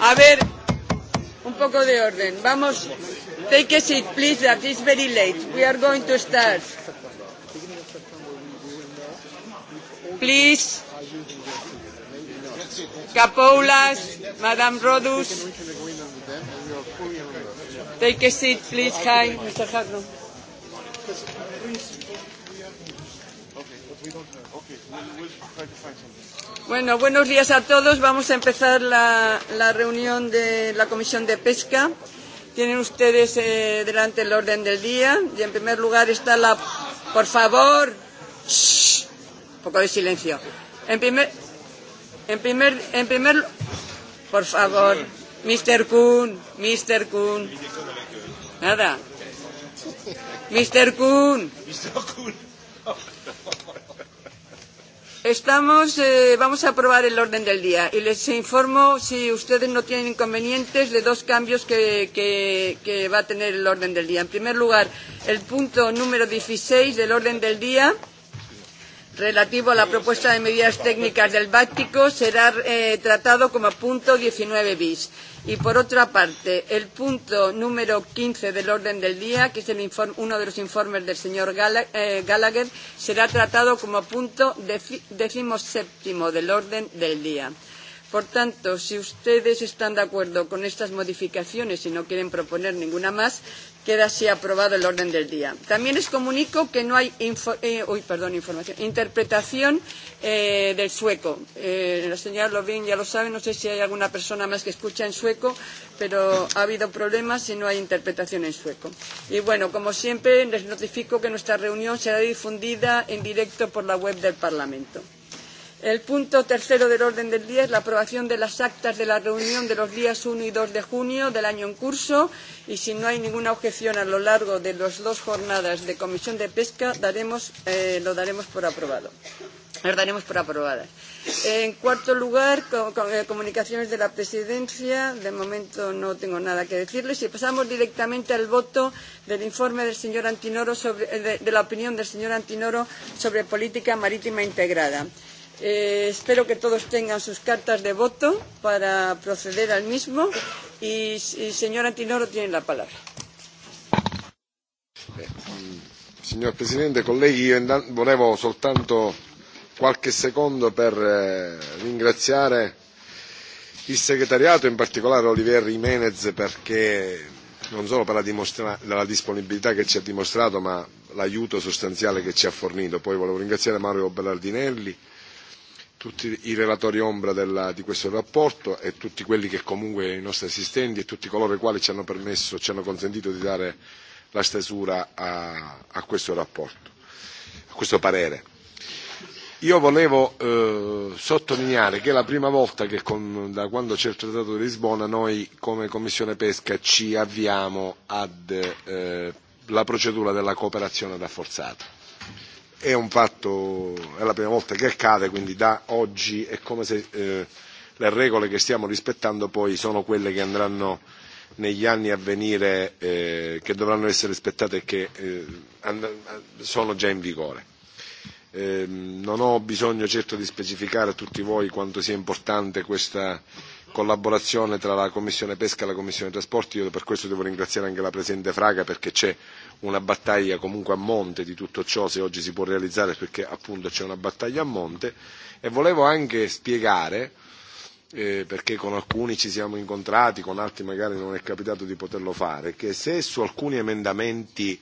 A ver, un poco de orden. Vamos, take a seat, please, that is very late. We are going to start. Please. Capoulas, Madame Rodus. Take a seat, please. Hi, Mr. Hadron. Bueno, buenos días a todos. Vamos a empezar la, la reunión de la Comisión de Pesca. Tienen ustedes eh, delante el orden del día. Y en primer lugar está la... Por favor. Shh. Un poco de silencio. En primer... En primer... En primer por favor. Mr. Kuhn. Mr. Kuhn. Nada. Mr. Kuhn. Mr. Kuhn. Estamos, eh, vamos a aprobar el orden del día y les informo, si ustedes no tienen inconvenientes, de dos cambios que, que, que va a tener el orden del día. En primer lugar, el punto número 16 del orden del día relativo a la propuesta de medidas técnicas del Báltico será eh, tratado como punto 19 bis. Y por otra parte, el punto número 15 del orden del día, que es el informe, uno de los informes del señor Gallagher, será tratado como punto séptimo del orden del día. Por tanto, si ustedes están de acuerdo con estas modificaciones y no quieren proponer ninguna más, Queda así aprobado el orden del día. También les comunico que no hay uy, perdón, información, interpretación del sueco. la señora Lovín ya lo sabe, no sé si hay alguna persona más que escucha en sueco, pero ha habido problemas y no hay interpretación en sueco. Y bueno, como siempre, les notifico que nuestra reunión será difundida en directo por la web del Parlamento. El punto tercero del orden del día es la aprobación de las actas de la reunión de los días 1 y 2 de junio del año en curso y si no hay ninguna objeción a lo largo de las dos jornadas de Comisión de Pesca daremos, eh, lo daremos por aprobado. Las daremos por aprobadas. En cuarto lugar, con, con, eh, comunicaciones de la presidencia. De momento no tengo nada que decirles. Y pasamos directamente al voto del informe del señor Antinoro sobre, de, de la opinión del señor Antinoro sobre política marítima integrada. Eh, espero que todos tengan sus cartas de voto para proceder al mismo. Y, y señor Antinoro tiene la palabra. Signor Presidente, colleghi, io volevo soltanto qualche secondo per ringraziare il segretariato, in particolare Olivier Jiménez, perché non solo per la, la disponibilità che ci ha dimostrato, ma l'aiuto sostanziale che ci ha fornito. Poi volevo ringraziare Mario Bellardinelli, tutti i relatori ombra della, di questo rapporto e tutti quelli che comunque i nostri assistenti e tutti coloro i quali ci hanno permesso, ci hanno consentito di dare la stesura a, a questo rapporto, a questo parere. Io volevo eh, sottolineare che è la prima volta che con, da quando c'è il Trattato di Lisbona noi come Commissione Pesca ci avviamo alla eh, procedura della cooperazione rafforzata è un fatto, è la prima volta che accade, quindi da oggi è come se eh, le regole che stiamo rispettando poi sono quelle che andranno negli anni a venire, eh, che dovranno essere rispettate e che eh, sono già in vigore. Eh, non ho bisogno certo di specificare a tutti voi quanto sia importante questa collaborazione tra la Commissione Pesca e la Commissione Trasporti. Io per questo devo ringraziare anche la Presidente Fraga perché c'è una battaglia comunque a monte di tutto ciò, se oggi si può realizzare perché appunto c'è una battaglia a monte. E volevo anche spiegare perché con alcuni ci siamo incontrati, con altri magari non è capitato di poterlo fare, che se su alcuni emendamenti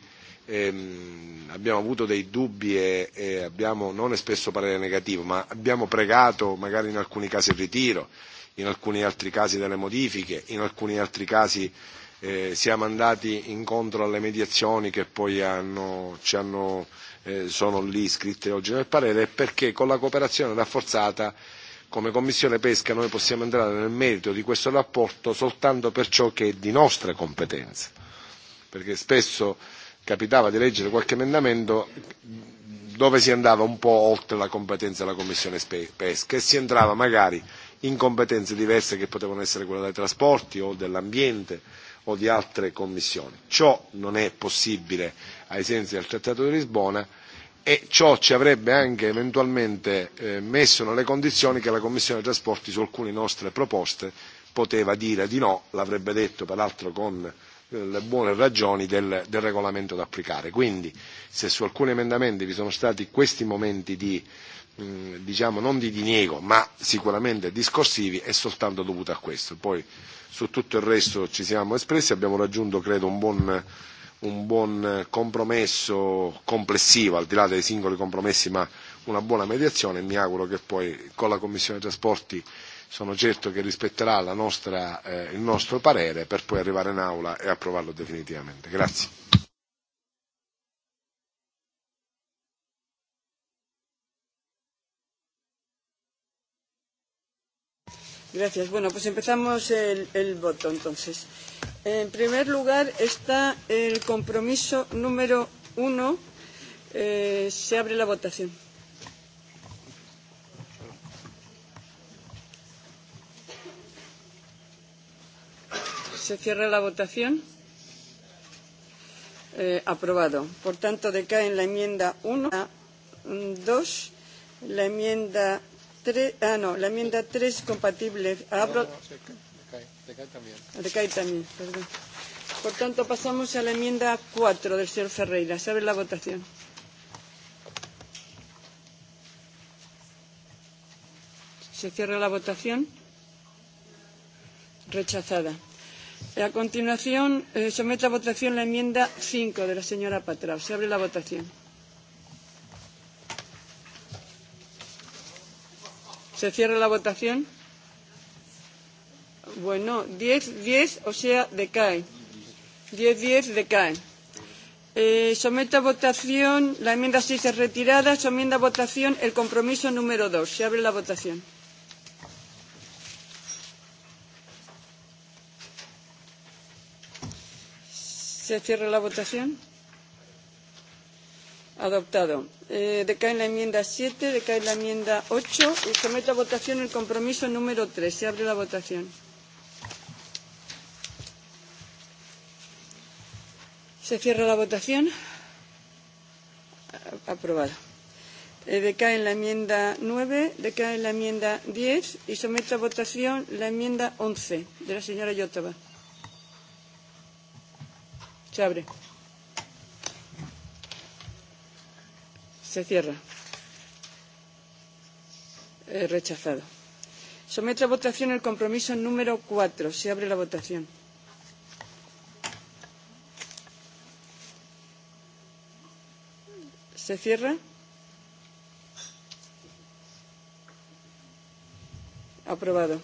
abbiamo avuto dei dubbi e, e abbiamo non espresso parere negativo, ma abbiamo pregato magari in alcuni casi il ritiro, in alcuni altri casi delle modifiche, in alcuni altri casi eh, siamo andati incontro alle mediazioni che poi hanno, ci hanno, eh, sono lì scritte oggi nel parere, perché con la cooperazione rafforzata come Commissione Pesca noi possiamo entrare nel merito di questo rapporto soltanto per ciò che è di nostra competenza, perché spesso capitava di leggere qualche emendamento dove si andava un po' oltre la competenza della Commissione Pesca e si entrava magari in competenze diverse che potevano essere quella dei trasporti o dell'ambiente o di altre commissioni. Ciò non è possibile ai sensi del Trattato di Lisbona e ciò ci avrebbe anche eventualmente messo nelle condizioni che la Commissione dei trasporti su alcune nostre proposte poteva dire di no, l'avrebbe detto peraltro con le buone ragioni del, del regolamento da applicare. Quindi se su alcuni emendamenti vi sono stati questi momenti di diciamo non di diniego ma sicuramente discorsivi è soltanto dovuta a questo. Poi su tutto il resto ci siamo espressi, abbiamo raggiunto credo un buon, un buon compromesso complessivo, al di là dei singoli compromessi, ma una buona mediazione e mi auguro che poi con la Commissione Trasporti sono certo che rispetterà la nostra, eh, il nostro parere per poi arrivare in aula e approvarlo definitivamente. Grazie. Gracias. Bueno, pues empezamos el, el voto entonces. En primer lugar está el compromiso número uno. Eh, se abre la votación. Se cierra la votación. Eh, aprobado. Por tanto, decae en la enmienda 1, 2, la enmienda 3, ah, no, la enmienda 3 compatible. Abro, Recae también, perdón. Por tanto, pasamos a la enmienda 4 del señor Ferreira. Se abre la votación. Se cierra la votación. Rechazada. A continuación, eh, someto a votación la enmienda 5 de la señora Patrao. Se abre la votación. ¿Se cierra la votación? Bueno, 10, 10, o sea, decae. 10, 10, decae. Eh, someto a votación, la enmienda 6 es retirada, someto a votación el compromiso número 2. Se abre la votación. Se cierra la votación. Adoptado. Eh, decae la enmienda 7, decae la enmienda 8 y someto a votación el compromiso número 3. Se abre la votación. Se cierra la votación. Aprobado. Eh, decae la enmienda 9, decae la enmienda 10 y someto a votación la enmienda 11 de la señora Yotova. Se abre. Se cierra. Eh, rechazado. Someto a votación el compromiso número cuatro. Se abre la votación. Se cierra. Aprobado.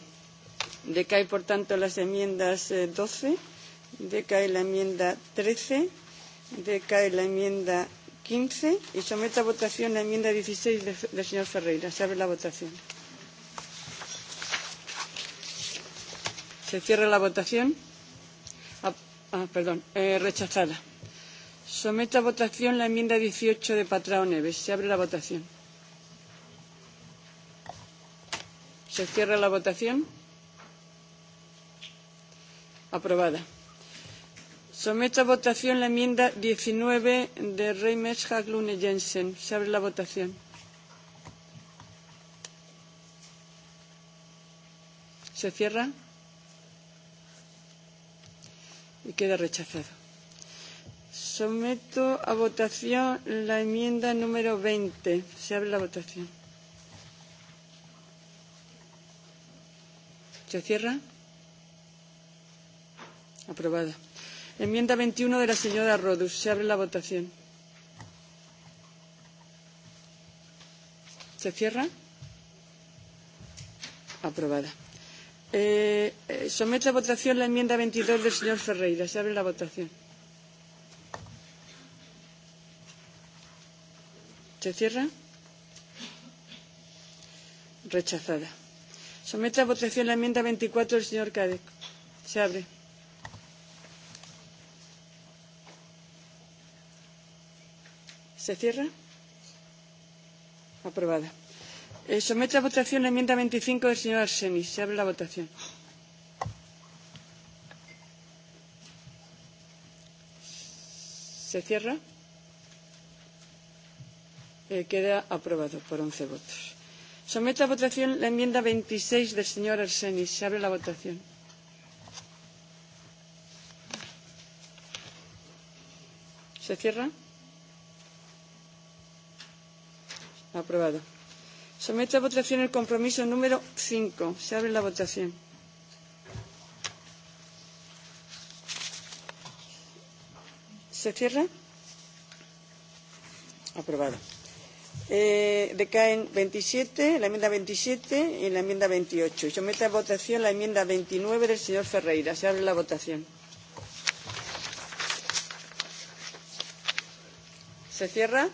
Decae, por tanto, las enmiendas doce, decae la enmienda trece, decae la enmienda quince y someto a votación la enmienda dieciséis del señor Ferreira. Se abre la votación. Se cierra la votación. Ah, perdón, eh, rechazada. Someto a votación la enmienda dieciocho de Patrao Neves. Se abre la votación. Se cierra la votación. Aprobada. Someto a votación la enmienda 19 de Reimers Haglund Jensen. Se abre la votación. Se cierra y queda rechazado. Someto a votación la enmienda número 20. Se abre la votación. ¿Se cierra? Aprobada. Enmienda 21 de la señora Rodus. Se abre la votación. ¿Se cierra? Aprobada. Eh, someto a votación la enmienda 22 del señor Ferreira. Se abre la votación. ¿Se cierra? Rechazada. Someto a votación la enmienda 24 del señor Cadec. Se abre. ¿Se cierra? Aprobada. Eh, somete a votación la enmienda 25 del señor Arsenis. Se abre la votación. ¿Se cierra? Eh, queda aprobado por 11 votos. Somete a votación la enmienda 26 del señor Arsenis. Se abre la votación. ¿Se cierra? Aprobado. Someto a votación el compromiso número 5. Se abre la votación. ¿Se cierra? Aprobado. Eh, decaen 27, la enmienda 27 y la enmienda 28. Y somete a votación la enmienda 29 del señor Ferreira. Se abre la votación. ¿Se cierra?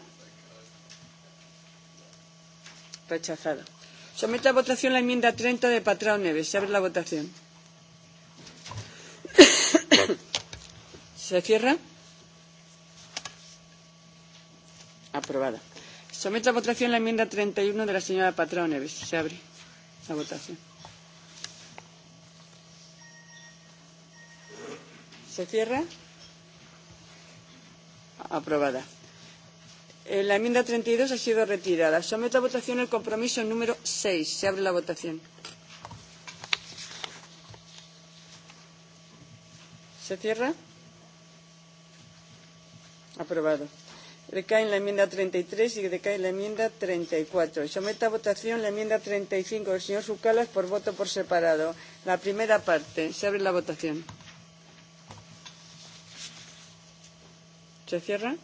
Rechazada. Someto a votación la enmienda 30 de Patrao Neves. Se abre la votación. ¿Se cierra? Aprobada. Someto a votación la enmienda 31 de la señora Patrao Neves. Se abre la votación. ¿Se cierra? Aprobada. La enmienda 32 ha sido retirada. Someto a votación el compromiso número 6. Se abre la votación. ¿Se cierra? Aprobado. Recae en la enmienda 33 y recae en la enmienda 34. Someto a votación la enmienda 35 del señor Zucalas por voto por separado. La primera parte. Se abre la votación. ¿Se cierra?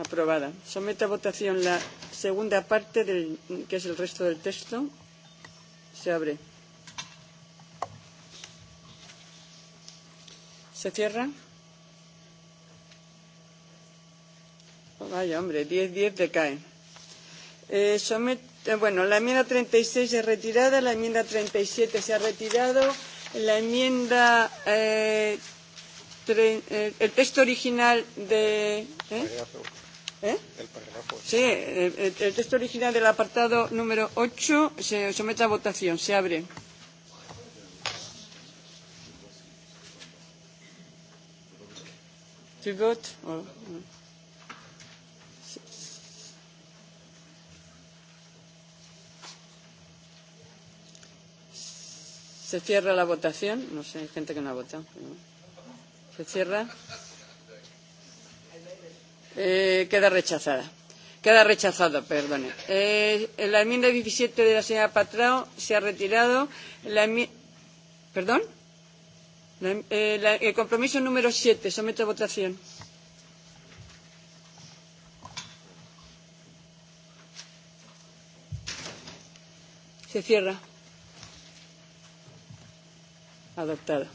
Aprobada. Someto a votación la segunda parte, del, que es el resto del texto. Se abre. ¿Se cierra? Vaya, hombre, 10-10 decae. Eh, someto, bueno, la enmienda 36 es retirada, la enmienda 37 se ha retirado, la enmienda. Eh, tre, eh, el texto original de. ¿eh? ¿Eh? El párrafo. Sí, el, el texto original del apartado número 8 se somete a votación. Se abre. To vote? Oh, ¿Se cierra la votación? No sé, hay gente que no ha votado. ¿Se cierra? Eh, queda rechazada. Queda rechazado, perdone. Eh, la enmienda 17 de la señora Patrao se ha retirado. La ¿Perdón? La, eh, la, el compromiso número 7. Someto a votación. Se cierra. Adoptado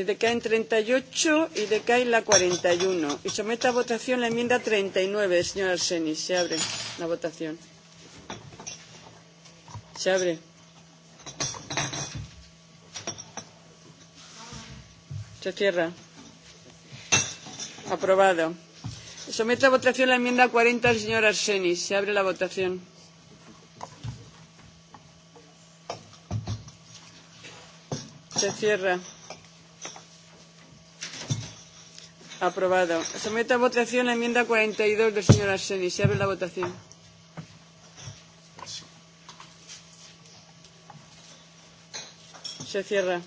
decaen 38 y decae la 41. Y someto a votación la enmienda 39, señor Arsenis. Se abre la votación. Se abre. Se cierra. Aprobado. Someto a votación la enmienda 40 del señor Arsenis. Se abre la votación. Se cierra. Aprobado. Someto a votación la enmienda 42 del señor Arseni. Se abre la votación. Se cierra.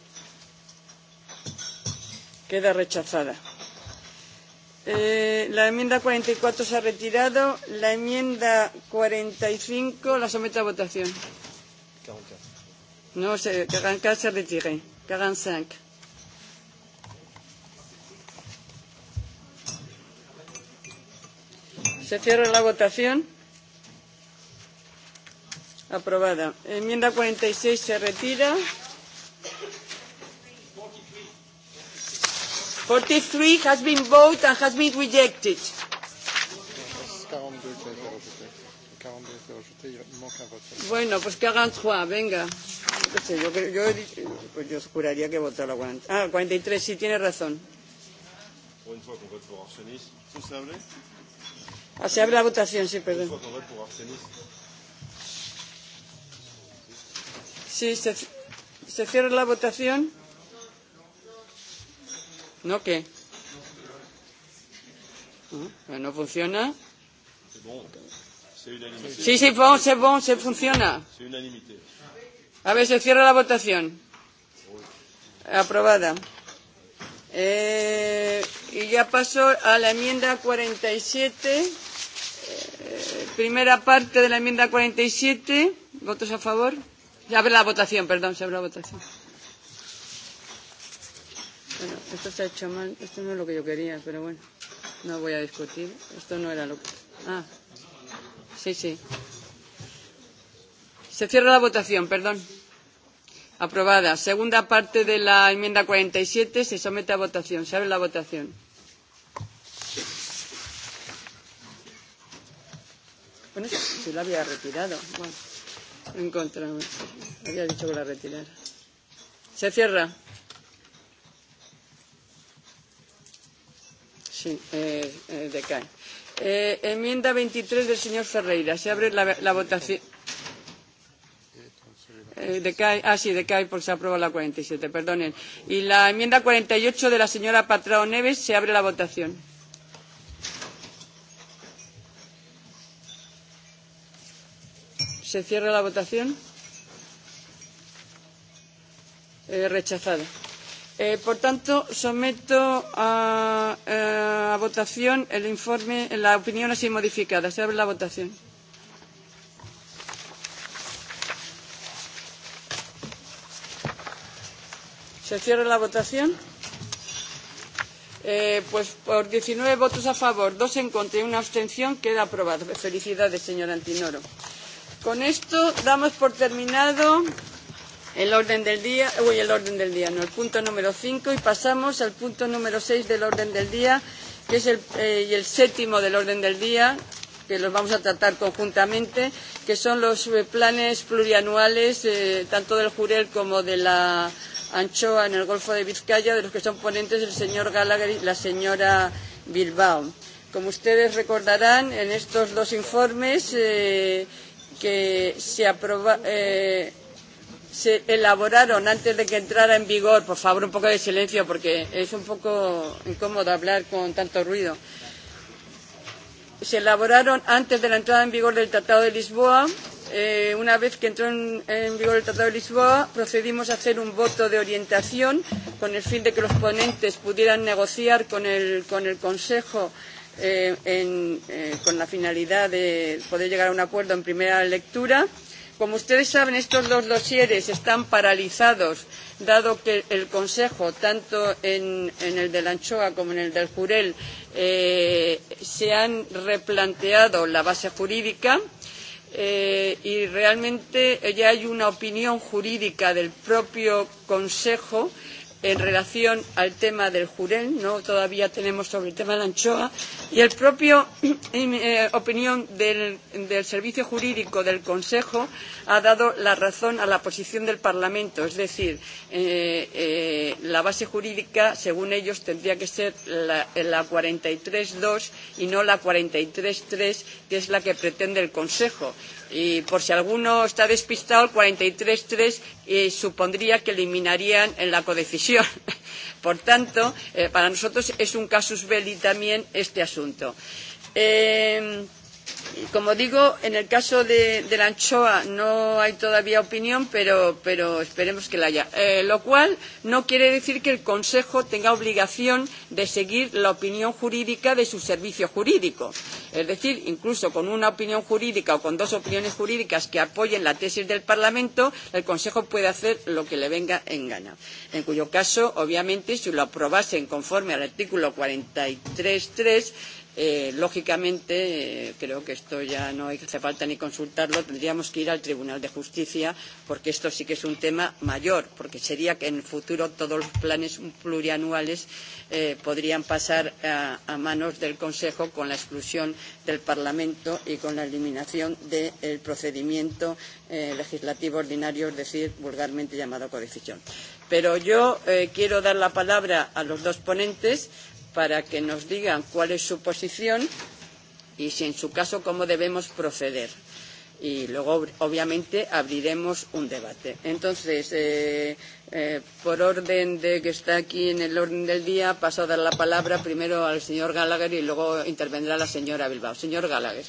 Queda rechazada. Eh, la enmienda 44 se ha retirado. La enmienda 45 la someto a votación. No, se, 44 se retire. 45. Se cierra la votación. Aprobada. Enmienda 46 se retira. 43 has been voted and has been rejected. Bueno, pues que hagan Juan, venga. No sé, yo, yo, pues yo juraría que votó la 40. Ah, 43, sí, tiene razón. Pour une fois qu'on vote pour abstentionnisme, c'est Ah, se abre la votación, sí, perdón. Sí, se, se cierra la votación. ¿No qué? ¿No, ¿No funciona? Sí, sí, bon, se bon, se funciona. A ver, se cierra la votación. Aprobada. Eh, y ya paso a la enmienda 47. Primera parte de la enmienda 47. ¿Votos a favor? Se abre la votación, perdón, se abre la votación. Bueno, esto se ha hecho mal. Esto no es lo que yo quería, pero bueno. No voy a discutir. Esto no era lo que... Ah. Sí, sí. Se cierra la votación, perdón. Aprobada. Segunda parte de la enmienda 47 se somete a votación. Se abre la votación. Bueno, se la había retirado. Bueno, encontramos. Había dicho que la retirara. Se cierra. Sí, eh, eh, decae. Eh, enmienda 23 del señor Ferreira. Se abre la, la votación. Eh, decae, ah, sí, decae porque se aprueba la 47, perdonen. Y la enmienda 48 de la señora Patrao Neves se abre la votación. Se cierra la votación. Eh, rechazada. Eh, por tanto, someto a, eh, a votación el informe, la opinión así modificada. Se abre la votación. Se cierra la votación. Eh, pues por 19 votos a favor, dos en contra y una abstención queda aprobado. Felicidades, señor Antinoro. Con esto damos por terminado el orden del día, uy, el orden del día, no, el punto número 5 y pasamos al punto número 6 del orden del día, que es el, eh, y el séptimo del orden del día, que los vamos a tratar conjuntamente, que son los planes plurianuales, eh, tanto del Jurel como de la anchoa en el Golfo de Vizcaya, de los que son ponentes el señor Gallagher y la señora Bilbao. Como ustedes recordarán, en estos dos informes eh, que se, aproba, eh, se elaboraron antes de que entrara en vigor, por favor un poco de silencio porque es un poco incómodo hablar con tanto ruido, se elaboraron antes de la entrada en vigor del Tratado de Lisboa. Eh, una vez que entró en, en vigor el Tratado de Lisboa, procedimos a hacer un voto de orientación con el fin de que los ponentes pudieran negociar con el, con el Consejo eh, en, eh, con la finalidad de poder llegar a un acuerdo en primera lectura. Como ustedes saben, estos dos dosieres están paralizados, dado que el Consejo, tanto en, en el de la anchoa como en el del jurel, eh, se han replanteado la base jurídica eh, y realmente ya hay una opinión jurídica del propio Consejo eh, en relación al tema del Jurel, no todavía tenemos sobre el tema de la anchoa, y la propia opinión del, Servicio Jurídico del Consejo ha dado la razón a la posición del Parlamento, es decir, la base jurídica, según ellos, tendría que ser la, cuarenta y tres dos y no la cuarenta y tres tres, que es la que pretende el Consejo Y por si alguno está despistado, el 43-3 eh, supondría que eliminarían en la codecisión. Por tanto, eh, para nosotros es un casus belli también este asunto. Eh, Como digo, en el caso de, de la anchoa no hay todavía opinión, pero, pero esperemos que la haya. Eh, lo cual no quiere decir que el Consejo tenga obligación de seguir la opinión jurídica de su servicio jurídico. Es decir, incluso con una opinión jurídica o con dos opiniones jurídicas que apoyen la tesis del Parlamento, el Consejo puede hacer lo que le venga en gana. En cuyo caso, obviamente, si lo aprobasen conforme al artículo 43.3, Eh, lógicamente, eh, creo que esto ya no hace falta ni consultarlo, tendríamos que ir al Tribunal de Justicia porque esto sí que es un tema mayor, porque sería que en el futuro todos los planes plurianuales eh, podrían pasar a, a manos del Consejo con la exclusión del Parlamento y con la eliminación del procedimiento eh, legislativo ordinario, es decir, vulgarmente llamado codecisión. Pero yo eh, quiero dar la palabra a los dos ponentes, para que nos digan cuál es su posición y, si en su caso, cómo debemos proceder. Y luego, obviamente, abriremos un debate. Entonces, eh, eh, por orden de que está aquí en el orden del día, paso a dar la palabra primero al señor Gallagher y luego intervendrá la señora Bilbao. Señor Gallagher.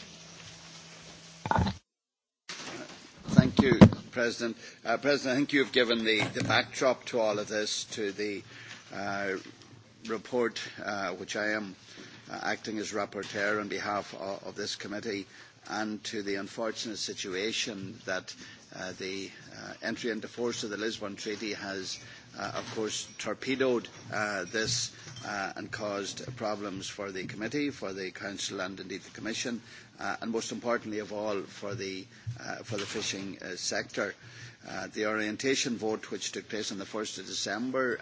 Thank you, President. Uh, President, I think you've given the, the backdrop to all of this, to the uh, report, which I am acting as rapporteur on behalf of this committee, and to the unfortunate situation that the entry into force of the Lisbon Treaty has, of course, torpedoed this and caused problems for the committee, for the council, and indeed the commission, and most importantly of all, for the, fishing sector. the orientation vote, which took place on the 1st of December,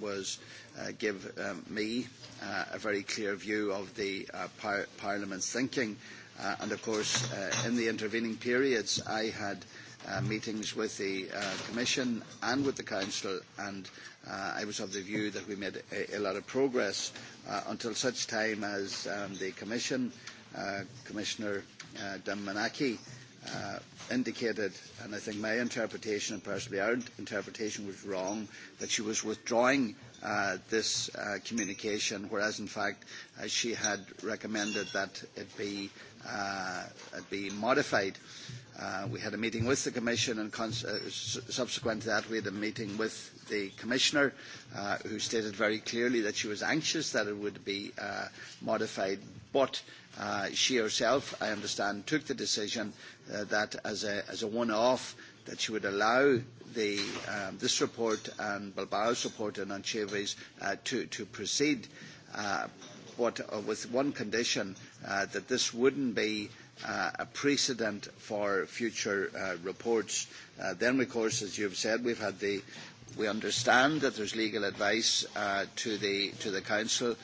was give me a very clear view of the Parliament's thinking. and of course, in the intervening periods, I had meetings with the Commission and with the Council, and I was of the view that we made a, lot of progress until such time as the Commission, Commissioner uh, Damanaki, indicated, and I think my interpretation, and personally our interpretation was wrong, that she was withdrawing this communication, whereas in fact she had recommended that it be, modified. we had a meeting with the Commission and subsequent to that we had a meeting with the Commissioner who stated very clearly that she was anxious that it would be modified but she herself, I understand, took the decision that as a, one-off that she would allow the, um, this report and Bilbao's report on anchovies uh, to, to proceed, uh, but uh, with one condition, uh, that this wouldn't be uh, a precedent for future uh, reports. Uh, then, of course, as you have said, we've had the, we understand that there's legal advice uh, to, the, to the Council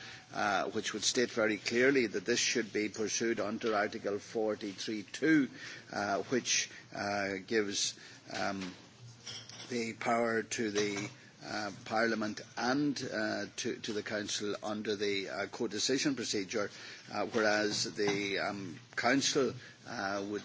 which would state very clearly that this should be pursued under Article forty three 43.2, uh, which uh, gives um, the power to the uh, Parliament and uh, to, to the Council under the uh, co-decision procedure, uh, whereas the um, Council uh, would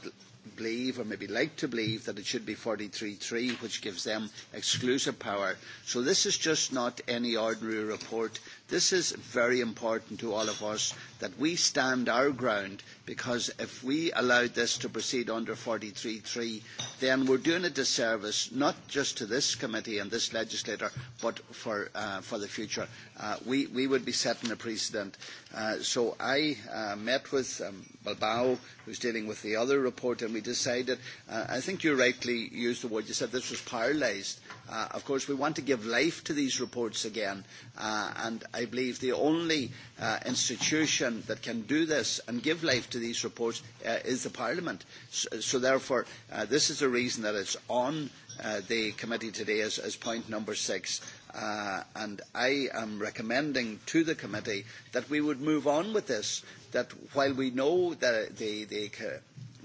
believe or maybe like to believe that it should be forty three three, which gives them exclusive power. So this is just not any ordinary report. This is very important to all of us that we stand our ground because if we allowed this to proceed under forty three three, then we are doing a disservice not just to this committee and this legislator, but for, the future. we, would be setting a precedent. so I met with Bilbao, who is dealing with the other report, and we decided, I think you rightly used the word, you said this was paralysed. Uh, of course, we want to give life to these reports again, uh, and I believe the only uh, institution that can do this and give life to these reports uh, is the Parliament. So, so therefore, uh, this is the reason that it's on uh, the committee today as, as point number six and I am recommending to the committee that we would move on with this, that while we know that the, the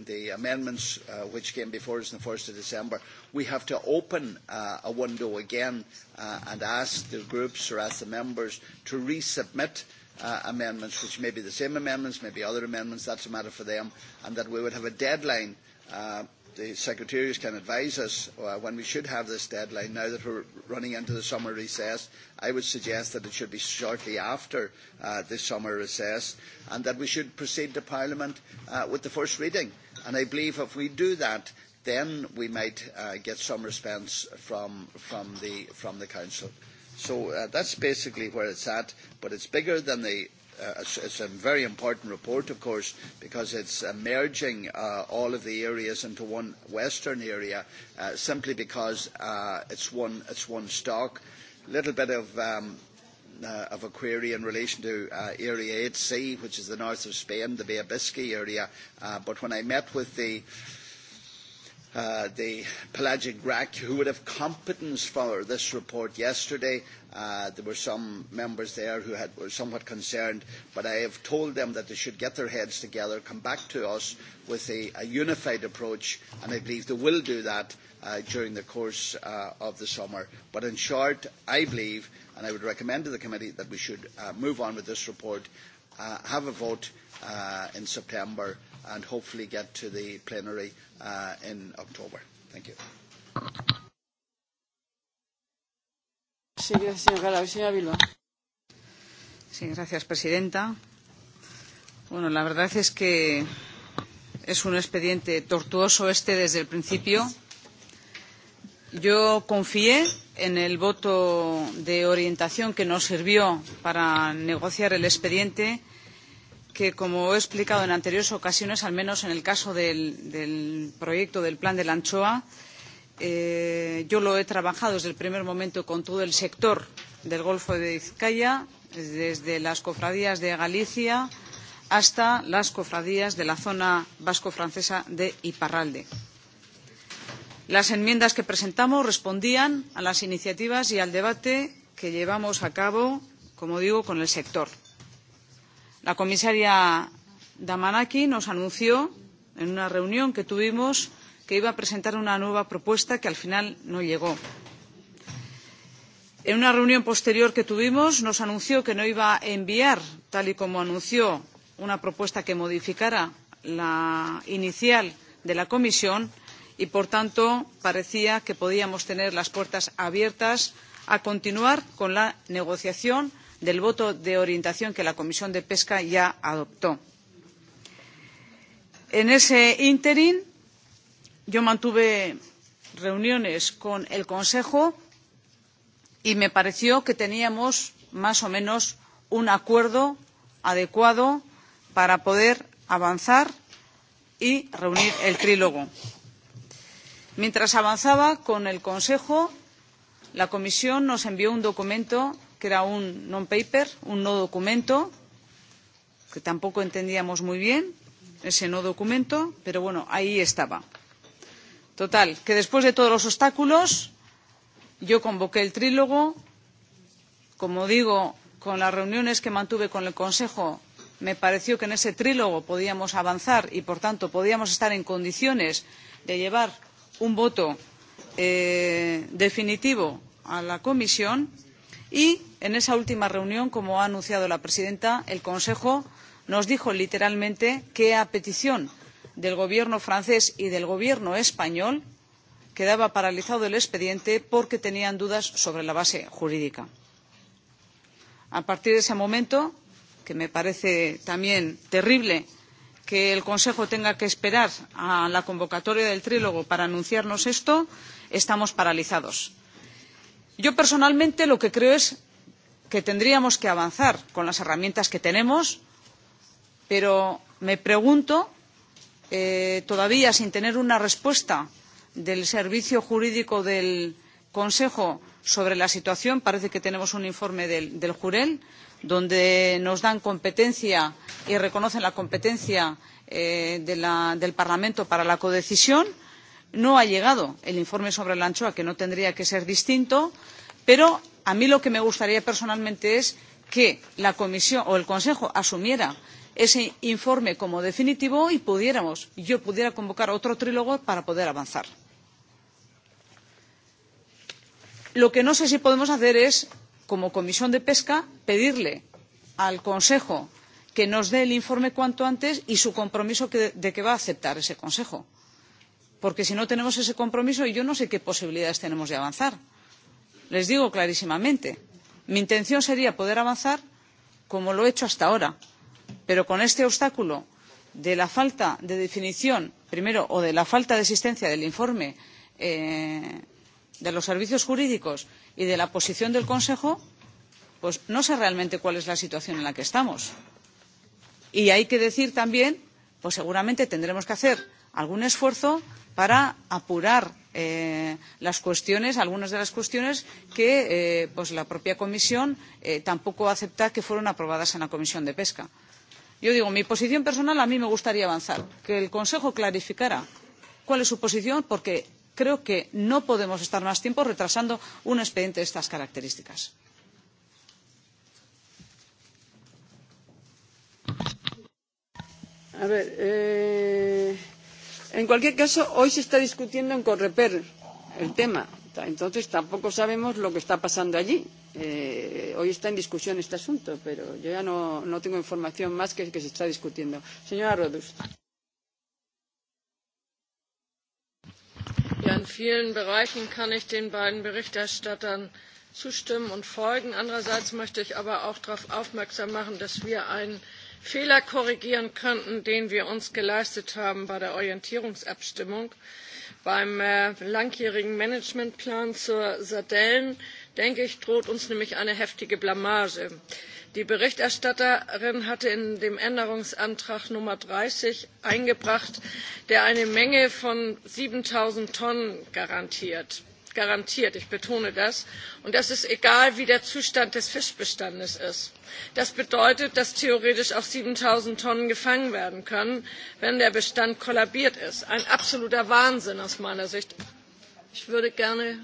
the amendments uh, which came before us on the 1st of December, we have to open uh, a window again uh, and ask the groups or ask the members to resubmit uh, amendments, which may be the same amendments, may be other amendments, that's a matter for them, and that we would have a deadline uh, the secretaries can advise us when we should have this deadline now that we are running into the summer recess. I would suggest that it should be shortly after the summer recess and that we should proceed to Parliament with the first reading. And I believe if we do that, then we might uh, get some response from, from, the, from the Council. So uh, that's basically where it's at, but it's bigger than the uh, it's, it's a very important report, of course, because it's is merging uh, all of the areas into one Western area, uh, simply because uh, it's one it's one stock. Little bit of um, of a query in relation to Area 8C, which is the north of Spain, the Bay of Biscay area. but when I met with the the pelagic rack who would have competence for this report yesterday. there were some members there who had, were somewhat concerned, but I have told them that they should get their heads together, come back to us with a, a unified approach, and I believe they will do that during the course of the summer. But in short, I believe And I would recommend to the committee that we should move on with this report, have a vote in September, and hopefully get to the plenary in October. Thank you. señora presidenta. la verdad es que es un expediente tortuoso este desde el principio. Yo confié en el voto de orientación que nos sirvió para negociar el expediente que, como he explicado en anteriores ocasiones, al menos en el caso del, proyecto del plan de la anchoa, yo lo he trabajado desde el primer momento con todo el sector del Golfo de Vizcaya, desde las cofradías de Galicia hasta las cofradías de la zona vasco-francesa de Iparralde las enmiendas que presentamos respondían a las iniciativas y al debate que llevamos a cabo como digo con el sector. la comisaria damanaki nos anunció en una reunión que tuvimos que iba a presentar una nueva propuesta que al final no llegó. en una reunión posterior que tuvimos nos anunció que no iba a enviar tal y como anunció una propuesta que modificara la inicial de la comisión y, por tanto, parecía que podíamos tener las puertas abiertas a continuar con la negociación del voto de orientación que la Comisión de Pesca ya adoptó. En ese ínterin, yo mantuve reuniones con el Consejo y me pareció que teníamos más o menos un acuerdo adecuado para poder avanzar y reunir el trílogo mientras avanzaba con el consejo la comisión nos envió un documento que era un non paper un no documento que tampoco entendíamos muy bien ese no documento pero bueno ahí estaba. total que después de todos los obstáculos yo convoqué el trílogo como digo con las reuniones que mantuve con el consejo me pareció que en ese trílogo podíamos avanzar y por tanto podíamos estar en condiciones de llevar un voto definitivo a la Comisión y en esa última reunión, como ha anunciado la presidenta, el Consejo nos dijo literalmente que a petición del Gobierno francés y del Gobierno español quedaba paralizado el expediente porque tenían dudas sobre la base jurídica. A partir de ese momento, que me parece también terrible, que el Consejo tenga que esperar a la convocatoria del trílogo para anunciarnos esto, estamos paralizados. Yo personalmente lo que creo es que tendríamos que avanzar con las herramientas que tenemos, pero me pregunto, todavía sin tener una respuesta del servicio jurídico del Consejo sobre la situación, parece que tenemos un informe del, del Jurel, donde nos dan competencia y reconocen la competencia del Parlamento para la codecisión. No ha llegado el informe sobre la anchoa, que no tendría que ser distinto, pero a mí lo que me gustaría personalmente es que la Comisión o el Consejo asumiera ese informe como definitivo y pudiéramos, yo pudiera convocar otro trílogo para poder avanzar. Lo que no sé si podemos hacer es como Comisión de Pesca, pedirle al Consejo que nos dé el informe cuanto antes y su compromiso de que va a aceptar ese Consejo. Porque si no tenemos ese compromiso, yo no sé qué posibilidades tenemos de avanzar. Les digo clarísimamente, mi intención sería poder avanzar como lo he hecho hasta ahora, pero con este obstáculo de la falta de definición, primero, o de la falta de existencia del informe eh, de los servicios jurídicos y de la posición del Consejo, pues no sé realmente cuál es la situación en la que estamos. Y hay que decir también, pues seguramente tendremos que hacer algún esfuerzo para apurar las cuestiones, algunas de las cuestiones que la propia Comisión tampoco acepta que fueron aprobadas en la Comisión de Pesca. Yo digo, mi posición personal, a mí me gustaría avanzar, que el Consejo clarificara cuál es su posición, porque creo que no podemos estar más tiempo retrasando un expediente de estas características. en cualquier caso, hoy se está discutiendo en Correper el tema. Entonces tampoco sabemos lo que está pasando allí. hoy está en discusión este asunto, pero yo ya no, tengo información más que que se está discutiendo. Señora Rodust. in vielen Bereichen kann ich den beiden Berichterstattern zustimmen und folgen. Andererseits möchte ich aber auch darauf aufmerksam machen, dass wir einen Fehler korrigieren könnten, den wir uns geleistet haben bei der Orientierungsabstimmung. Beim langjährigen Managementplan zur Sardellen, denke ich, droht uns nämlich eine heftige Blamage die berichterstatterin hatte in dem änderungsantrag nummer dreißig eingebracht der eine menge von sieben null tonnen garantiert garantiert ich betone das und das ist egal wie der zustand des fischbestandes ist. das bedeutet dass theoretisch auch sieben null tonnen gefangen werden können wenn der bestand kollabiert ist ein absoluter wahnsinn aus meiner sicht. ich würde gerne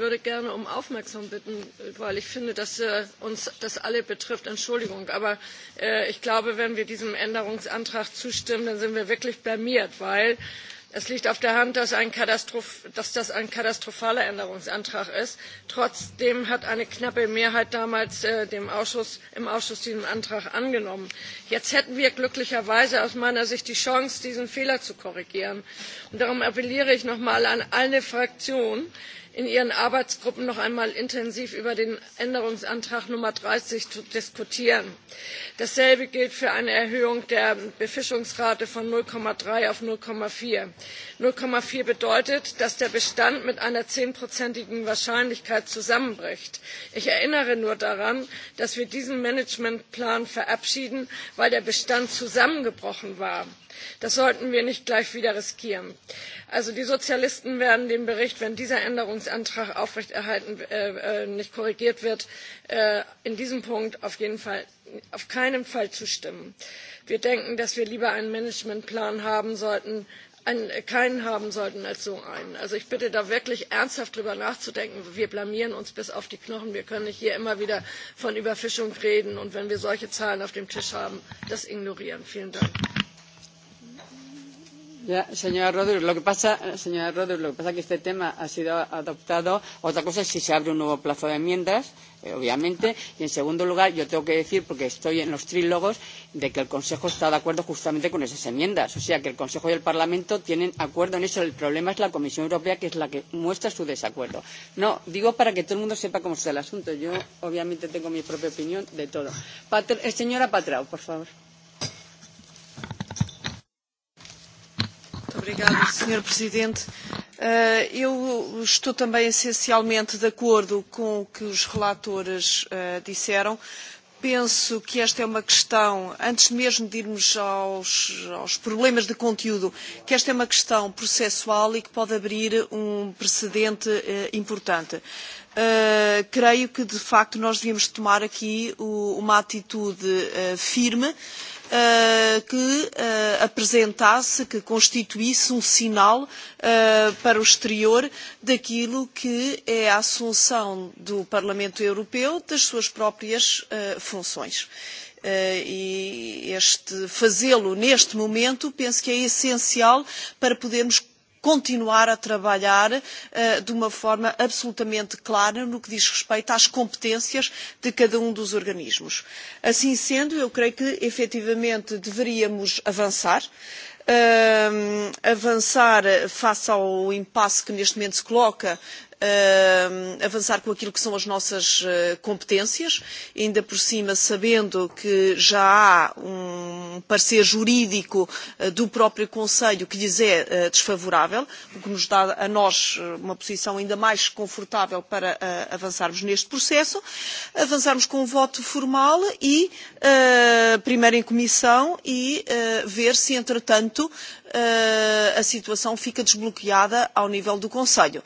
würde gerne um Aufmerksamkeit bitten, weil ich finde, dass uns das alle betrifft. Entschuldigung, aber ich glaube, wenn wir diesem Änderungsantrag zustimmen, dann sind wir wirklich blamiert, weil es liegt auf der hand dass das ein katastrophaler änderungsantrag ist. trotzdem hat eine knappe mehrheit damals im ausschuss diesen antrag angenommen. jetzt hätten wir glücklicherweise aus meiner sicht die chance diesen fehler zu korrigieren. darum appelliere ich noch einmal an alle fraktionen in ihren arbeitsgruppen noch einmal intensiv über den änderungsantrag nummer dreißig zu diskutieren. dasselbe gilt für eine erhöhung der befischungsrate von null drei auf. null vier null vier bedeutet dass der bestand mit einer zehnprozentigen wahrscheinlichkeit zusammenbricht. ich erinnere nur daran dass wir diesen managementplan verabschieden weil der bestand zusammengebrochen war das sollten wir nicht gleich wieder riskieren. also die sozialisten werden den bericht wenn dieser änderungsantrag aufrechterhalten nicht korrigiert wird in diesem punkt auf fall keinen fall zustimmen. wir denken dass wir lieber einen managementplan haben sollten keinen haben sollten als so einen. Also ich bitte da wirklich ernsthaft drüber nachzudenken. Wir blamieren uns bis auf die Knochen. Wir können nicht hier immer wieder von Überfischung reden und wenn wir solche Zahlen auf dem Tisch haben, das ignorieren. Vielen Dank señora rodust lo que pasa, señora lo que pasa es que este tema ha sido adoptado. Otra cosa es si se abre un nuevo plazo de enmiendas, obviamente. Y en segundo lugar, yo tengo que decir, porque estoy en los trílogos, de que el Consejo está de acuerdo justamente con esas enmiendas. O sea, que el Consejo y el Parlamento tienen acuerdo en eso. El problema es la Comisión Europea, que es la que muestra su desacuerdo. No, digo para que todo el mundo sepa cómo está el asunto. Yo, obviamente, tengo mi propia opinión de todo. señora patro por favor. Obrigada, Sr. Presidente. Eu estou também essencialmente de acordo com o que os relatores disseram. Penso que esta é uma questão, antes mesmo de irmos aos, problemas de conteúdo, que esta é uma questão processual e que pode abrir um precedente importante creio que de facto nós devíamos tomar aqui uma atitude firme uh, que apresentasse, que constituísse um sinal para o exterior daquilo que é a assunção do Parlamento Europeu das suas próprias funções e este fazê-lo neste momento penso que é essencial para podermos continuar a trabalhar de uma forma absolutamente clara no que diz respeito às competências de cada um dos organismos. Assim sendo, eu creio que efetivamente deveríamos avançar avançar face ao impasse que neste momento se coloca avançar com aquilo que são as nossas competências, ainda por cima sabendo que já há um parecer jurídico do próprio Conselho que lhes é desfavorável, o que nos dá a nós uma posição ainda mais confortável para avançarmos neste processo, avançarmos com um voto formal e primeiro em comissão e ver se, entretanto, a situação fica desbloqueada ao nível do Conselho.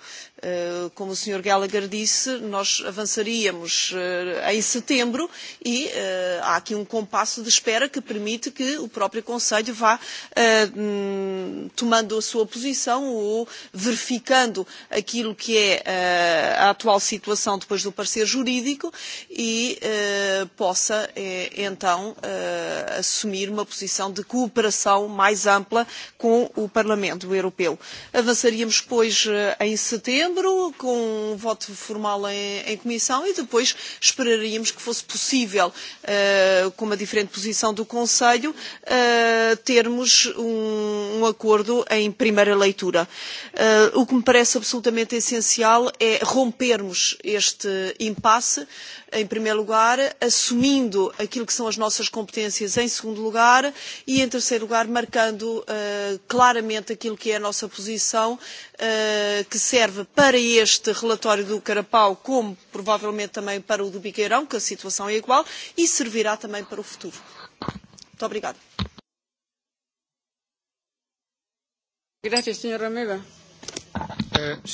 Como o Sr. Gallagher disse, nós avançaríamos em setembro e há aqui um compasso de espera que permite que o próprio Conselho vá tomando a sua posição ou verificando aquilo que é a atual situação depois do parecer jurídico e possa então assumir uma posição de cooperação mais ampla com o Parlamento Europeu. Avançaríamos, pois, em setembro, com um voto formal em, em comissão e depois esperaríamos que fosse possível, uh, com uma diferente posição do Conselho, uh, termos um, um acordo em primeira leitura. Uh, o que me parece absolutamente essencial é rompermos este impasse uh, em primeiro lugar, assumindo aquilo que são as nossas competências em segundo lugar e, em terceiro lugar, marcando claramente aquilo que é a nossa posição que serve para este relatório do Carapau, como provavelmente também para o do Biqueirão, que a situação é igual, e servirá também para o futuro. Muito obrigada. Gracias, sí,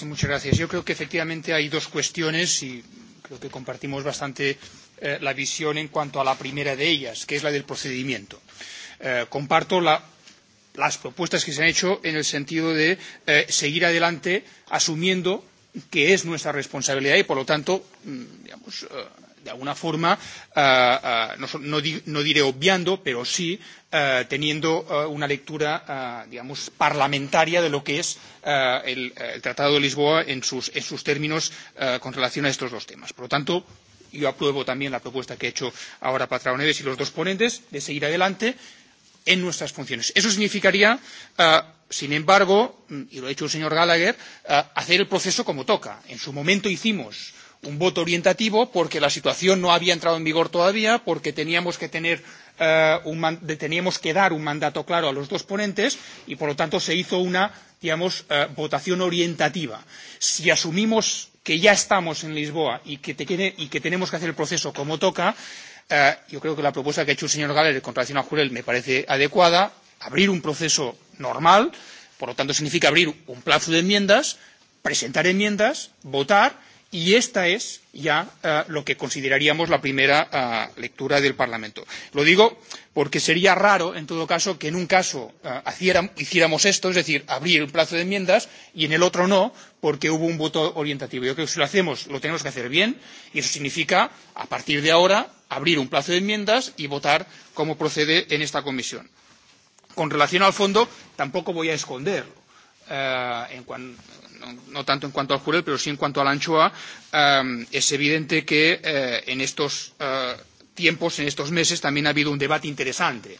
muchas gracias. Yo creo que efectivamente hay dos cuestiones y creo que compartimos bastante la visión en cuanto a la primera de ellas, que es la del procedimiento. comparto las propuestas que se han hecho en el sentido de seguir adelante asumiendo que es nuestra responsabilidad y, por lo tanto, digamos, de alguna forma, no, no, no diré obviando, pero sí uh, teniendo uh, una lectura, uh, digamos, parlamentaria de lo que es uh, el, el Tratado de Lisboa en sus, en sus términos uh, con relación a estos dos temas. Por lo tanto, yo apruebo también la propuesta que ha hecho ahora Patrao Neves y los dos ponentes de seguir adelante en nuestras funciones. Eso significaría, sin embargo, y lo ha dicho el señor Gallagher, hacer el proceso como toca. En su momento hicimos un voto orientativo porque la situación no había entrado en vigor todavía, porque teníamos que tener un, teníamos que dar un mandato claro a los dos ponentes y por lo tanto se hizo una digamos votación orientativa. Si asumimos que ya estamos en Lisboa y que, te, y que tenemos que hacer el proceso como toca, yo creo que la propuesta que ha hecho el señor Galler con relación a Jurel me parece adecuada, abrir un proceso normal, por lo tanto significa abrir un plazo de enmiendas, presentar enmiendas, votar Y esta es ya lo que consideraríamos la primera lectura del Parlamento. Lo digo porque sería raro, en todo caso, que en un caso hiciéramos esto, es decir, abrir el plazo de enmiendas y en el otro no, porque hubo un voto orientativo. Yo creo que si lo hacemos, lo tenemos que hacer bien y eso significa, a partir de ahora, abrir un plazo de enmiendas y votar como procede en esta comisión. Con relación al fondo, tampoco voy a esconder en cuan, no, no tanto en cuanto al jurel, pero sí en cuanto a la anchoa, eh, es evidente que eh, en estos eh, tiempos, en estos meses, también ha habido un debate interesante.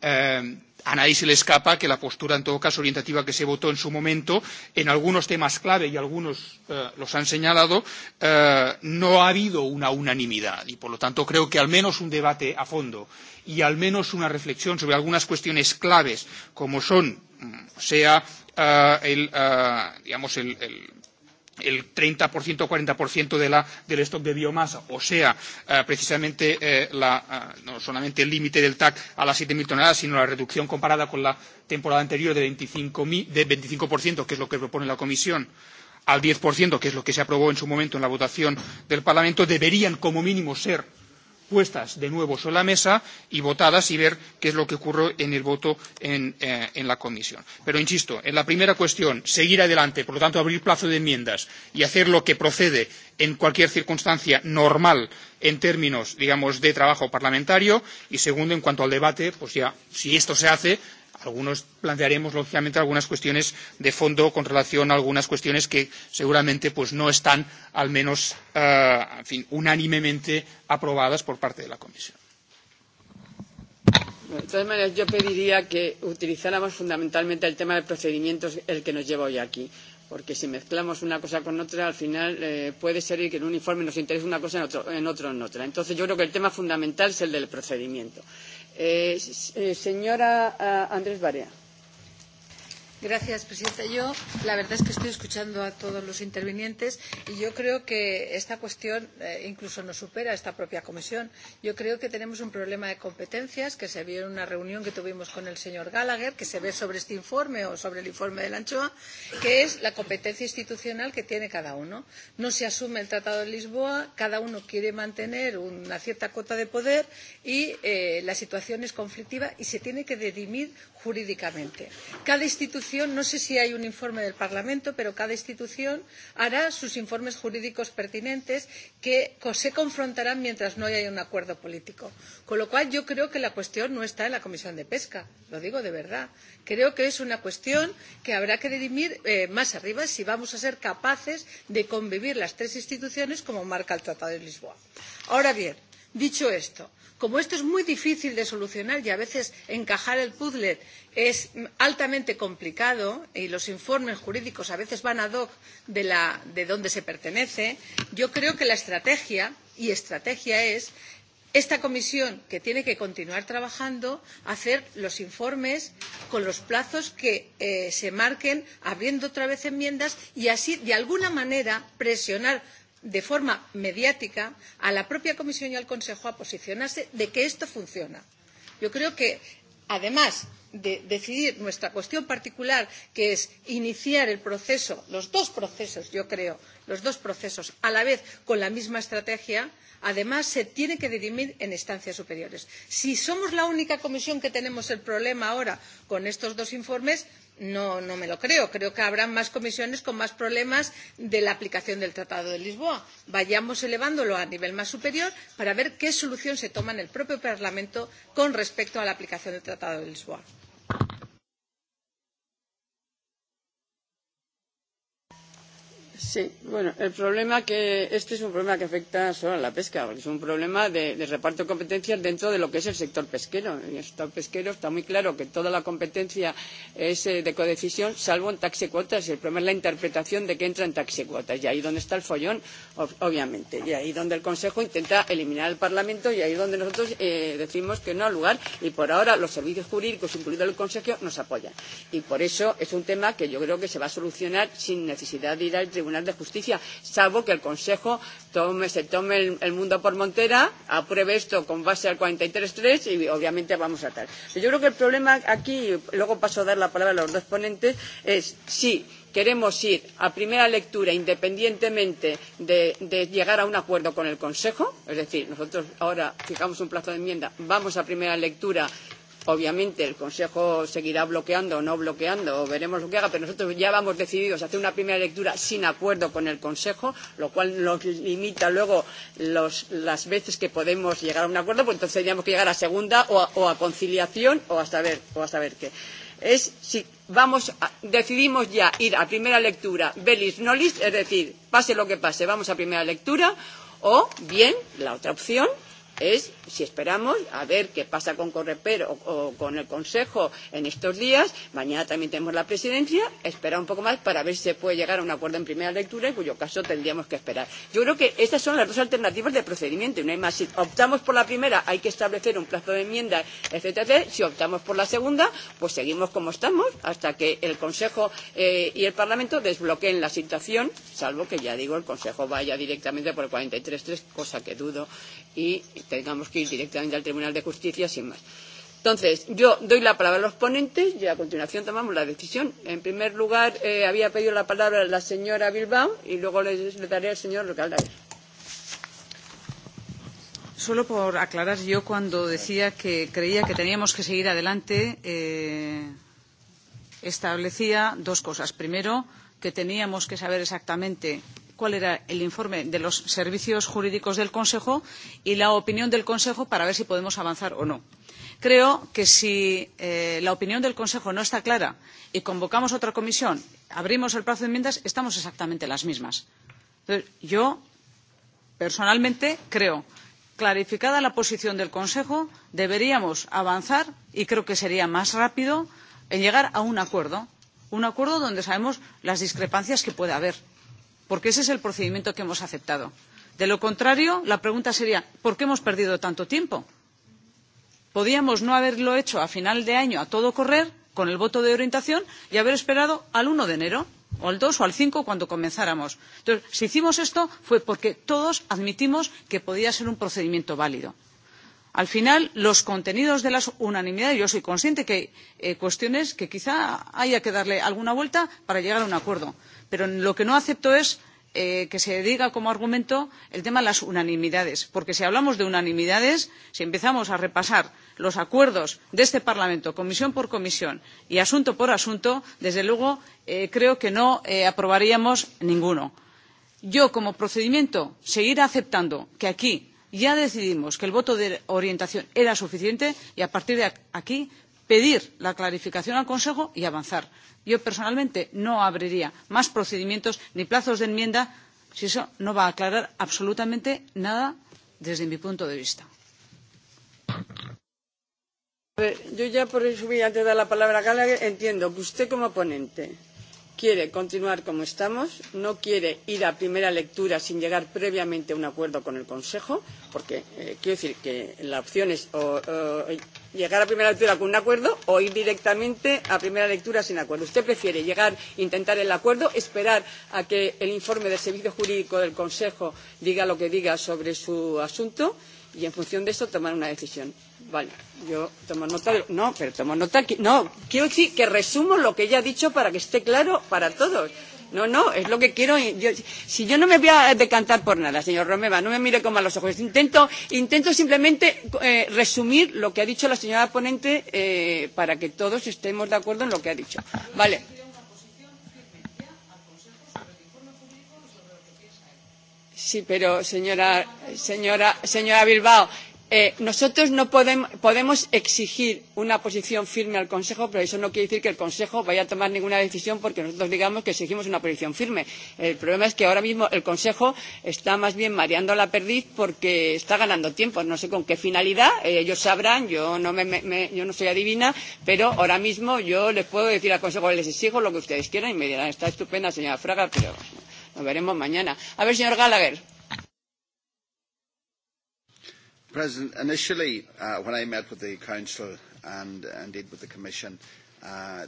Eh, a nadie se le escapa que la postura, en todo caso, orientativa que se votó en su momento, en algunos temas clave, y algunos eh, los han señalado, eh, no ha habido una unanimidad. Y, por lo tanto, creo que al menos un debate a fondo y al menos una reflexión sobre algunas cuestiones claves, como son, sea el, digamos, el, el el 30% o 40% de la, del stock de biomasa, o sea, eh, precisamente eh, la, eh, no solamente el límite del TAC a las 7.000 toneladas, sino la reducción comparada con la temporada anterior de 25%, de 25% que es lo que propone la Comisión, al 10%, que es lo que se aprobó en su momento en la votación del Parlamento, deberían como mínimo ser puestas de nuevo sobre la mesa y votadas y ver qué es lo que ocurre en el voto en, eh, en la comisión. Pero insisto, en la primera cuestión, seguir adelante, por lo tanto abrir plazo de enmiendas y hacer lo que procede en cualquier circunstancia normal en términos, digamos, de trabajo parlamentario. Y segundo, en cuanto al debate, pues ya, si esto se hace, Algunos plantearemos, lógicamente, algunas cuestiones de fondo con relación a algunas cuestiones que seguramente no están, al menos, unánimemente aprobadas por parte de la Comisión. De todas maneras, yo pediría que utilizáramos fundamentalmente el tema de procedimientos, el que nos lleva hoy aquí porque si mezclamos una cosa con otra, al final eh, puede ser que en un informe nos interese una cosa, en otro, en otro en otra. Entonces yo creo que el tema fundamental es el del procedimiento señora Andrés Barea. Señora presidenta. Yo la verdad es que estoy escuchando a todos los intervinientes y yo creo que esta cuestión incluso nos supera a esta propia comisión. Yo creo que tenemos un problema de competencias que se vio en una reunión que tuvimos con el señor Gallagher, que se ve sobre este informe o sobre el informe de la anchoa, que es la competencia institucional que tiene cada uno. No se asume el Tratado de Lisboa, cada uno quiere mantener una cierta cuota de poder y la situación es conflictiva y se tiene que dirimir jurídicamente. Cada institución, no sé si hay un informe del Parlamento, pero cada institución hará sus informes jurídicos pertinentes que se confrontarán mientras no haya un acuerdo político. Con lo cual, yo creo que la cuestión no está en la Comisión de Pesca, lo digo de verdad. Creo que es una cuestión que habrá que dirimir más arriba si vamos a ser capaces de convivir las tres instituciones como marca el Tratado de Lisboa. Ahora bien, dicho esto, como esto es muy difícil de solucionar y a veces encajar el puzzle es altamente complicado y los informes jurídicos a veces van ad hoc de, la, de donde se pertenece, yo creo que la estrategia, y estrategia es, esta comisión, que tiene que continuar trabajando, hacer los informes con los plazos que se marquen, abriendo otra vez enmiendas y así, de alguna manera, presionar de forma mediática a la propia Comisión y al Consejo a posicionarse de que esto funciona. Yo creo que, además de decidir nuestra cuestión particular, que es iniciar el proceso, los dos procesos, yo creo, los dos procesos a la vez con la misma estrategia, además se tiene que dirimir en instancias superiores. Si somos la única comisión que tenemos el problema ahora con estos dos informes, no, no me lo creo. Creo que habrá más comisiones con más problemas de la aplicación del Tratado de Lisboa. Vayamos elevándolo a nivel más superior para ver qué solución se toma en el propio Parlamento con respecto a la aplicación del Tratado de Lisboa. Sí, bueno, el problema que este es un problema que afecta solo a la pesca, porque es un problema de, de reparto de competencias dentro de lo que es el sector pesquero. En el sector pesquero está muy claro que toda la competencia es eh, de codecisión, salvo en taxe cuotas. El problema es la interpretación de que entra en taxe cuotas. Y ahí donde está el follón, obviamente. Y ahí donde el Consejo intenta eliminar al Parlamento y ahí donde nosotros eh, decimos que no al lugar. Y por ahora los servicios jurídicos, incluido el Consejo, nos apoyan. Y por eso es un tema que yo creo que se va a solucionar sin necesidad de ir al Tribunal Tribunal de Justicia, salvo que el Consejo tome, se tome el, el mundo por montera, apruebe esto con base al 43.3 y obviamente vamos a tal. Yo creo que el problema aquí, y luego paso a dar la palabra a los dos ponentes, es si queremos ir a primera lectura independientemente de, de llegar a un acuerdo con el Consejo, es decir, nosotros ahora fijamos un plazo de enmienda, vamos a primera lectura Obviamente el Consejo seguirá bloqueando o no bloqueando, o veremos lo que haga, pero nosotros ya vamos decididos a hacer una primera lectura sin acuerdo con el Consejo, lo cual nos limita luego los, las veces que podemos llegar a un acuerdo, pues entonces tendríamos que llegar a segunda o a, o a conciliación o a saber, o a saber qué. Es si vamos a, decidimos ya ir a primera lectura, belis no list, es decir, pase lo que pase, vamos a primera lectura, o bien la otra opción es si esperamos a ver qué pasa con Correper o, o con el Consejo en estos días. Mañana también tenemos la presidencia. Esperar un poco más para ver si se puede llegar a un acuerdo en primera lectura, en cuyo caso tendríamos que esperar. Yo creo que estas son las dos alternativas de procedimiento. Y no hay más. Si optamos por la primera, hay que establecer un plazo de enmienda, etcétera, etcétera. Si optamos por la segunda, pues seguimos como estamos hasta que el Consejo eh, y el Parlamento desbloqueen la situación, salvo que ya digo el Consejo vaya directamente por el 43.3, cosa que dudo, y tengamos que ir directamente al Tribunal de Justicia sin más. Entonces, yo doy la palabra a los ponentes y a continuación tomamos la decisión. En primer lugar, eh, había pedido la palabra la señora Bilbao y luego le daré al señor Caldares. Solo por aclarar, yo cuando decía que creía que teníamos que seguir adelante, eh, establecía dos cosas. Primero, que teníamos que saber exactamente cuál era el informe de los servicios jurídicos del Consejo y la opinión del Consejo para ver si podemos avanzar o no. Creo que si la opinión del Consejo no está clara y convocamos otra comisión, abrimos el plazo de enmiendas, estamos exactamente las mismas. Entonces, yo personalmente creo clarificada la posición del Consejo, deberíamos avanzar y creo que sería más rápido en llegar a un acuerdo, un acuerdo donde sabemos las discrepancias que puede haber porque ese es el procedimiento que hemos aceptado. de lo contrario la pregunta sería por qué hemos perdido tanto tiempo? podíamos no haberlo hecho a final de año a todo correr con el voto de orientación y haber esperado al uno de enero o al dos o al cinco cuando comenzáramos. Entonces, si hicimos esto fue porque todos admitimos que podía ser un procedimiento válido. Al final, los contenidos de las unanimidades, yo soy consciente que hay cuestiones que quizá haya que darle alguna vuelta para llegar a un acuerdo, pero lo que no acepto es que se diga como argumento el tema de las unanimidades porque si hablamos de unanimidades si empezamos a repasar los acuerdos de este parlamento comisión por comisión y asunto por asunto desde luego creo que no aprobaríamos ninguno. yo como procedimiento seguir aceptando que aquí ya decidimos que el voto de orientación era suficiente y a partir de aquí pedir la clarificación al Consejo y avanzar. Yo personalmente no abriría más procedimientos ni plazos de enmienda si eso no va a aclarar absolutamente nada desde mi punto de vista. Yo ya por resumir, antes de dar la palabra a Gallagher, entiendo que usted como ponente quiere continuar como estamos, no quiere ir a primera lectura sin llegar previamente a un acuerdo con el Consejo, porque quiero decir que la opción es llegar a primera lectura con un acuerdo o ir directamente a primera lectura sin acuerdo. Usted prefiere llegar, intentar el acuerdo, esperar a que el informe del Servicio Jurídico del Consejo diga lo que diga sobre su asunto. y y en función de eso tomar una decisión. Vale, yo tomo nota de... No, pero tomo nota... Que, no, quiero decir que resumo lo que ella ha dicho para que esté claro para todos. No, no, es lo que quiero. Yo, si yo no me voy a decantar por nada, señor Romeva, no me mire con malos los ojos. Intento, intento simplemente eh, resumir lo que ha dicho la señora ponente eh, para que todos estemos de acuerdo en lo que ha dicho. Vale. Sí, pero señora, señora, señora Bilbao, eh, nosotros no podemos, podemos exigir una posición firme al Consejo, pero eso no quiere decir que el Consejo vaya a tomar ninguna decisión porque nosotros digamos que exigimos una posición firme. El problema es que ahora mismo el Consejo está más bien mareando la perdiz porque está ganando tiempo. No sé con qué finalidad, eh, ellos sabrán, yo no, me, me, yo no soy adivina, pero ahora mismo yo les puedo decir al Consejo, les exijo lo que ustedes quieran y me dirán, está estupenda señora Fraga, pero... Nos veremos mañana. A ver, señor Gallagher. President, initially, uh, when I met with the Council and indeed with the Commission, uh,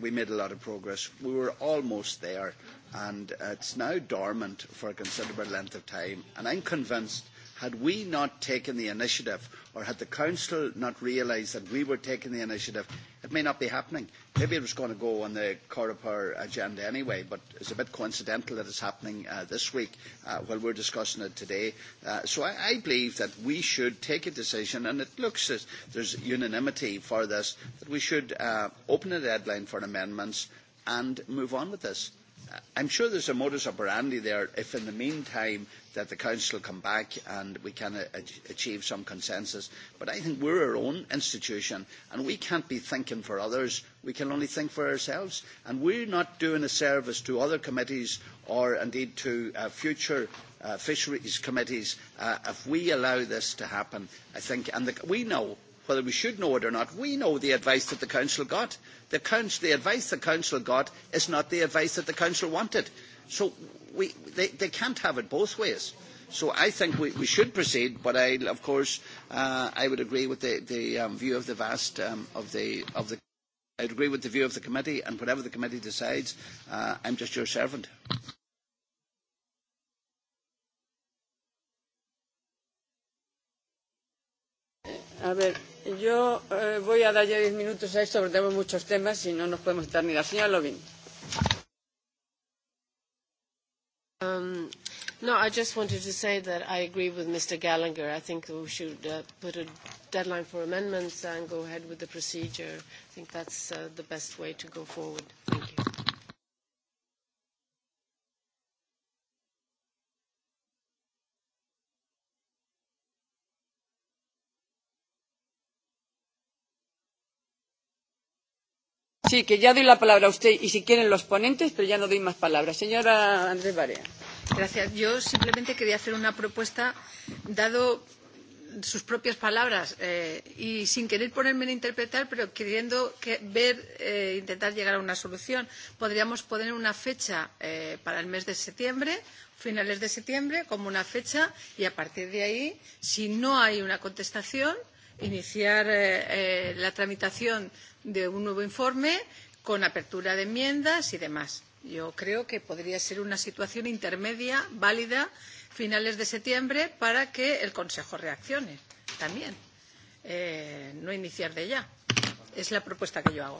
we made a lot of progress. We were almost there, and it's now dormant for a considerable length of time. And I'm convinced had we not taken the initiative or had the council not realised that we were taking the initiative, it may not be happening. Maybe it was going to go on the Coreper agenda anyway, but it's a bit coincidental that it's happening this week while we are discussing it today. so I, believe that we should take a decision, and it looks as there's unanimity for this, that we should open a deadline for amendments and move on with this. I am sure there is a modus operandi there if in the meantime that the Council come back and we can achieve some consensus. But I think we are our own institution and we cannot be thinking for others. We can only think for ourselves. And we are not doing a service to other committees or indeed to future fisheries committees if we allow this to happen. I think, and we know whether we should know it or not, we know the advice that the Council got. The, advice the Council got is not the advice that the Council wanted So we, they, they can't have it both ways. So I think we, we should proceed, but I, of course, uh, I would agree with the, the um, view of the vast um, of the of the. I would agree with the view of the committee, and whatever the committee decides, uh, I'm just your servant. A ver, yo eh, voy a dar ya diez minutos a esto porque tenemos muchos temas y no nos podemos estar ni la señora Lovin. No, I just wanted to say that I agree with Mr. Gallagher. I think we should uh, put a deadline for amendments and go ahead with the procedure. I think that's uh, the best way to go forward. Thank you. Sí, que ya doy la palabra a usted y si quieren los ponentes, pero ya no doy más palabras. Señora Andrés Barea. Gracias. Yo simplemente quería hacer una propuesta, dado sus propias palabras eh, y sin querer ponerme a interpretar, pero queriendo que, ver, eh, intentar llegar a una solución. Podríamos poner una fecha eh, para el mes de septiembre, finales de septiembre, como una fecha y a partir de ahí, si no hay una contestación, iniciar eh, eh, la tramitación de un nuevo informe con apertura de enmiendas y demás. Yo creo que podría ser una situación intermedia, válida, finales de septiembre, para que el Consejo reaccione también. Eh, no iniciar de ya. Es la propuesta que yo hago.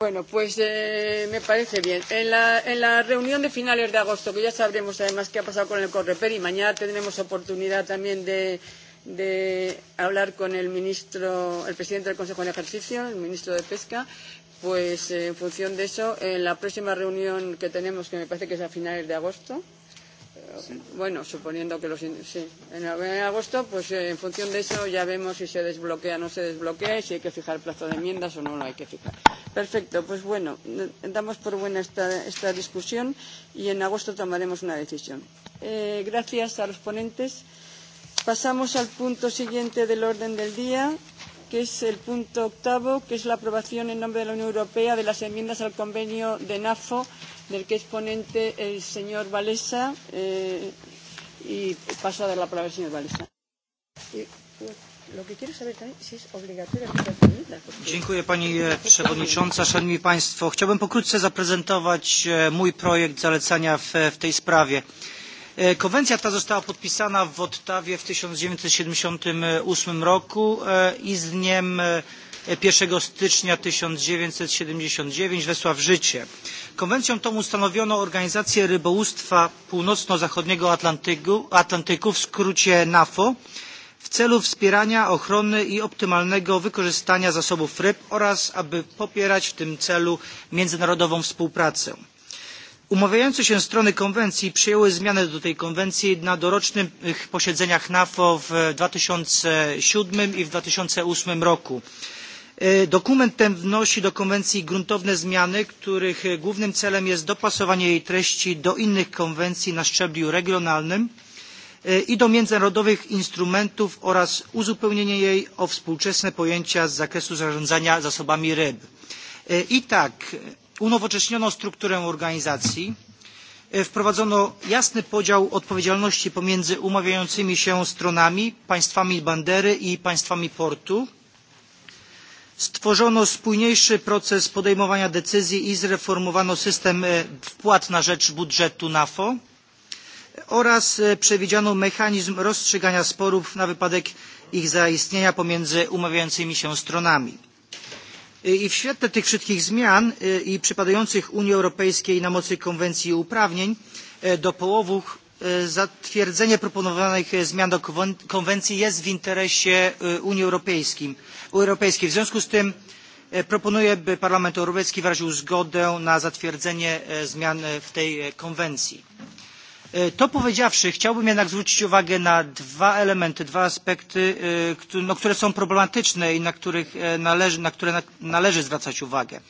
Bueno, pues eh, me parece bien. En la, en la reunión de finales de agosto, que ya sabremos además qué ha pasado con el Correper y mañana tendremos oportunidad también de, de hablar con el ministro, el presidente del Consejo de Ejercicio, el ministro de Pesca, pues en función de eso, en la próxima reunión que tenemos, que me parece que es a finales de agosto, bueno, suponiendo que los sí, en agosto, pues en función de eso ya vemos si se desbloquea o no se desbloquea y si hay que fijar el plazo de enmiendas o no lo hay que fijar. Perfecto, pues bueno, damos por buena esta, esta discusión y en agosto tomaremos una decisión. Eh, gracias a los ponentes. Pasamos al punto siguiente del orden del día, que es el punto octavo, que es la aprobación en nombre de la Unión Europea de las enmiendas al convenio de NAFO, del que es ponente el señor Valesa. Eh, y paso a dar la palabra al señor Valesa. Lo que quiero saber también si es obligatoria Dziękuję Pani Przewodnicząca, Szanowni Państwo. Chciałbym pokrótce zaprezentować mój projekt zalecenia w tej sprawie. Konwencja ta została podpisana w Ottawie w 1978 roku i z dniem 1 stycznia 1979 wesła w życie. Konwencją tą ustanowiono Organizację Rybołówstwa Północno-Zachodniego Atlantyku, w skrócie NAFO, w celu wspierania ochrony i optymalnego wykorzystania zasobów ryb oraz aby popierać w tym celu międzynarodową współpracę. Umawiające się strony konwencji przyjęły zmiany do tej konwencji na dorocznych posiedzeniach NAFO w 2007 i w 2008 roku. Dokument ten wnosi do konwencji gruntowne zmiany, których głównym celem jest dopasowanie jej treści do innych konwencji na szczeblu regionalnym i do międzynarodowych instrumentów oraz uzupełnienie jej o współczesne pojęcia z zakresu zarządzania zasobami ryb. I tak, unowocześniono strukturę organizacji, wprowadzono jasny podział odpowiedzialności pomiędzy umawiającymi się stronami, państwami bandery i państwami portu, stworzono spójniejszy proces podejmowania decyzji i zreformowano system wpłat na rzecz budżetu NAFO oraz przewidziano mechanizm rozstrzygania sporów na wypadek ich zaistnienia pomiędzy umawiającymi się stronami. I w świetle tych wszystkich zmian i przypadających Unii Europejskiej na mocy konwencji uprawnień do połowów zatwierdzenie proponowanych zmian do konwencji jest w interesie Unii Europejskiej. W związku z tym proponuję, by Parlament Europejski wyraził zgodę na zatwierdzenie zmian w tej konwencji. To powiedziawszy, chciałbym jednak zwrócić uwagę na dwa elementy, dwa aspekty, które są problematyczne i na, które należy zwracać uwagę.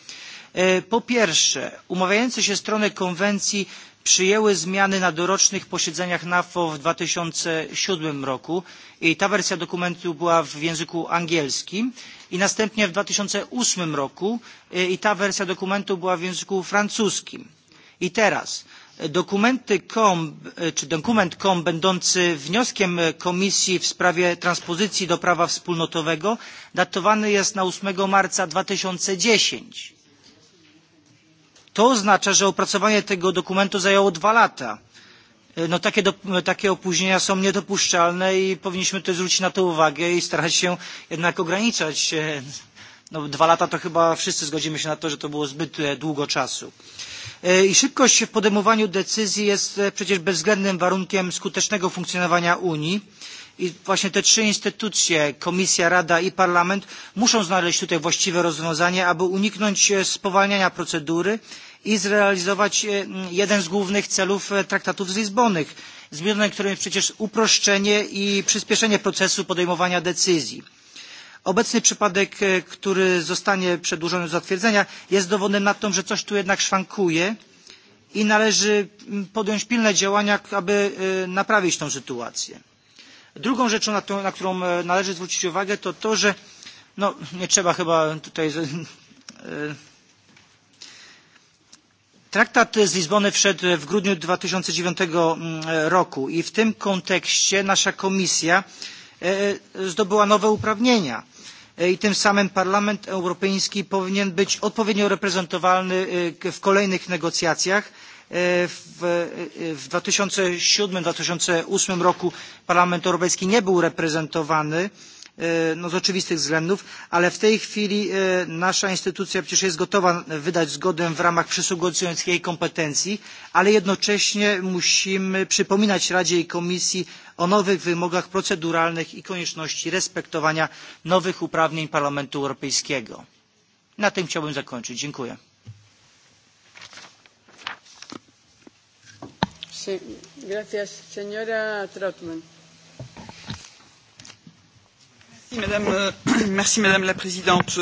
Po pierwsze, umawiające się strony konwencji przyjęły zmiany na dorocznych posiedzeniach NAFO w dwa tysiące 2007 roku i ta wersja dokumentu była w języku angielskim i następnie w dwa tysiące 2008 roku i ta wersja dokumentu była w języku francuskim. I teraz dokument COM będący wnioskiem Komisji w sprawie transpozycji do prawa wspólnotowego datowany jest na 8 marca 2010. To oznacza, że opracowanie tego dokumentu zajęło dwa lata. takie, opóźnienia są niedopuszczalne i powinniśmy też zwrócić na to uwagę i starać się jednak ograniczać No, dwa lata to chyba wszyscy zgodzimy się na to, że to było zbyt długo czasu. I szybkość w podejmowaniu decyzji jest przecież bezwzględnym warunkiem skutecznego funkcjonowania Unii. I właśnie te trzy instytucje, Komisja, Rada i Parlament, muszą znaleźć tutaj właściwe rozwiązanie, aby uniknąć spowalniania procedury i zrealizować jeden z głównych celów traktatów z Lizbony, zmiany, którym jest przecież uproszczenie i przyspieszenie procesu podejmowania decyzji Obecny przypadek, który zostanie przedłużony do zatwierdzenia, jest dowodem na to, że coś tu jednak szwankuje i należy podjąć pilne działania, aby naprawić tę sytuację. Drugą rzeczą, na, którą należy zwrócić uwagę, to to, że no, nie trzeba chyba tutaj. Traktat z Lizbony wszedł w grudniu 2009 roku i w tym kontekście nasza komisja zdobyła nowe uprawnienia i tym samym Parlament Europejski powinien być odpowiednio reprezentowany w kolejnych negocjacjach. W 2007 osiem roku Parlament Europejski nie był reprezentowany w no z oczywistych względów, ale w tej chwili nasza instytucja przecież jest gotowa wydać zgodę w ramach przysługujących jej kompetencji, ale jednocześnie musimy przypominać Radzie i Komisji o nowych wymogach proceduralnych i konieczności respektowania nowych uprawnień Parlamentu Europejskiego. Na tym chciałbym zakończyć. Dziękuję madame la présidente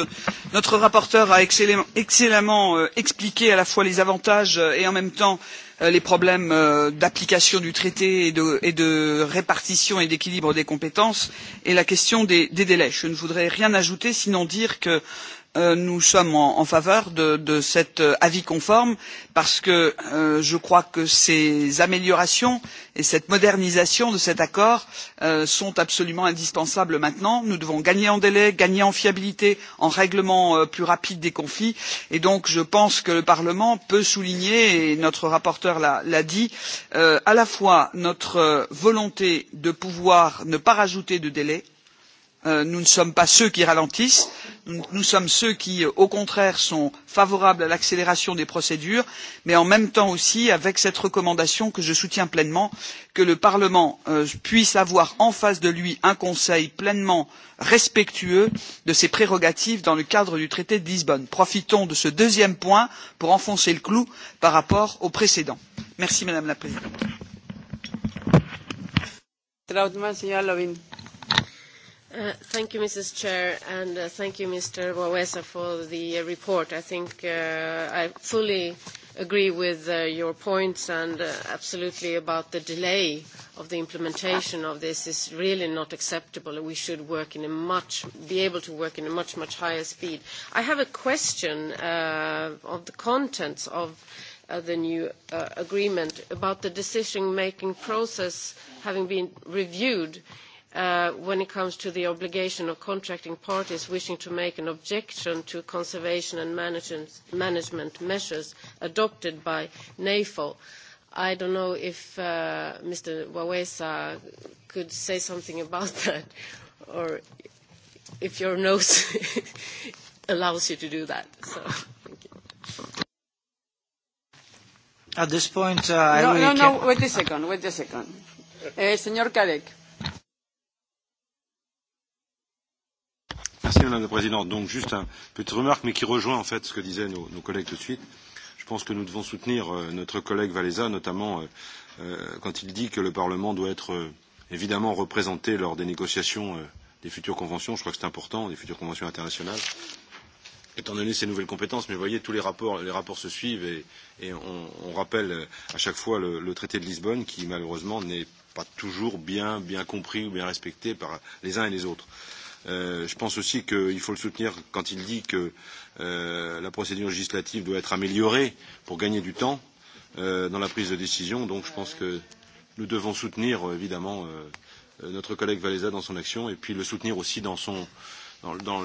notre rapporteure a excellemment expliqué à la fois les avantages et en même temps les problèmes d'application du traité et de répartition et d'équilibre des compétences et la question des délais. je ne voudrais rien ajouter sinon dire que nous sommes en, faveur de, cet avis conforme parce que je crois que ces améliorations et cette modernisation de cet accord sont absolument indispensables maintenant. Nous devons gagner en délai, gagner en fiabilité, en règlement plus rapide des conflits et donc je pense que le Parlement peut souligner et notre rapporteur l'a dit à la fois notre volonté de pouvoir ne pas rajouter de délai nous ne sommes pas ceux qui ralentissent nous sommes ceux qui au contraire sont favorables à l'accélération des procédures mais en même temps aussi avec cette recommandation que je soutiens pleinement que le parlement puisse avoir en face de lui un conseil pleinement respectueux de ses prérogatives dans le cadre du traité de lisbonne. profitons de ce deuxième point pour enfoncer le clou par rapport au précédent. madame la présidente Thank you, Mrs. Chair, and thank you, Mr. Wawesa, for the report. I think I fully agree with your points and absolutely about the delay of the implementation of this is really not acceptable. We should work in a much, be able to work in a much, much higher speed. I have a question of the contents of the new agreement about the decision-making process having been reviewed when it comes to the obligation of contracting parties wishing to make an objection to conservation and management measures adopted by NAFO. I don't know if Mr. Wawesa could say something about that, or if your nose allows you to do that. thank you. At this point, I really no, no, wait a second, wait a second. Señor Merci Madame la Présidente. Donc juste une petite remarque, mais qui rejoint en fait ce que disaient nos, nos collègues tout de suite. Je pense que nous devons soutenir euh, notre collègue Valéza, notamment euh, quand il dit que le Parlement doit être euh, évidemment représenté lors des négociations euh, des futures conventions. Je crois que c'est important, des futures conventions internationales étant donné ces nouvelles compétences, mais vous voyez, tous les rapports, les rapports se suivent et, et on, on rappelle à chaque fois le, le traité de Lisbonne qui malheureusement n'est pas toujours bien, bien compris ou bien respecté par les uns et les autres je pense aussi qu'il faut le soutenir quand il dit que la procédure législative doit être améliorée pour gagner du temps dans la prise de décision. Donc je pense que nous devons soutenir évidemment notre collègue Valéza dans son action et puis le soutenir aussi dans, son, dans,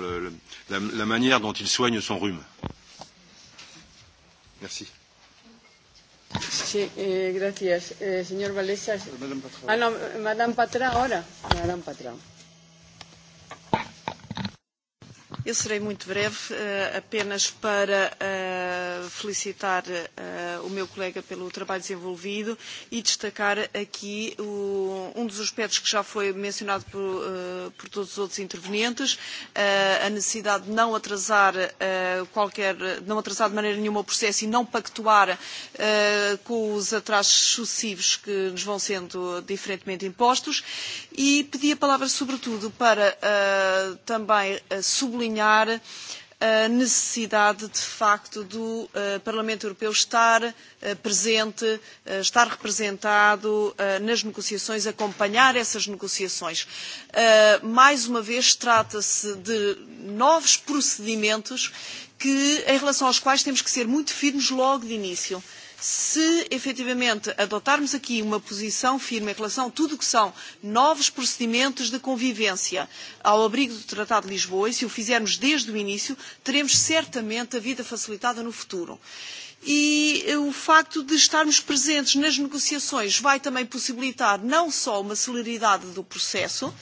la manière dont il soigne son rhume. Merci. Sí, eh, gracias. Eh, señor Valesas. Ah, no, Madame Patra ahora. Madame Patra. Eu serei muito breve, apenas para felicitar o meu colega pelo trabalho desenvolvido e destacar aqui um dos aspectos que já foi mencionado por todos os outros intervenientes, a necessidade de não atrasar qualquer, não atrasar de maneira nenhuma o processo e não pactuar com os atrasos sucessivos que nos vão sendo diferentemente impostos e pedi a palavra sobretudo para também sublinhar sublinhar a necessidade, de facto, do Parlamento Europeu estar presente, estar representado nas negociações, acompanhar essas negociações. Mais uma vez, trata-se de novos procedimentos que, em relação aos quais temos que ser muito firmes logo de início. Uh, se efetivamente adotarmos aqui uma posição firme em relação a tudo o que são novos procedimentos de convivência ao abrigo do Tratado de Lisboa, e se o fizermos desde o início, teremos certamente a vida facilitada no futuro e o facto de estarmos presentes nas negociações vai também possibilitar não só uma celeridade do processo,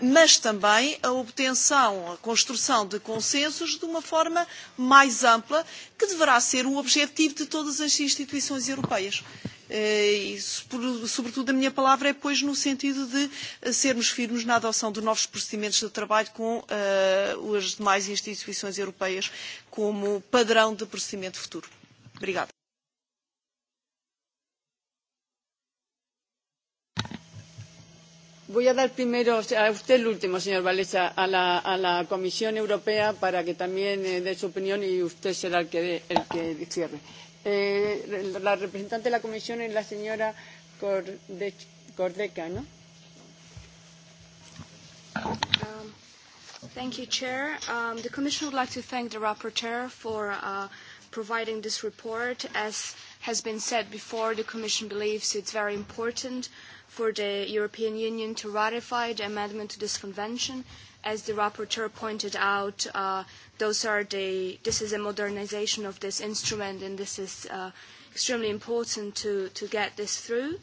mas também a obtenção, a construção de consensos de uma forma mais ampla, que deverá ser o objetivo de todas as instituições europeias. E, sobretudo, a minha palavra é, pois, no sentido de sermos firmes na adoção de novos procedimentos de trabalho com as demais instituições europeias como padrão de procedimento futuro. Obrigada. Voy a dar primero a usted el último, señor Valesa, a la, a la Comisión Europea para que también eh, dé su opinión y usted será el que, de, el que cierre. Eh, la representante de la Comisión es la señora Cordeca, ¿no? Um, thank you, Chair. Um, the Commission would like to thank the Rapporteur for uh, providing this report. As has been said before, the Commission believes it's very important for the European Union to ratify the amendment to this convention. As the rapporteur pointed out, uh, those are the, this is a modernization of this instrument and this is uh, extremely important to, to get this through.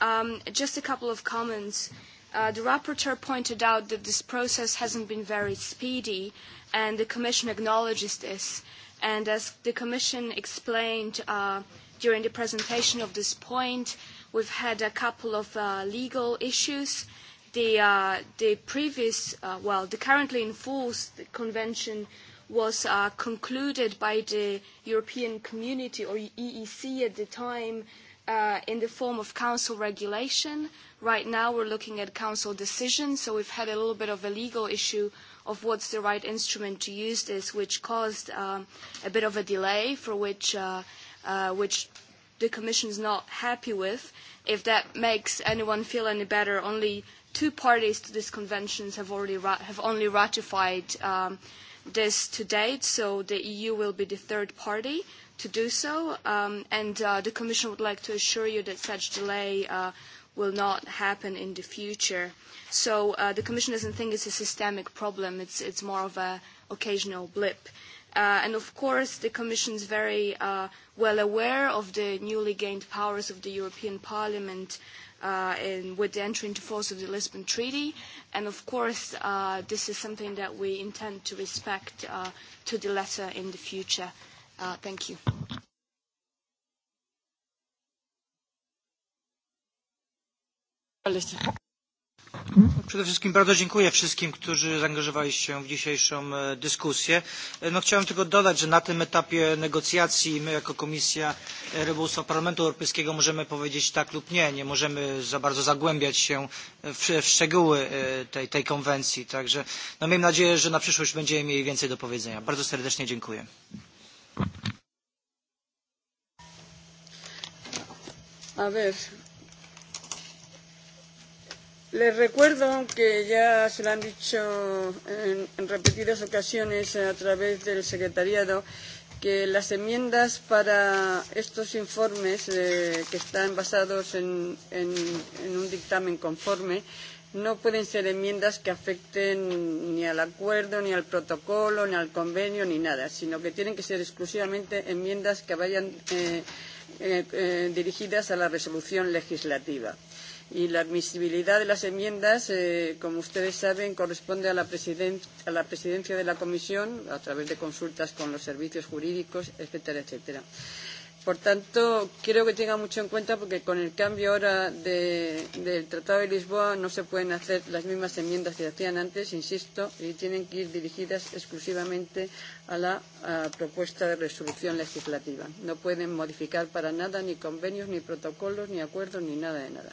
Um, just a couple of comments. Uh, the rapporteur pointed out that this process hasn't been very speedy and the Commission acknowledges this. And as the Commission explained uh, during the presentation of this point, uh, We've had a couple of uh, legal issues. The, uh, the previous, uh, well, the currently enforced convention was uh, concluded by the European Community, or EEC at the time, uh, in the form of council regulation. Right now we're looking at council decisions, so we've had a little bit of a legal issue of what's the right instrument to use this, which caused um, a bit of a delay for which, uh, uh, which the Commission is not happy with. If that makes anyone feel any better, only two parties to this convention have already have only ratified um, this to date, so the EU will be the third party to do so, um, and uh, the Commission would like to assure you that such delay uh, will not happen in the future. So uh, the Commission doesn't think it's a systemic problem, it's, it's more of an occasional blip and of course, the Commission is very well aware of the newly gained powers of the European Parliament with the entry into force of the Lisbon Treaty. And of course, this is something that we intend to respect to the letter in the future. thank you. Przede wszystkim bardzo dziękuję wszystkim, którzy zaangażowali się w dzisiejszą dyskusję. chciałem tylko dodać, że na tym etapie negocjacji my jako Komisja Rybołówstwa Parlamentu Europejskiego możemy powiedzieć tak lub nie. Nie możemy za bardzo zagłębiać się w, szczegóły tej, konwencji. Także no, miejmy nadzieję, że na przyszłość będziemy mieli więcej do powiedzenia. Bardzo serdecznie dziękuję. A Les recuerdo que ya se lo han dicho en, en repetidas ocasiones a través del secretariado que las enmiendas para estos informes eh, que están basados en, en, en un dictamen conforme no pueden ser enmiendas que afecten ni al acuerdo, ni al protocolo, ni al convenio, ni nada, sino que tienen que ser exclusivamente enmiendas que vayan eh, eh, eh, dirigidas a la resolución legislativa. Y la admisibilidad de las enmiendas, eh, como ustedes saben, corresponde a la, a la presidencia de la comisión a través de consultas con los servicios jurídicos, etcétera, etcétera. Por tanto, quiero que tenga mucho en cuenta porque con el cambio ahora de, del Tratado de Lisboa no se pueden hacer las mismas enmiendas que hacían antes, insisto, y tienen que ir dirigidas exclusivamente a la a propuesta de resolución legislativa. No pueden modificar para nada ni convenios, ni protocolos, ni acuerdos, ni nada de nada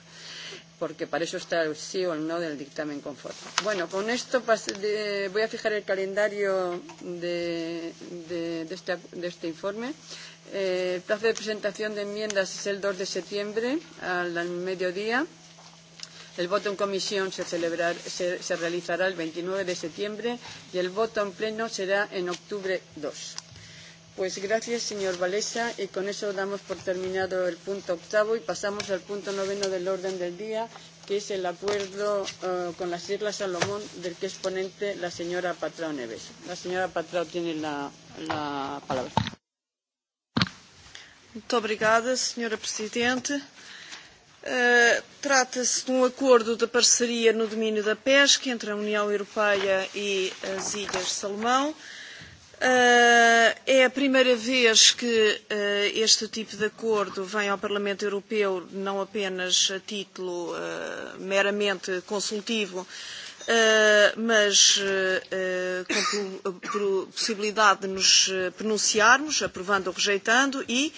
porque para eso está el sí o el no del dictamen conforme. Bueno, con esto de voy a fijar el calendario de, de, de, este, de este informe. El plazo de presentación de enmiendas es el 2 de septiembre al mediodía. El voto en comisión se, celebrar, se, se realizará el 29 de septiembre y el voto en pleno será en octubre 2. Pues gracias, señor Valesa, y con eso damos por terminado el punto octavo y pasamos al punto noveno del orden del día, que es el acuerdo uh, con las Islas Salomón, del que es ponente la señora Patrao Neves. La señora Patrao tiene la, la palabra. Muito obrigada, Senhora Presidente. Trata-se de um acordo de parceria no domínio da pesca entre a União Europeia e as Ilhas Salomão. É a primeira vez que este tipo de acordo vem ao Parlamento Europeu, não apenas a título meramente consultivo, mas com possibilidade de nos pronunciarmos, aprovando ou rejeitando, e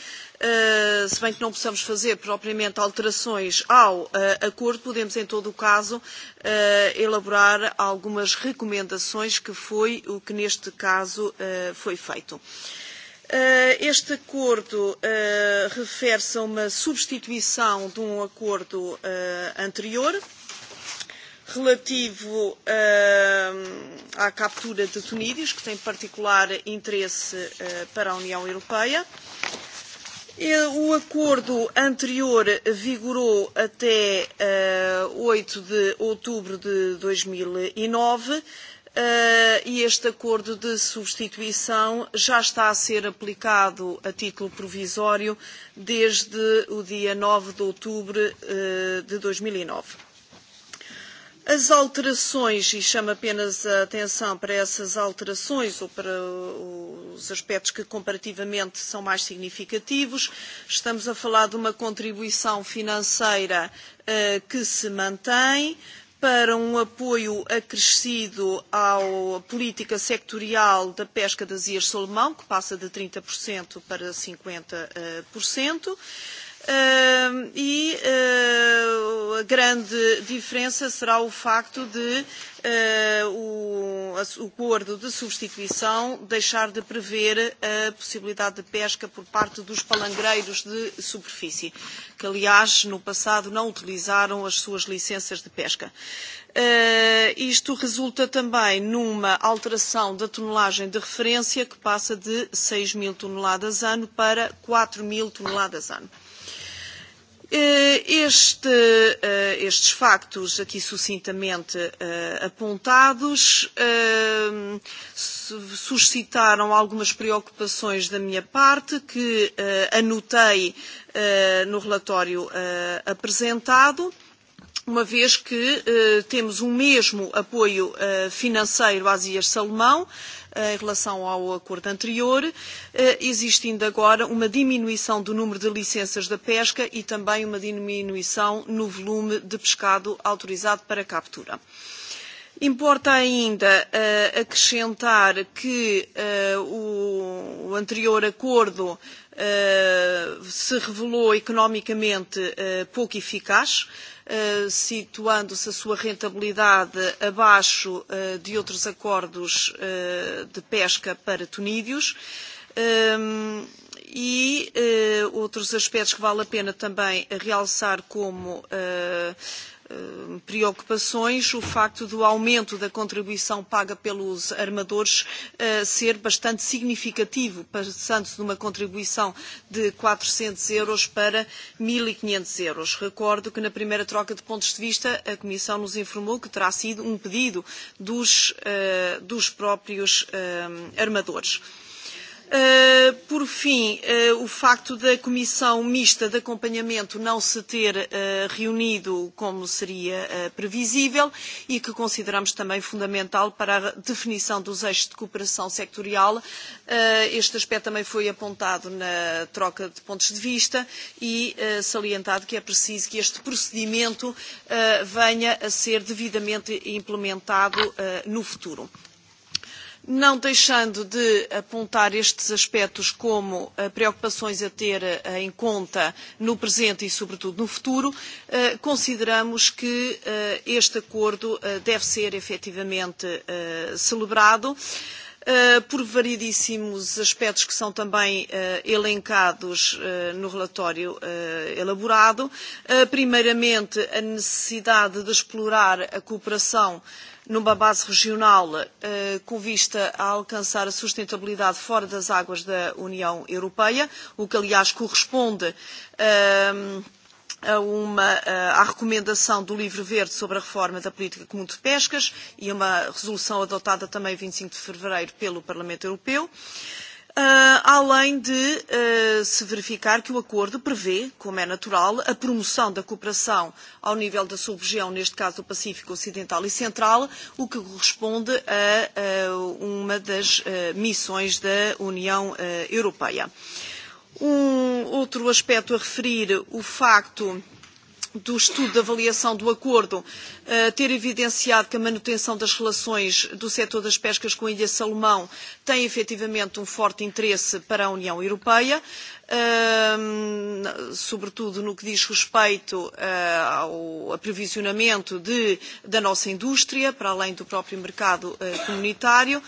se bem que não possamos fazer propriamente alterações ao acordo, podemos, em todo o caso, elaborar algumas recomendações, que foi o que neste caso foi feito. Este acordo refere-se a uma substituição de um acordo anterior relativo à captura de tunídeos, que tem particular interesse para a União Europeia. O acordo anterior vigorou até uh, 8 de outubro de 2009 uh, e este acordo de substituição já está a ser aplicado a título provisório desde o dia 9 de outubro uh, de 2009. As alterações, e chamo apenas a atenção para essas alterações ou para os aspectos que comparativamente são mais significativos, estamos a falar de uma contribuição financeira que se mantém para um apoio acrescido à política sectorial da pesca das Ias Solomão, que passa de 30% para 50% e a grande diferença será o facto de o, acordo de substituição deixar de prever a possibilidade de pesca por parte dos palangreiros de superfície, que aliás no passado não utilizaram as suas licenças de pesca. isto resulta também numa alteração da tonelagem de referência que passa de 6 mil toneladas ano para 4 mil toneladas ano estes factos aqui sucintamente apontados suscitaram algumas preocupações da minha parte que anotei no relatório apresentado uma vez que temos o mesmo apoio financeiro às Ilhas Salomão, em relação ao acordo anterior. existindo agora uma diminuição do número de licenças da pesca e também uma diminuição no volume de pescado autorizado para captura. Importa ainda uh, acrescentar que uh, o, o anterior acordo uh, se revelou economicamente uh, pouco eficaz, uh, situando-se a sua rentabilidade abaixo de outros acordos de pesca para tunídeos e outros aspectos que vale a pena também realçar como preocupações o facto do aumento da contribuição paga pelos armadores ser bastante significativo, passando-se de uma contribuição de 400 euros para 1.500 euros. Recordo que na primeira troca de pontos de vista a Comissão nos informou que terá sido um pedido dos, dos próprios armadores. Por fim, o facto da Comissão Mista de Acompanhamento não se ter reunido como seria previsível e que consideramos também fundamental para a definição dos eixos de cooperação sectorial. Este aspecto também foi apontado na troca de pontos de vista e salientado que é preciso que este procedimento venha a ser devidamente implementado no futuro não deixando de apontar estes aspectos como preocupações a ter em conta no presente e, sobretudo, no futuro, consideramos que este acordo deve ser efetivamente celebrado por variedíssimos aspectos que são também elencados no relatório elaborado. primeiramente, a necessidade de explorar a cooperação uh, numa base regional com vista a alcançar a sustentabilidade fora das águas da União Europeia, o que aliás corresponde a uma, à recomendação do Livro Verde sobre a reforma da política comum de pescas e a uma resolução adotada também 25 de fevereiro pelo Parlamento Europeu. Uh, além de se verificar que o acordo prevê, como é natural, a promoção da cooperação ao nível da sub-região, neste caso do Pacífico Ocidental e Central, o que corresponde a uma das missões da União Europeia. Um outro aspecto a referir, o facto do estudo de avaliação do acordo ter evidenciado que a manutenção das relações do setor das pescas com a Ilha Salomão tem efetivamente um forte interesse para a União Europeia, sobretudo no que diz respeito ao aprovisionamento de, da nossa indústria, para além do próprio mercado comunitário,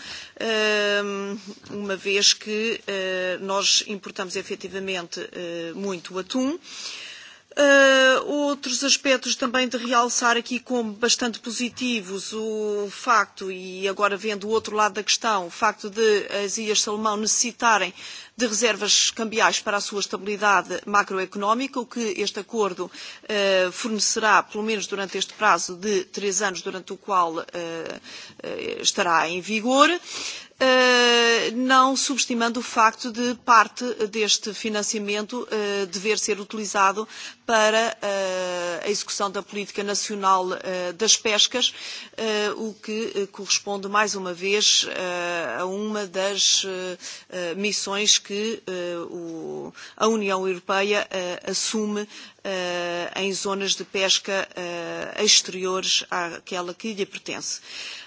uma vez que nós importamos efetivamente muito atum outros aspectos também de realçar aqui como bastante positivos o facto, e agora vendo o outro lado da questão, o facto de as Ilhas Salomão necessitarem de reservas cambiais para a sua estabilidade macroeconómica, o que este acordo fornecerá, pelo menos durante este prazo de três anos, durante o qual estará em vigor não subestimando o facto de parte deste financiamento dever ser utilizado para a execução da Política Nacional das Pescas, o que corresponde mais uma vez a uma das missões que a União Europeia assume em zonas de pesca exteriores àquela que lhe pertence.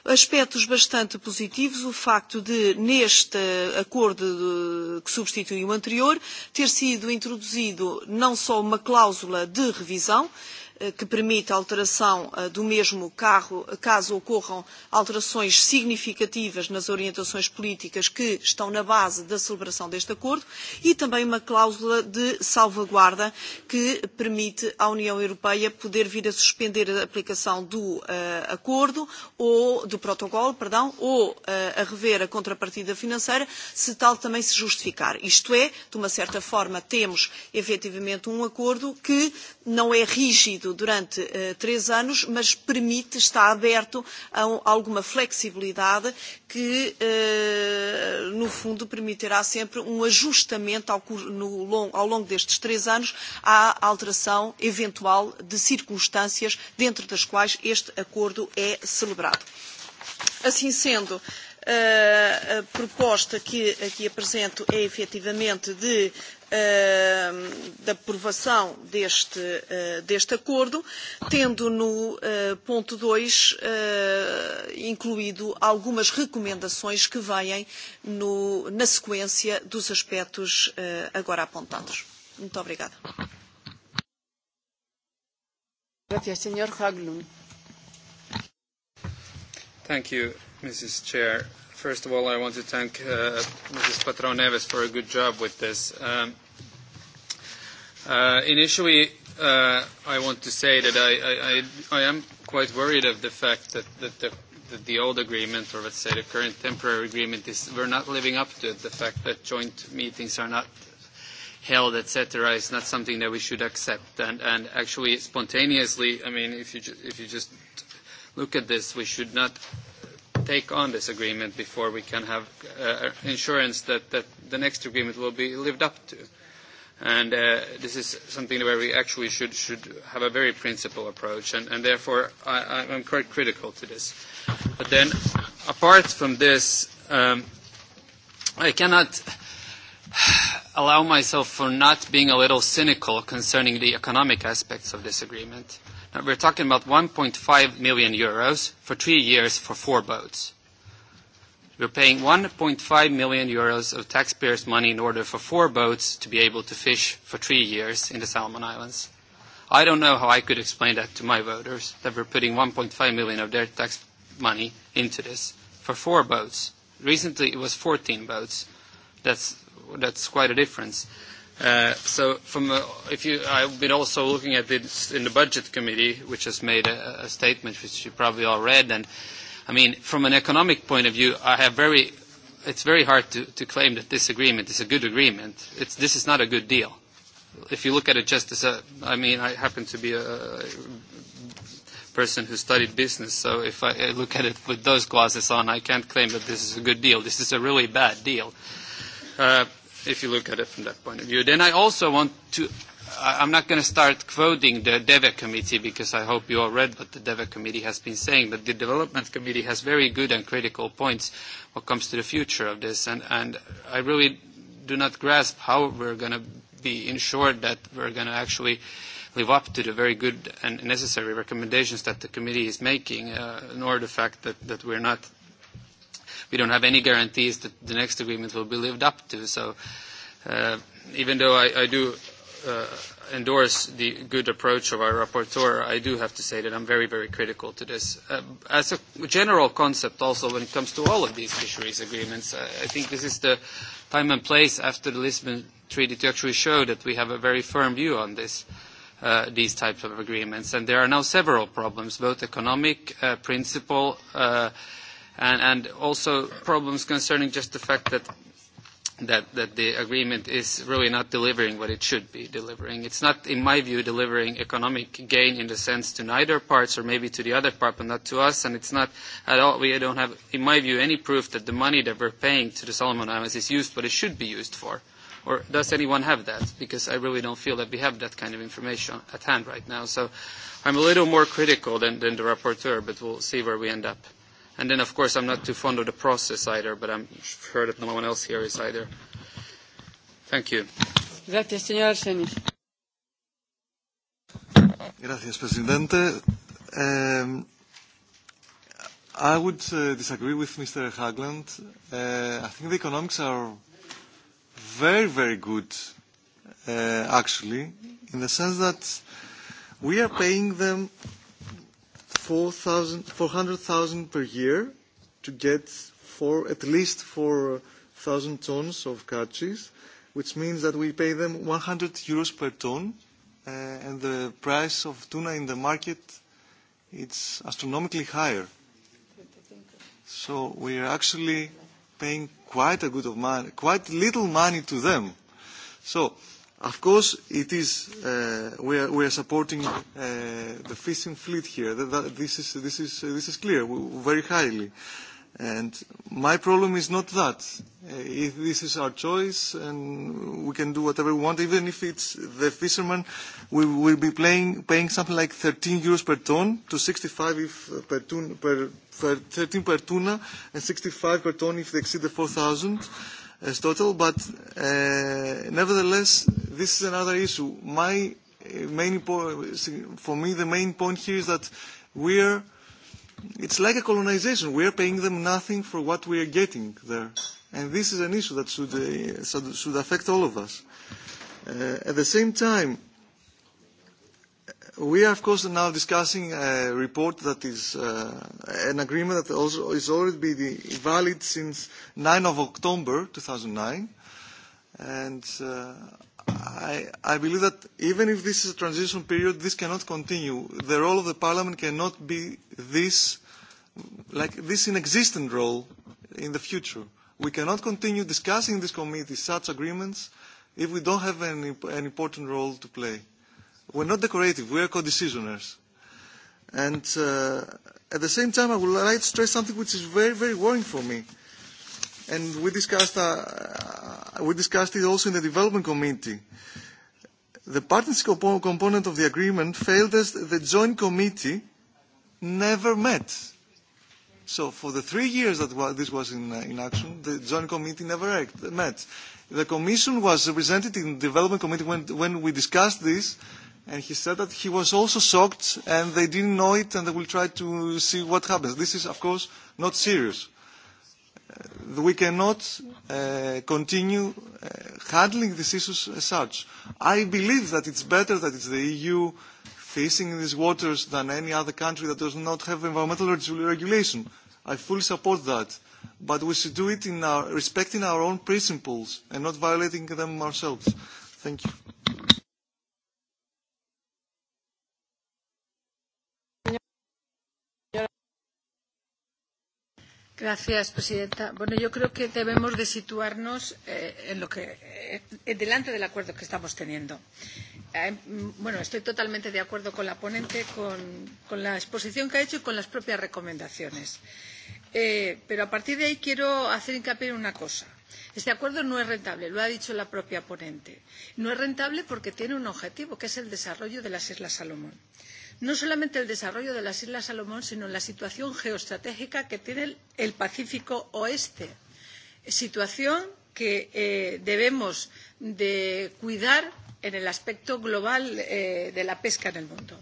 Aspectos bastante positivos, o facto de, neste acordo que substitui o anterior, ter sido introduzido não só uma cláusula cláusula de revisão que permite a alteração do mesmo carro, caso ocorram alterações significativas nas orientações políticas que estão na base da celebração deste acordo e também uma cláusula de salvaguarda que permite à União Europeia poder vir a suspender a aplicação do acordo ou do protocolo, perdão, ou a rever a contrapartida financeira se tal também se justificar. Isto é, de uma certa forma, temos efetivamente um acordo que não é rígido durante três anos, mas permite, está aberto a alguma flexibilidade que, no fundo, permitirá sempre um ajustamento ao longo destes três anos à alteração eventual de circunstâncias dentro das quais este acordo é celebrado. Assim sendo, a proposta que aqui apresento é efetivamente de da aprovação deste, deste acordo, tendo no ponto 2 incluído algumas recomendações que vêm no, na sequência dos aspectos agora apontados. Muito obrigada. Gracias, señor Haglund. Thank you, Mrs. Chair. First of all, I want to thank uh, Mrs. Patron Neves for a good job with this. Um, uh, initially, uh, I want to say that I, I, I, I am quite worried of the fact that, that, the, that the old agreement, or let's say the current temporary agreement, is we're not living up to it. The fact that joint meetings are not held, etc., is not something that we should accept. And, and actually, spontaneously, I mean, if you, ju- if you just look at this, we should not take on this agreement before we can have uh, insurance that, that the next agreement will be lived up to. And uh, this is something where we actually should, should have a very principled approach, and, and therefore I, I'm quite critical to this. But then, apart from this, um, I cannot allow myself for not being a little cynical concerning the economic aspects of this agreement. Uh, We're talking about 1.5 million euros for three years for four boats. We're paying 1.5 million euros of taxpayers' money in order for four boats to be able to fish for three years in the Solomon Islands. I don't know how I could explain that to my voters, that we're putting 1.5 million of their tax money into this for four boats. Recently, it was 14 boats. That's, that's quite a difference. So from if you I've been also looking at this in the Budget Committee, which has made a a statement which you probably all read. And I mean, from an economic point of view, I have very it's very hard to to claim that this agreement is a good agreement. It's This is not a good deal. If you look at it just as a, I mean, I happen to be a person who studied business, so if I look at it with those glasses on, I can't claim that this is a good deal. This is a really bad deal. Uh if you look at it from that point of view. Then I also want to, I, I'm not going to start quoting the DEVE committee because I hope you all read what the DEVE committee has been saying, but the development committee has very good and critical points when it comes to the future of this, and, and I really do not grasp how we're going to be ensured that we're going to actually live up to the very good and necessary recommendations that the committee is making, uh, nor the fact that, that we're not we don't have any guarantees that the next agreement will be lived up to. So uh, even though I, I do uh, endorse the good approach of our rapporteur, I do have to say that I'm very, very critical to this. Uh, as a general concept also when it comes to all of these fisheries agreements, I, I think this is the time and place after the Lisbon Treaty to actually show that we have a very firm view on this uh, these types of agreements. And there are now several problems, both economic, uh, principle, uh, and also problems concerning just the fact that that that the agreement is really not delivering what it should be delivering. It's not, in my view, delivering economic gain in the sense to neither parts or maybe to the other part, but not to us. And it's not at all. We don't have, in my view, any proof that the money that we're paying to the Solomon Islands is used what it should be used for. Or does anyone have that? Because I really don't feel that we have that kind of information at hand right now. So I'm a little more critical than, than the rapporteur, but we'll see where we end up. And then, of course, I'm not too fond of the process either, but I'm sure that no one else here is either. Thank you. Gracias, señor Arsenis. Gracias, Presidente. Um, I would uh, disagree with Mr. Hagland. Uh, I think the economics are very, very good, uh, actually, in the sense that we are paying them 400,000 per year to get four, at least 4,000 tons of catches, which means that we pay them 100 euros per ton, uh, and the price of tuna in the market it's astronomically higher. So we are actually paying quite a good of money, quite little money to them. So Of course, it is, uh, we, are, we are supporting uh, the fishing fleet here. That, that, this, is, this, is, this is clear, very highly. And my problem is not that. If this is our choice and we can do whatever we want, even if it's the fishermen, we will be playing, paying something like 13 euros per ton to 65 if per, tun, per, per 13 per tuna and 65 per ton if they exceed the 4,000 as total, but uh, nevertheless, this is another issue. My main for me, the main point here is that we are it's like a colonization. are paying them nothing for what we are getting there. And this is an issue that should, uh, should affect all of us. Uh, at the same time, We are, of course, now discussing a report that is uh, an agreement that also is already been valid since 9 of October 2009. And uh, I, I believe that even if this is a transition period, this cannot continue. The role of the Parliament cannot be this, like this inexistent role in the future. We cannot continue discussing in this committee such agreements if we don't have an, an important role to play. We're not decorative. We are co-decisioners. And uh, at the same time, I would like to stress something which is very, very worrying for me. And we discussed, uh, we discussed it also in the Development Committee. The partnership component of the agreement failed as the Joint Committee never met. So for the three years that this was in, uh, in action, the Joint Committee never met. The Commission was represented in the Development Committee when, when we discussed this, and he said that he was also shocked and they didn't know it and they will try to see what happens. This is, of course, not serious. We cannot uh, continue uh, handling these issues as such. I believe that it's better that it's the EU facing in these waters than any other country that does not have environmental regulation. I fully support that. But we should do it in our, respecting our own principles and not violating them ourselves. Thank you. Señora presidenta. yo creo que debemos situarnos delante del acuerdo que estamos teniendo. estoy totalmente de acuerdo con la ponente, con, la exposición que ha hecho y con las propias recomendaciones. pero a partir de ahí quiero hacer hincapié en una cosa. Este acuerdo no es rentable, lo ha dicho la propia ponente. No es rentable porque tiene un objetivo, que es el desarrollo de las Islas Salomón. Eh, no solamente el desarrollo de las Islas Salomón, sino la situación geoestratégica que tiene el Pacífico Oeste, situación que debemos cuidar en el aspecto global de la pesca en el mundo.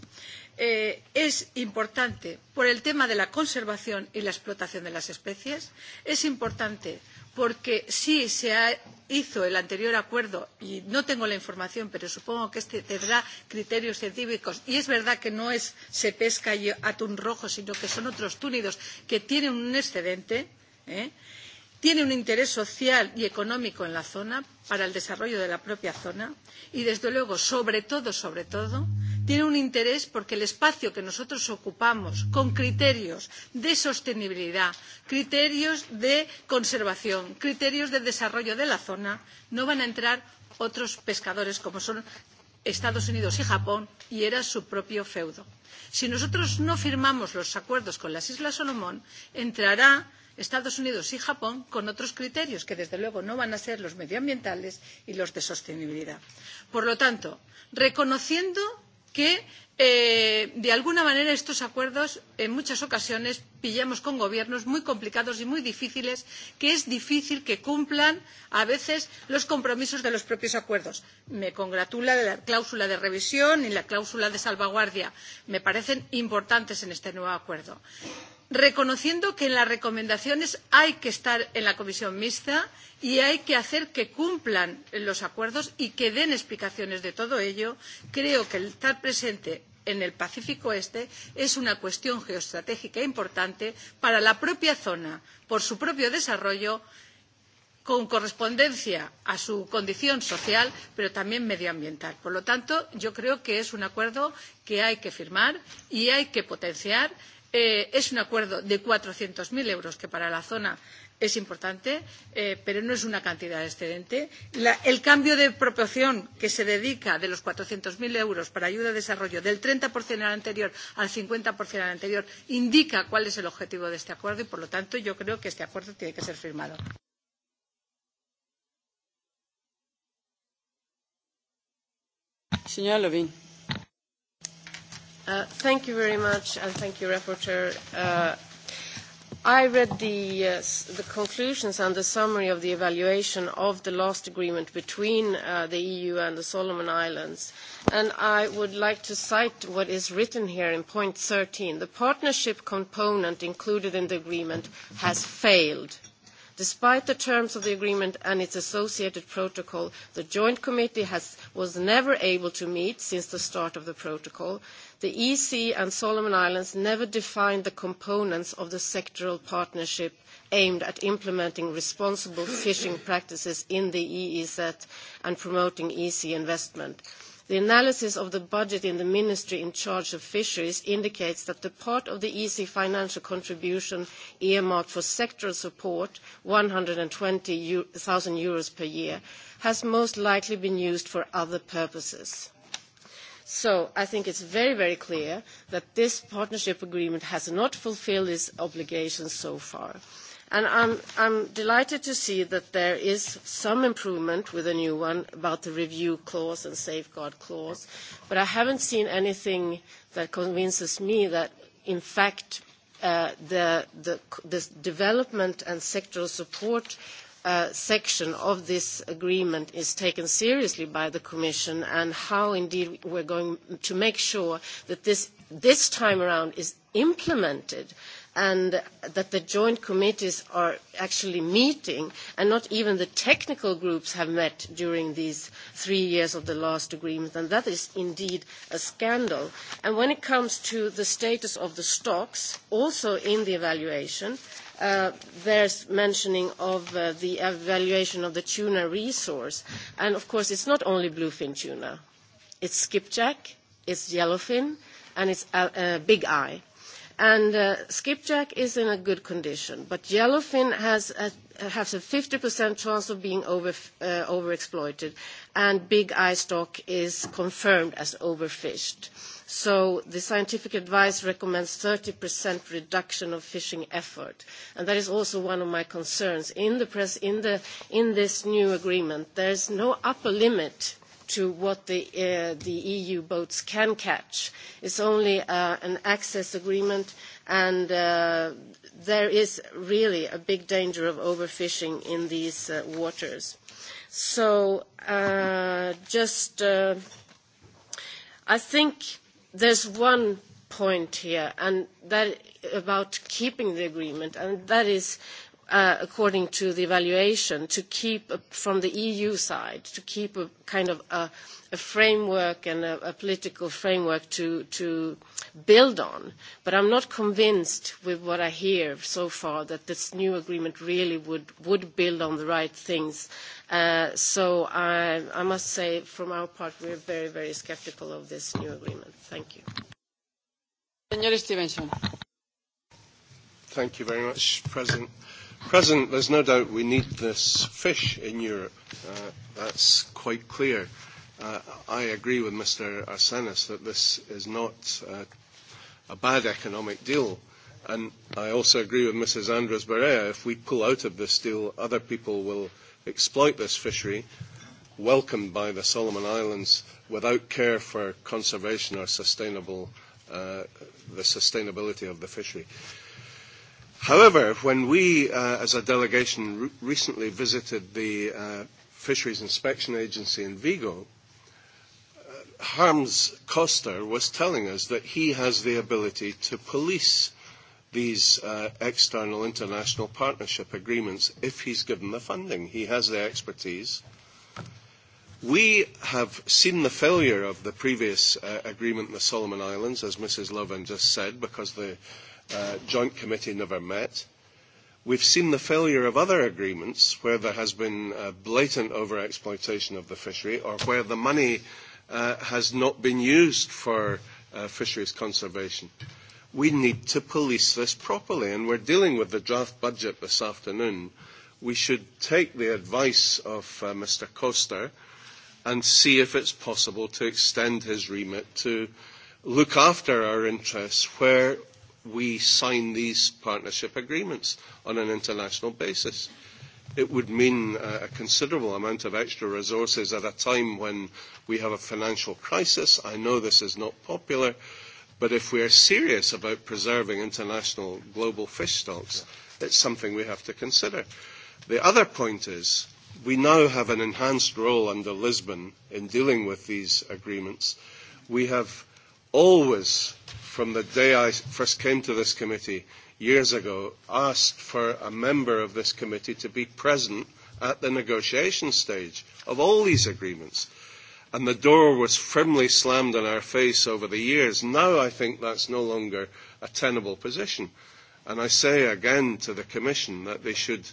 es importante por el tema de la conservación y la explotación de las especies, es importante por porque sí se ha hizo el anterior acuerdo y no tengo la información pero supongo que este tendrá criterios científicos y es verdad que no es se pesca atún rojo sino que son otros túnidos que tienen un excedente tiene un interés social y económico en la zona para el desarrollo de la propia zona y desde luego sobre todo sobre todo tiene un interés porque el espacio que nosotros ocupamos con criterios de sostenibilidad, criterios de conservación, criterios de desarrollo de la zona, no van a entrar otros pescadores como son Estados Unidos y Japón y era su propio feudo. Si nosotros no firmamos los acuerdos con las Islas Solomón, entrará Estados Unidos y Japón con otros criterios que, desde luego, no van a ser los medioambientales y los de sostenibilidad. Por lo tanto, reconociendo que de alguna manera estos acuerdos en muchas ocasiones pillamos con gobiernos muy complicados y muy difíciles que es difícil que cumplan a veces los compromisos de los propios acuerdos. Me congratula de la cláusula de revisión y la cláusula de salvaguardia. Me parecen importantes en este nuevo acuerdo reconociendo que en las recomendaciones hay que estar en la comisión mixta y hay que hacer que cumplan los acuerdos y que den explicaciones de todo ello, creo que el estar presente en el Pacífico Este es una cuestión geoestratégica importante para la propia zona, por su propio desarrollo, con correspondencia a su condición social, pero también medioambiental. Por lo tanto, yo creo que es un acuerdo que hay que firmar y hay que potenciar es un acuerdo de cuatrocientos 400.000 euros, que para la zona es importante, pero no es una cantidad excedente. el cambio de proporción que se dedica de los cuatrocientos 400.000 euros para ayuda al desarrollo del treinta al anterior al cincuenta al anterior indica cuál es el objetivo de este acuerdo y, por lo tanto, yo creo que este acuerdo tiene que ser firmado. Señora Levin. Thank you very much, and thank you, Rapporteur. I read the conclusions and the summary of the evaluation of the last agreement between the EU and the Solomon Islands, and I would like to cite what is written here in point thirteen. The partnership component included in the agreement has failed. Despite the terms of the agreement and its associated protocol, the Joint Committee was never able to meet since the start of the protocol The EC and Solomon Islands never defined the components of the sectoral partnership aimed at implementing responsible fishing practices in the EEZ and promoting EC investment. The analysis of the budget in the ministry in charge of fisheries indicates that the part of the EC financial contribution earmarked for sectoral support, one hundred and 120,000 euros per year, has most likely been used for other purposes. So I think it is very, clear that this partnership agreement has not fulfilled its obligations so far. And I am delighted to see that there is some improvement with the new one about the review clause and safeguard clause, but I haven't seen anything that convinces me that, in fact, the development and sectoral support section of this agreement is taken seriously by the Commission and how indeed we are going to make sure that this, this time around is implemented and that the joint committees are actually meeting and not even the technical groups have met during these three years of the last agreement and that is indeed a scandal. when it comes to the status of the stocks also in the evaluation uh, there's mentioning of the evaluation of the tuna resource. And of course, it's not only bluefin tuna. It's skipjack, it's yellowfin, and it's big eye. And skipjack is in a good condition, but yellowfin has a has a 50% chance of being over overexploited, and big eye stock is confirmed as overfished. So the scientific advice recommends 30% reduction of fishing effort. And that is also one of my concerns. In, the press, in, the, in this new agreement, there is no upper limit to what the, EU boats can catch. It's only an access agreement, and there is really a big danger of overfishing in these waters. So just I think there's one point here, and that about keeping the agreement, and that is according to the evaluation, to keep from the EU side, to keep a kind of a, framework and a, political framework to, build on. But I'm not convinced with what I hear so far that this new agreement really would, build on the right things. so I, I must say, from our part, we're very, very sceptical of this new agreement. Thank you. Thank you very much, President. President, there's no doubt we need this fish in Europe. Uh, that's quite clear. Uh, I agree with Mr. Arsenis that this is not uh, a bad economic deal. And I also agree with Mrs. Andres Barea, if we pull out of this deal, other people will exploit this fishery, welcomed by the Solomon Islands, without care for conservation or sustainable, uh, the sustainability of the fishery. Uh, However, when we, uh, as a delegation, re- recently visited the uh, Fisheries Inspection Agency in Vigo, uh, Harms Coster was telling us that he has the ability to police these uh, external international partnership agreements if he's given the funding. He has the expertise. We have seen the failure of the previous uh, agreement in the Solomon Islands, as Mrs. Lovin just said, because the uh, joint committee never met. We've seen the failure of other agreements where there has been uh, blatant overexploitation of the fishery or where the money uh, has not been used for uh, fisheries conservation. We need to police this properly, and we're dealing with the draft budget this afternoon. We should take the advice of uh, Mr. Costa and see if it's possible to extend his remit to look after our interests where we sign these partnership agreements on an international basis. It would mean a considerable amount of extra resources at a time when we have a financial crisis. I know this is not popular, but if we are serious about preserving international global fish stocks, it's something we have to consider. The other point is we now have an enhanced role under Lisbon in dealing with these agreements. We have always from the day I first came to this committee years ago, asked for a member of this committee to be present at the negotiation stage of all these agreements. And the door was firmly slammed in our face over the years. Now I think that's no longer a tenable position. And I say again to the Commission that they should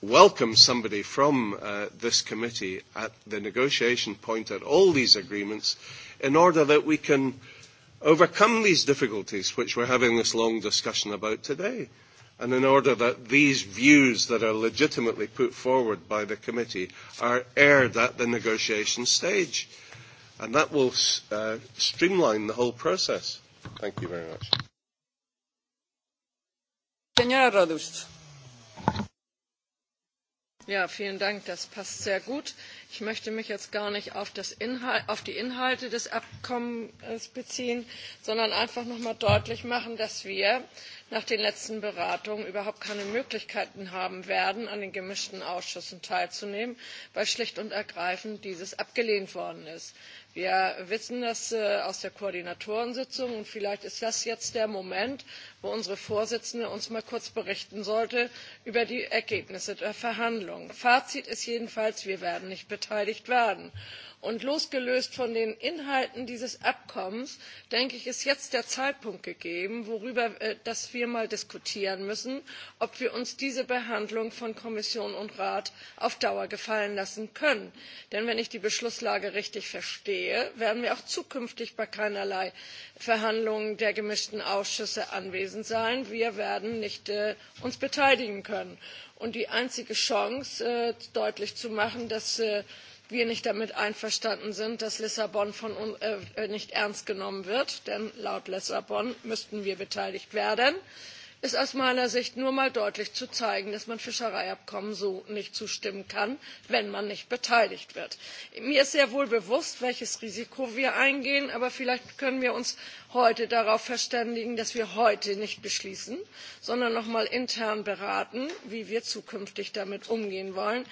welcome somebody from uh, this committee at the negotiation point at all these agreements in order that we can overcome these difficulties which we're having this long discussion about today, and in order that these views that are legitimately put forward by the committee are aired at the negotiation stage. And that will uh, streamline the whole process. Thank you very much. Señora Rodust. Ja, vielen Dank. Das passt sehr gut. Ich möchte mich jetzt gar nicht auf, die Inhalte des Abkommens beziehen, sondern einfach noch mal deutlich machen, dass wir nach den letzten Beratungen überhaupt keine Möglichkeiten haben werden, an den gemischten Ausschüssen teilzunehmen, weil schlicht und ergreifend dieses abgelehnt worden ist. Wir wissen das aus der Koordinatorensitzung und vielleicht ist das jetzt der Moment, wo unsere vorsitzende uns mal kurz berichten sollte über die ergebnisse der verhandlungen. fazit ist jedenfalls wir werden nicht beteiligt werden. und losgelöst von den inhalten dieses abkommens ist jetzt der zeitpunkt gegeben dass wir mal diskutieren müssen ob wir uns diese behandlung von kommission und rat auf dauer gefallen lassen können. denn wenn ich die beschlusslage richtig verstehe werden wir auch zukünftig bei keinerlei verhandlungen der gemischten ausschüsse gewesen sein. Wir werden nicht uns beteiligen können. Und die einzige Chance, deutlich zu machen, dass wir nicht damit einverstanden sind, dass Lissabon nicht ernst genommen wird, denn laut Lissabon müssten wir beteiligt werden, äh, ist aus meiner sicht nur mal deutlich zu zeigen dass man fischereiabkommen so nicht zustimmen kann wenn man nicht beteiligt wird. mir ist sehr wohl bewusst welches risiko wir eingehen aber vielleicht können wir uns heute darauf verständigen dass wir heute nicht beschließen sondern noch mal intern beraten wie wir zukünftig damit umgehen wollen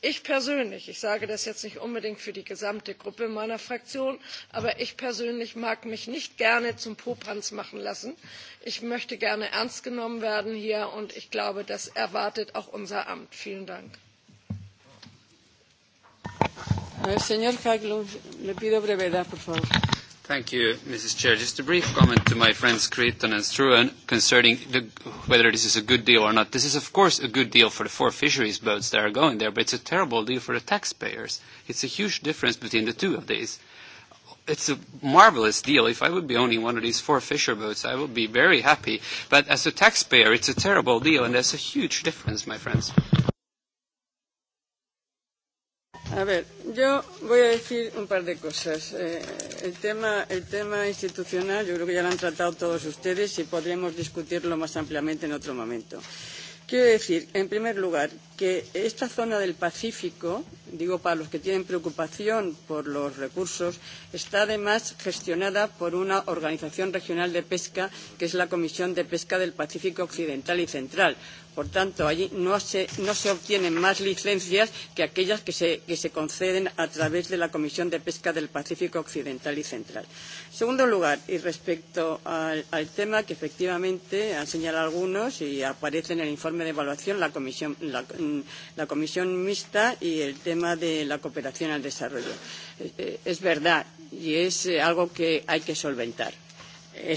ich persönlich ich sage das jetzt nicht unbedingt für die gesamte gruppe meiner fraktion aber ich persönlich mag mich nicht gerne zum popanz machen lassen. ich möchte gerne ernst genommen werden hier und ich glaube das erwartet auch unser amt. vielen dank. Thank you, Mrs. Chair. Just a brief comment to my friends Creighton and Struan concerning the, whether this is a good deal or not. This is, of course, a good deal for the four fisheries boats that are going there, but it's a terrible deal for the taxpayers. It's a huge difference between the two of these. It's a marvelous deal. If I would be owning one of these four fisher boats, I would be very happy. But as a taxpayer, it's a terrible deal, and there's a huge difference, my friends. A ver, yo voy a decir un par de cosas. Eh, el, tema, el tema institucional yo creo que ya lo han tratado todos ustedes y podremos discutirlo más ampliamente en otro momento. Quiero decir, en primer lugar, que esta zona del Pacífico, digo para los que tienen preocupación por los recursos, está además gestionada por una organización regional de pesca que es la Comisión de Pesca del Pacífico Occidental y Central, Por tanto, allí no se, no se obtienen más licencias que aquellas que se, que se conceden a través de la Comisión de Pesca del Pacífico Occidental y Central. En segundo lugar, y respecto al, al tema que efectivamente han señalado algunos y aparece en el informe de evaluación la Comisión, la, la comisión Mixta y el tema de la cooperación al desarrollo. Es verdad y es algo que hay que solventar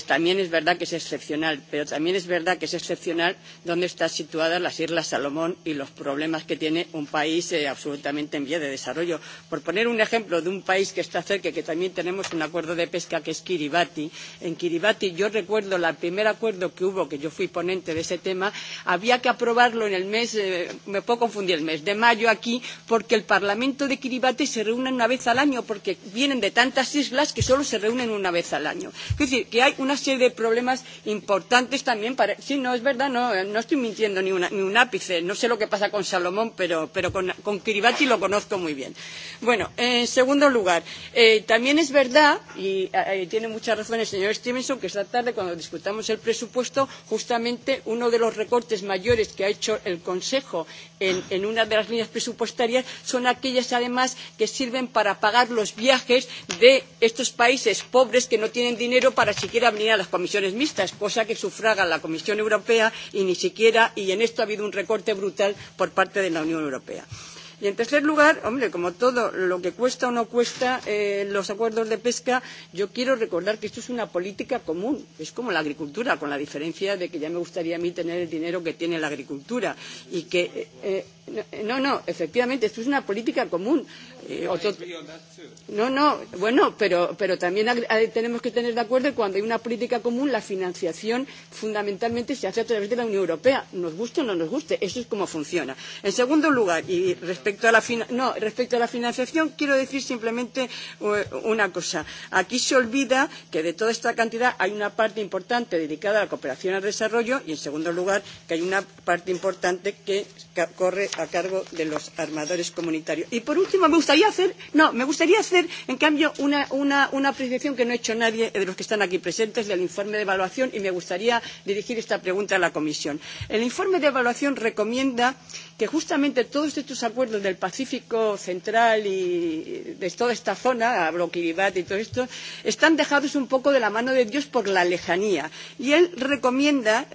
también es verdad que es excepcional, pero también es verdad que es excepcional donde están situadas las Islas Salomón y los problemas que tiene un país absolutamente en vía de desarrollo. Por poner un ejemplo de un país que está cerca y que también tenemos un acuerdo de pesca que es Kiribati. En Kiribati yo recuerdo el primer acuerdo que hubo, que yo fui ponente de ese tema, había que aprobarlo en el mes, me puedo confundir, el mes de mayo aquí, porque el Parlamento de Kiribati se reúne una vez al año, porque vienen de tantas islas que solo se reúnen una vez al año. Es decir, que hay hay una serie de problemas importantes también para. Sí, no, es verdad, no, no estoy mintiendo ni, una, ni un ápice. No sé lo que pasa con Salomón, pero, pero con, con Kiribati lo conozco muy bien. Bueno, en segundo lugar, eh, también es verdad, y eh, tiene mucha razón el señor Stevenson, que esta tarde, cuando discutamos el presupuesto, justamente uno de los recortes mayores que ha hecho el Consejo en, en una de las líneas presupuestarias son aquellas, además, que sirven para pagar los viajes de estos países pobres que no tienen dinero para siquiera siquiera venir a las comisiones mixtas, cosa que sufraga la Comisión Europea y ni siquiera, y en esto ha habido un recorte brutal por parte de la Unión Europea. Y en tercer lugar, hombre, como todo lo que cuesta o no cuesta eh, los acuerdos de pesca, yo quiero recordar que esto es una política común. Es como la agricultura, con la diferencia de que ya me gustaría a mí tener el dinero que tiene la agricultura. Y que. Eh, no, no, efectivamente, esto es una política común. Eh, otro... No, no, bueno, pero, pero también tenemos que tener de acuerdo que cuando hay una política común, la financiación fundamentalmente se hace a través de la Unión Europea. Nos guste o no nos guste, eso es como funciona. En segundo lugar, y respecto respecto a la no, respecto a la financiación quiero decir simplemente una cosa. Aquí se olvida que de toda esta cantidad hay una parte importante dedicada a la cooperación al desarrollo y en segundo lugar que hay una parte importante que corre a cargo de los armadores comunitarios. Y por último me gustaría hacer no, me gustaría hacer en cambio una, una, una apreciación que no ha hecho nadie de los que están aquí presentes del informe de evaluación y me gustaría dirigir esta pregunta a la comisión. El informe de evaluación recomienda que justamente todos estos acuerdos del Pacífico central y de toda esta zona, Bloquilibat y todo esto, están dejados un poco de la mano de Dios por la lejanía. Y él recomienda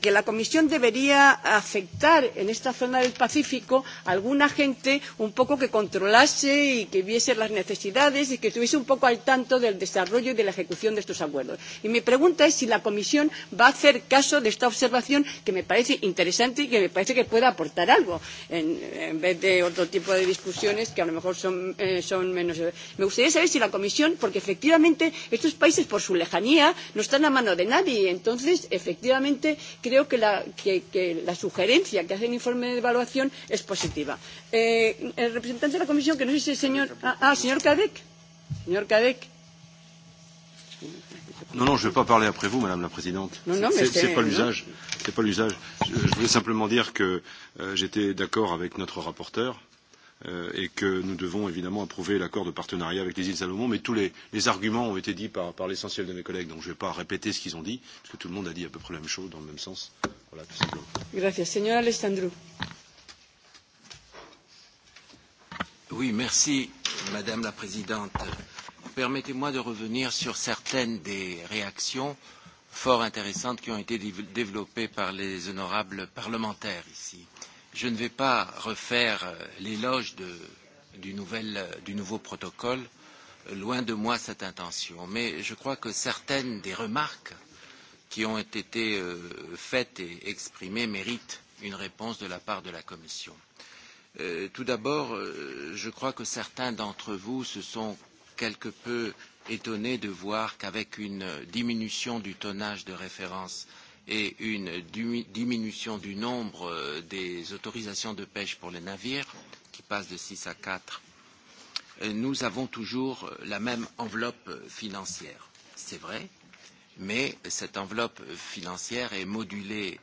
que la Comisión debería afectar en esta zona del Pacífico a alguna gente un poco que controlase y que viese las necesidades y que estuviese un poco al tanto del desarrollo y de la ejecución de estos acuerdos. Y mi pregunta es si la Comisión va a hacer caso de esta observación que me parece interesante y que me parece que puede aportar algo en, vez de otro tipo de discusiones que a lo mejor son, eh, son menos. Me gustaría saber si la Comisión, porque efectivamente estos países por su lejanía no están a mano de nadie. Entonces, efectivamente, creo que la, que, que la sugerencia que hace el informe de evaluación es positiva. Eh, el representante de la Comisión, que no sé si es el señor. Ah, ah señor Cadec. Señor Cadec. Non, non, je ne vais pas parler après vous, Madame la Présidente. Ce n'est pas l'usage. C'est pas l'usage. Je, voulais simplement dire que j'étais d'accord avec notre rapporteur et que nous devons évidemment approuver l'accord de partenariat avec les îles Salomon, mais tous les, arguments ont été dits par, l'essentiel de mes collègues, donc je ne vais pas répéter ce qu'ils ont dit, parce que tout le monde a dit à peu près la même chose, dans le même sens. Voilà, tout simplement. Merci, Seigneur Alessandro. Oui, merci, Madame la Présidente. Euh, permettez-moi de revenir sur certaines des réactions fort intéressantes qui ont été développées par les honorables parlementaires ici. Je ne vais pas refaire l'éloge du, nouveau protocole, loin de moi cette intention, mais je crois que certaines des remarques qui ont été faites et exprimées méritent une réponse de la part de la Commission. tout d'abord, je crois que certains d'entre vous se sont quelque peu étonné de voir qu'avec une diminution du tonnage de référence et une diminution du nombre des autorisations de pêche pour les navires, qui passe de six à quatre, nous avons toujours la même enveloppe financière. C'est vrai, mais cette enveloppe financière est modulée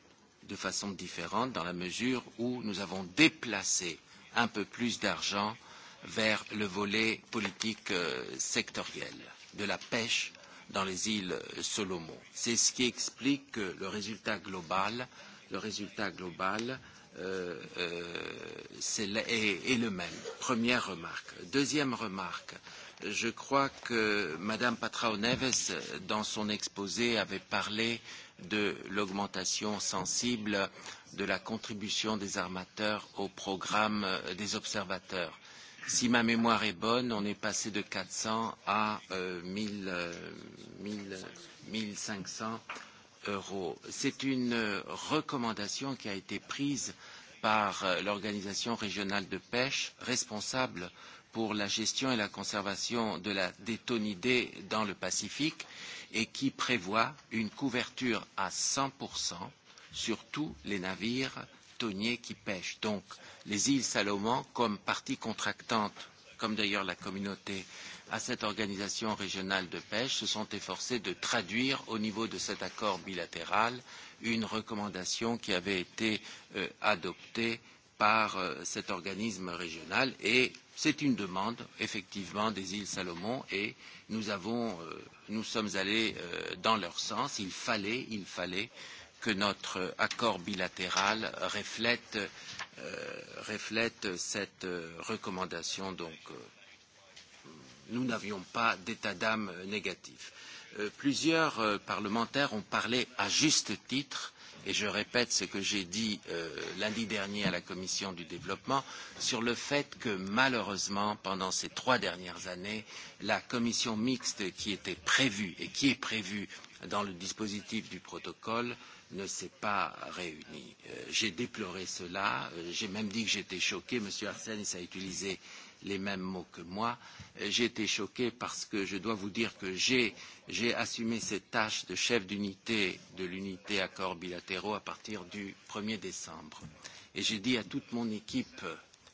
de façon différente dans la mesure où nous avons déplacé un peu plus d'argent vers le volet politique sectoriel de la pêche dans les îles Solomon. C'est ce qui explique que le résultat global, le résultat global euh, euh, est, est, est le même. Première remarque. Deuxième remarque. Je crois que madame Patrao Neves, dans son exposé, avait parlé de l'augmentation sensible de la contribution des armateurs au programme des observateurs si ma mémoire est bonne, on est passé de 400 à euh, 1000, euh, 1000, 1500 euros. C'est une recommandation qui a été prise par l'organisation régionale de pêche responsable pour la gestion et la conservation de la détonidée dans le Pacifique et qui prévoit une couverture à 100% sur tous les navires tonniers qui pêchent. Donc les îles Salomon, comme partie contractante, comme d'ailleurs la communauté, à cette organisation régionale de pêche, se sont efforcées de traduire au niveau de cet accord bilatéral une recommandation qui avait été euh, adoptée par euh, cet organisme régional et c'est une demande effectivement des îles Salomon et nous avons euh, nous sommes allés euh, dans leur sens il fallait il fallait que notre accord bilatéral reflète, euh, reflète cette recommandation. Donc, euh, nous n'avions pas d'état d'âme négatif. Euh, plusieurs euh, parlementaires ont parlé à juste titre et je répète ce que j'ai dit euh, lundi dernier à la commission du développement sur le fait que malheureusement pendant ces trois dernières années la commission mixte qui était prévue et qui est prévue dans le dispositif du protocole euh, ne s'est pas réuni. J'ai déploré cela, j'ai même dit que j'étais choqué, M. Arsenis a utilisé les mêmes mots que moi. J'ai été choqué parce que je dois vous dire que j'ai assumé cette tâche de chef d'unité de l'unité accords bilatéraux à partir du 1er décembre. Et j'ai dit à toute mon équipe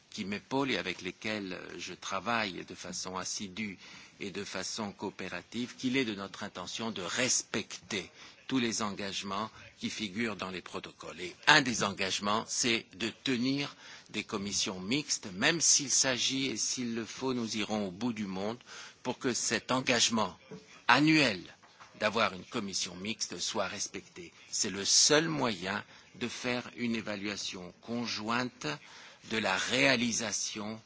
qui m'épaule et avec lesquelles je travaille de façon assidue et de façon coopérative qu'il est de notre intention de respecter tous les engagements qui figurent dans les protocoles. Et un des engagements, c'est de tenir des commissions mixtes, même s'il s'agit, et s'il le faut, nous irons au bout du monde, pour que cet engagement annuel d'avoir une commission mixte soit respecté. C'est le seul moyen de faire une évaluation conjointe de la réalisation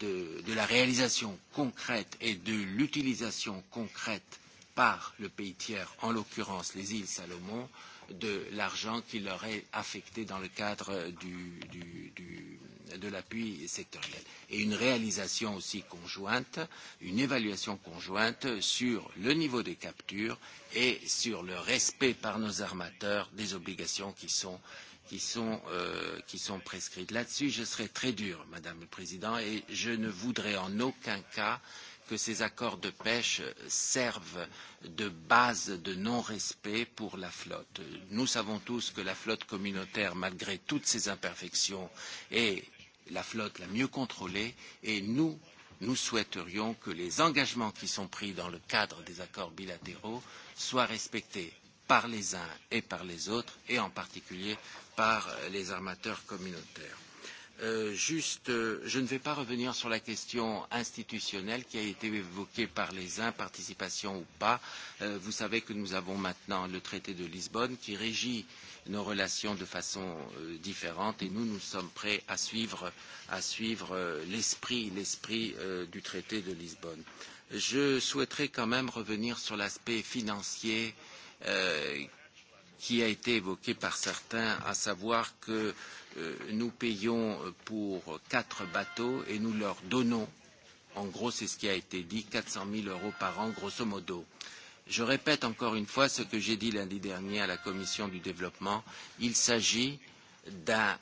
de, de la réalisation concrète et de l'utilisation concrète par le pays tiers, en l'occurrence les îles Salomon, de l'argent qui leur est affecté dans le cadre du, du, du, de l'appui sectoriel. Et une réalisation aussi conjointe, une évaluation conjointe sur le niveau des captures et sur le respect par nos armateurs des obligations qui sont qui sont, euh, qui sont prescrites. Là-dessus, je serai très dur, Madame le Président, et je ne voudrais en aucun cas euh, que ces accords de pêche servent de base de non-respect pour la flotte. Nous savons tous que la flotte communautaire, malgré toutes ses imperfections, est la flotte la mieux contrôlée et nous, nous souhaiterions que les engagements qui sont pris dans le cadre des accords bilatéraux soient respectés par les uns et par les autres, et en particulier par les armateurs communautaires juste, je ne vais pas revenir sur la question institutionnelle qui a été évoquée par les uns, participation ou pas. vous savez que nous avons maintenant le traité de Lisbonne qui régit nos relations de façon différente et nous, nous sommes prêts à suivre, l'esprit, du traité de Lisbonne. Je souhaiterais quand même revenir sur l'aspect financier qui a été évoqué par certains, à savoir que nous payons pour quatre bateaux et nous leur donnons, en gros c'est ce qui a été dit, 400 000 euros par an, grosso modo. Je répète encore une fois ce que j'ai dit lundi dernier à la Commission du développement, il s'agit d'un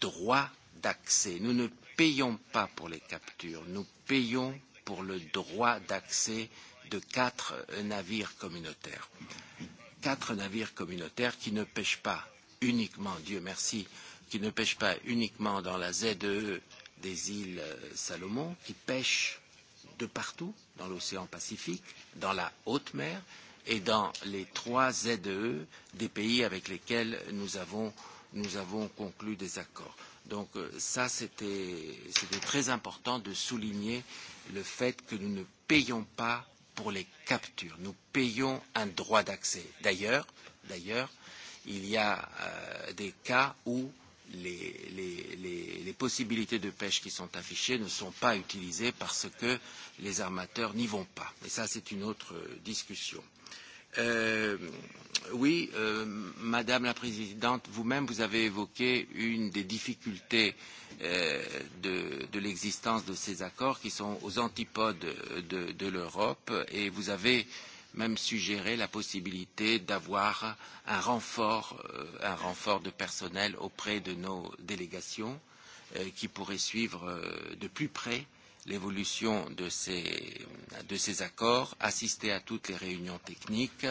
droit d'accès. Nous ne payons pas pour les captures, nous payons pour le droit d'accès de quatre navires communautaires quatre navires communautaires qui ne pêchent pas uniquement, Dieu merci, qui ne pêchent pas uniquement dans la ZEE des îles Salomon, qui pêchent de partout dans l'océan Pacifique, dans la haute mer et dans les trois ZEE des pays avec lesquels nous avons, nous avons conclu des accords. Donc ça, c'était très important de souligner le fait que nous ne payons pas pour les captures. Nous payons un droit d'accès. D'ailleurs, d'ailleurs, il y a euh, des cas où les, les, les, les possibilités de pêche qui sont affichées ne sont pas utilisées parce que les armateurs n'y vont pas. Et ça, c'est une autre discussion. Euh, oui, euh, Madame la Présidente, vous-même, vous avez évoqué une des difficultés euh, de, de l'existence de ces accords qui sont aux antipodes de, de l'Europe et vous avez même suggéré la possibilité d'avoir un renfort, un renfort de personnel auprès de nos délégations qui pourraient suivre de plus près l'évolution de ces, de ces accords, assister à toutes les réunions techniques,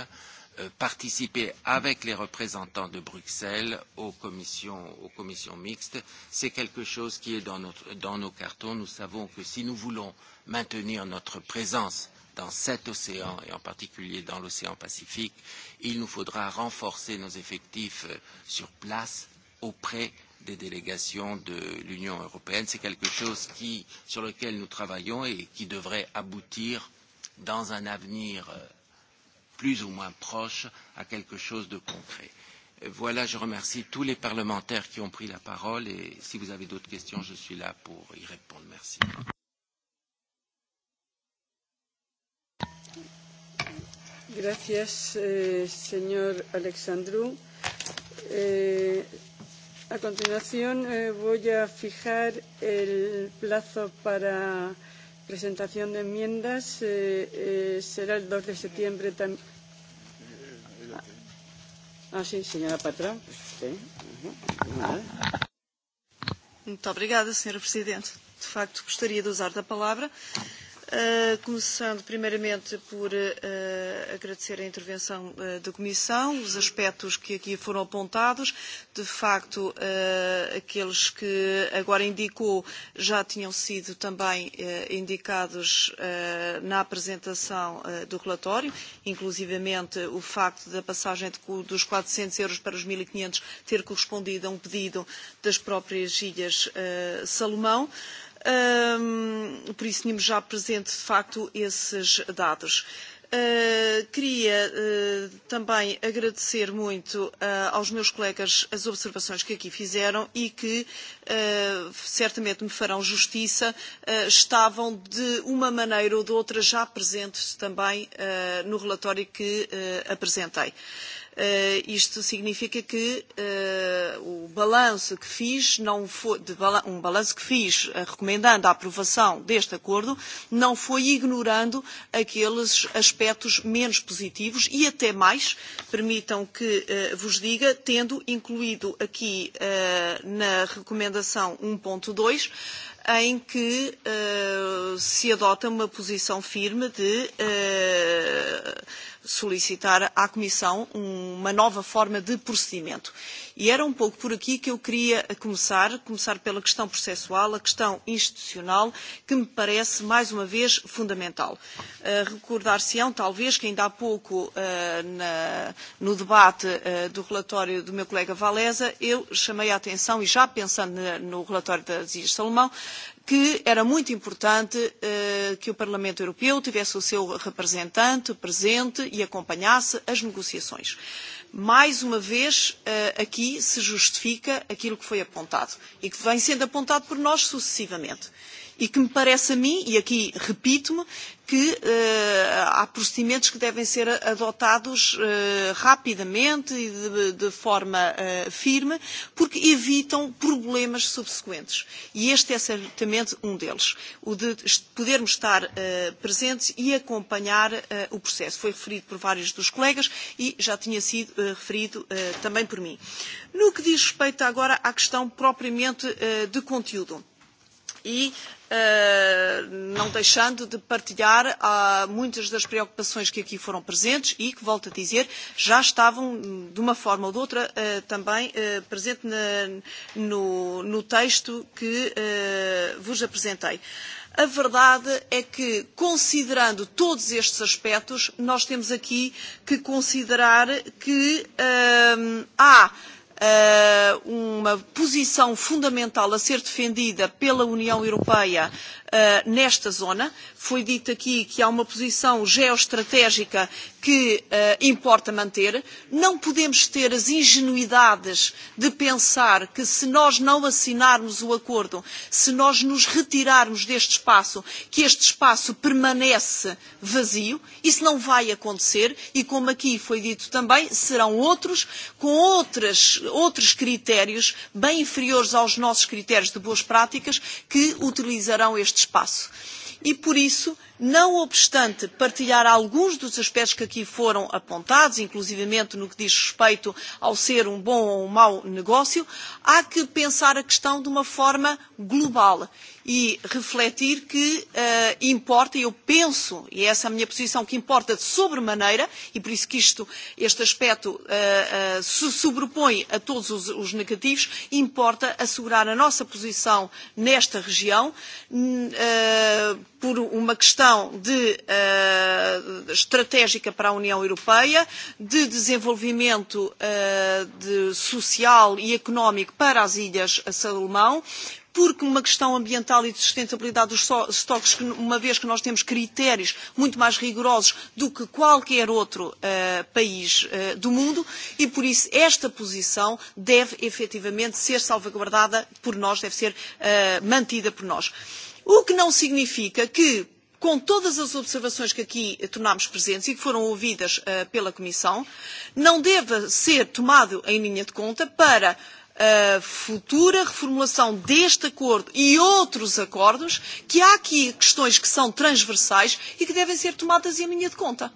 participer avec les représentants de Bruxelles aux commissions, aux commissions mixtes, c'est quelque chose qui est dans, notre, dans nos cartons. Nous savons que si nous voulons maintenir notre présence dans cet océan et en particulier dans l'océan Pacifique, il nous faudra renforcer nos effectifs sur place auprès des délégations de l'Union européenne. C'est quelque chose qui, sur lequel nous travaillons et qui devrait aboutir dans un avenir plus ou moins proche à quelque chose de concret. Voilà, je remercie tous les parlementaires qui ont pris la parole et si vous avez d'autres questions, je suis là pour y répondre. Merci. Gracias, eh, señor Alexandru. Eh, a continuación eh, voy a fijar el plazo para presentación de enmiendas eh, eh, será el 2 de septiembre también. Ah, sim, senhora patrão. Sim. Uhum. Muito obrigada, senhora presidente. De facto, gostaria de usar da palavra começando primeiramente por agradecer a intervenção da Comissão, os aspectos que aqui foram apontados. De facto, aqueles que agora indicou já tinham sido também indicados na apresentação do relatório, inclusivamente o facto da passagem dos 400 euros para os 1.500 ter correspondido a um pedido das próprias Ilhas Salomão. Uh, por isso tínhamos já presente, de facto, esses dados queria também agradecer muito aos meus colegas as observações que aqui fizeram e que certamente me farão justiça, estavam de uma maneira ou de outra já presentes também no relatório que apresentei. Uh, isto significa que o balanço que fiz, não foi, de, um balanço que fiz recomendando a aprovação deste acordo, não foi ignorando aqueles aspectos menos positivos e até mais, permitam que vos diga, tendo incluído aqui na recomendação 1.2 em que uh, se adota uma posição firme de uh, solicitar à Comissão uma nova forma de procedimento. E era um pouco por aqui que eu queria começar, começar pela questão processual, a questão institucional, que me parece, mais uma vez, fundamental. Recordar-se-ão, talvez, que ainda há pouco, no debate do relatório do meu colega Valesa, eu chamei a atenção, e já pensando no relatório da Zias Salomão, que era muito importante que o Parlamento Europeu tivesse o seu representante presente e acompanhasse as negociações. Mais uma vez, aqui se justifica aquilo que foi apontado e que vem sendo apontado por nós sucessivamente. Uh, e que me parece a mim, e aqui repito-me, que uh, há procedimentos que devem ser adotados uh, rapidamente e de, de forma uh, firme, porque evitam problemas subsequentes. E este é certamente um deles, o de podermos estar uh, presentes e acompanhar uh, o processo. Foi referido por vários dos colegas e já tinha sido uh, referido uh, também por mim. No que diz respeito agora à questão propriamente uh, de conteúdo e não deixando de partilhar muitas das preocupações que aqui foram presentes e que, volto a dizer, já estavam, de uma forma ou de outra, também presente no texto que vos apresentei. A verdade é que, considerando todos estes aspectos, nós temos aqui que considerar que há uma posição fundamental a ser defendida pela União Europeia nesta zona. Foi dito aqui que há uma posição geoestratégica que importa manter. Não podemos ter as ingenuidades de pensar que se nós não assinarmos o acordo, se nós nos retirarmos deste espaço, que este espaço permanece vazio. Isso não vai acontecer e, como aqui foi dito também, serão outros, com outras, outros critérios bem inferiores aos nossos critérios de boas práticas, que utilizarão este espaço. E por isso Não obstante partilhar alguns dos aspectos que aqui foram apontados, inclusivamente no que diz respeito ao ser um bom ou um mau negócio, há que pensar a questão de uma forma global e refletir que uh, importa, e eu penso, e essa é a minha posição, que importa de sobremaneira, e por isso que isto, este aspecto uh, uh, se sobrepõe a todos os, os negativos, importa assegurar a nossa posição nesta região uh, por uma questão questão de, uh, estratégica para a União Europeia, de desenvolvimento uh, de social e económico para as Ilhas Salomão, porque uma questão ambiental e de sustentabilidade dos estoques, uma vez que nós temos critérios muito mais rigorosos do que qualquer outro uh, país uh, do mundo, e por isso esta posição deve efetivamente ser salvaguardada por nós, deve ser uh, mantida por nós. O que não significa que, com todas as observações que aqui tornámos presentes e que foram ouvidas uh, pela Comissão, não deva ser tomado em linha de conta para a futura reformulação deste acordo e outros acordos, que há aqui questões que são transversais e que devem ser tomadas em linha de conta.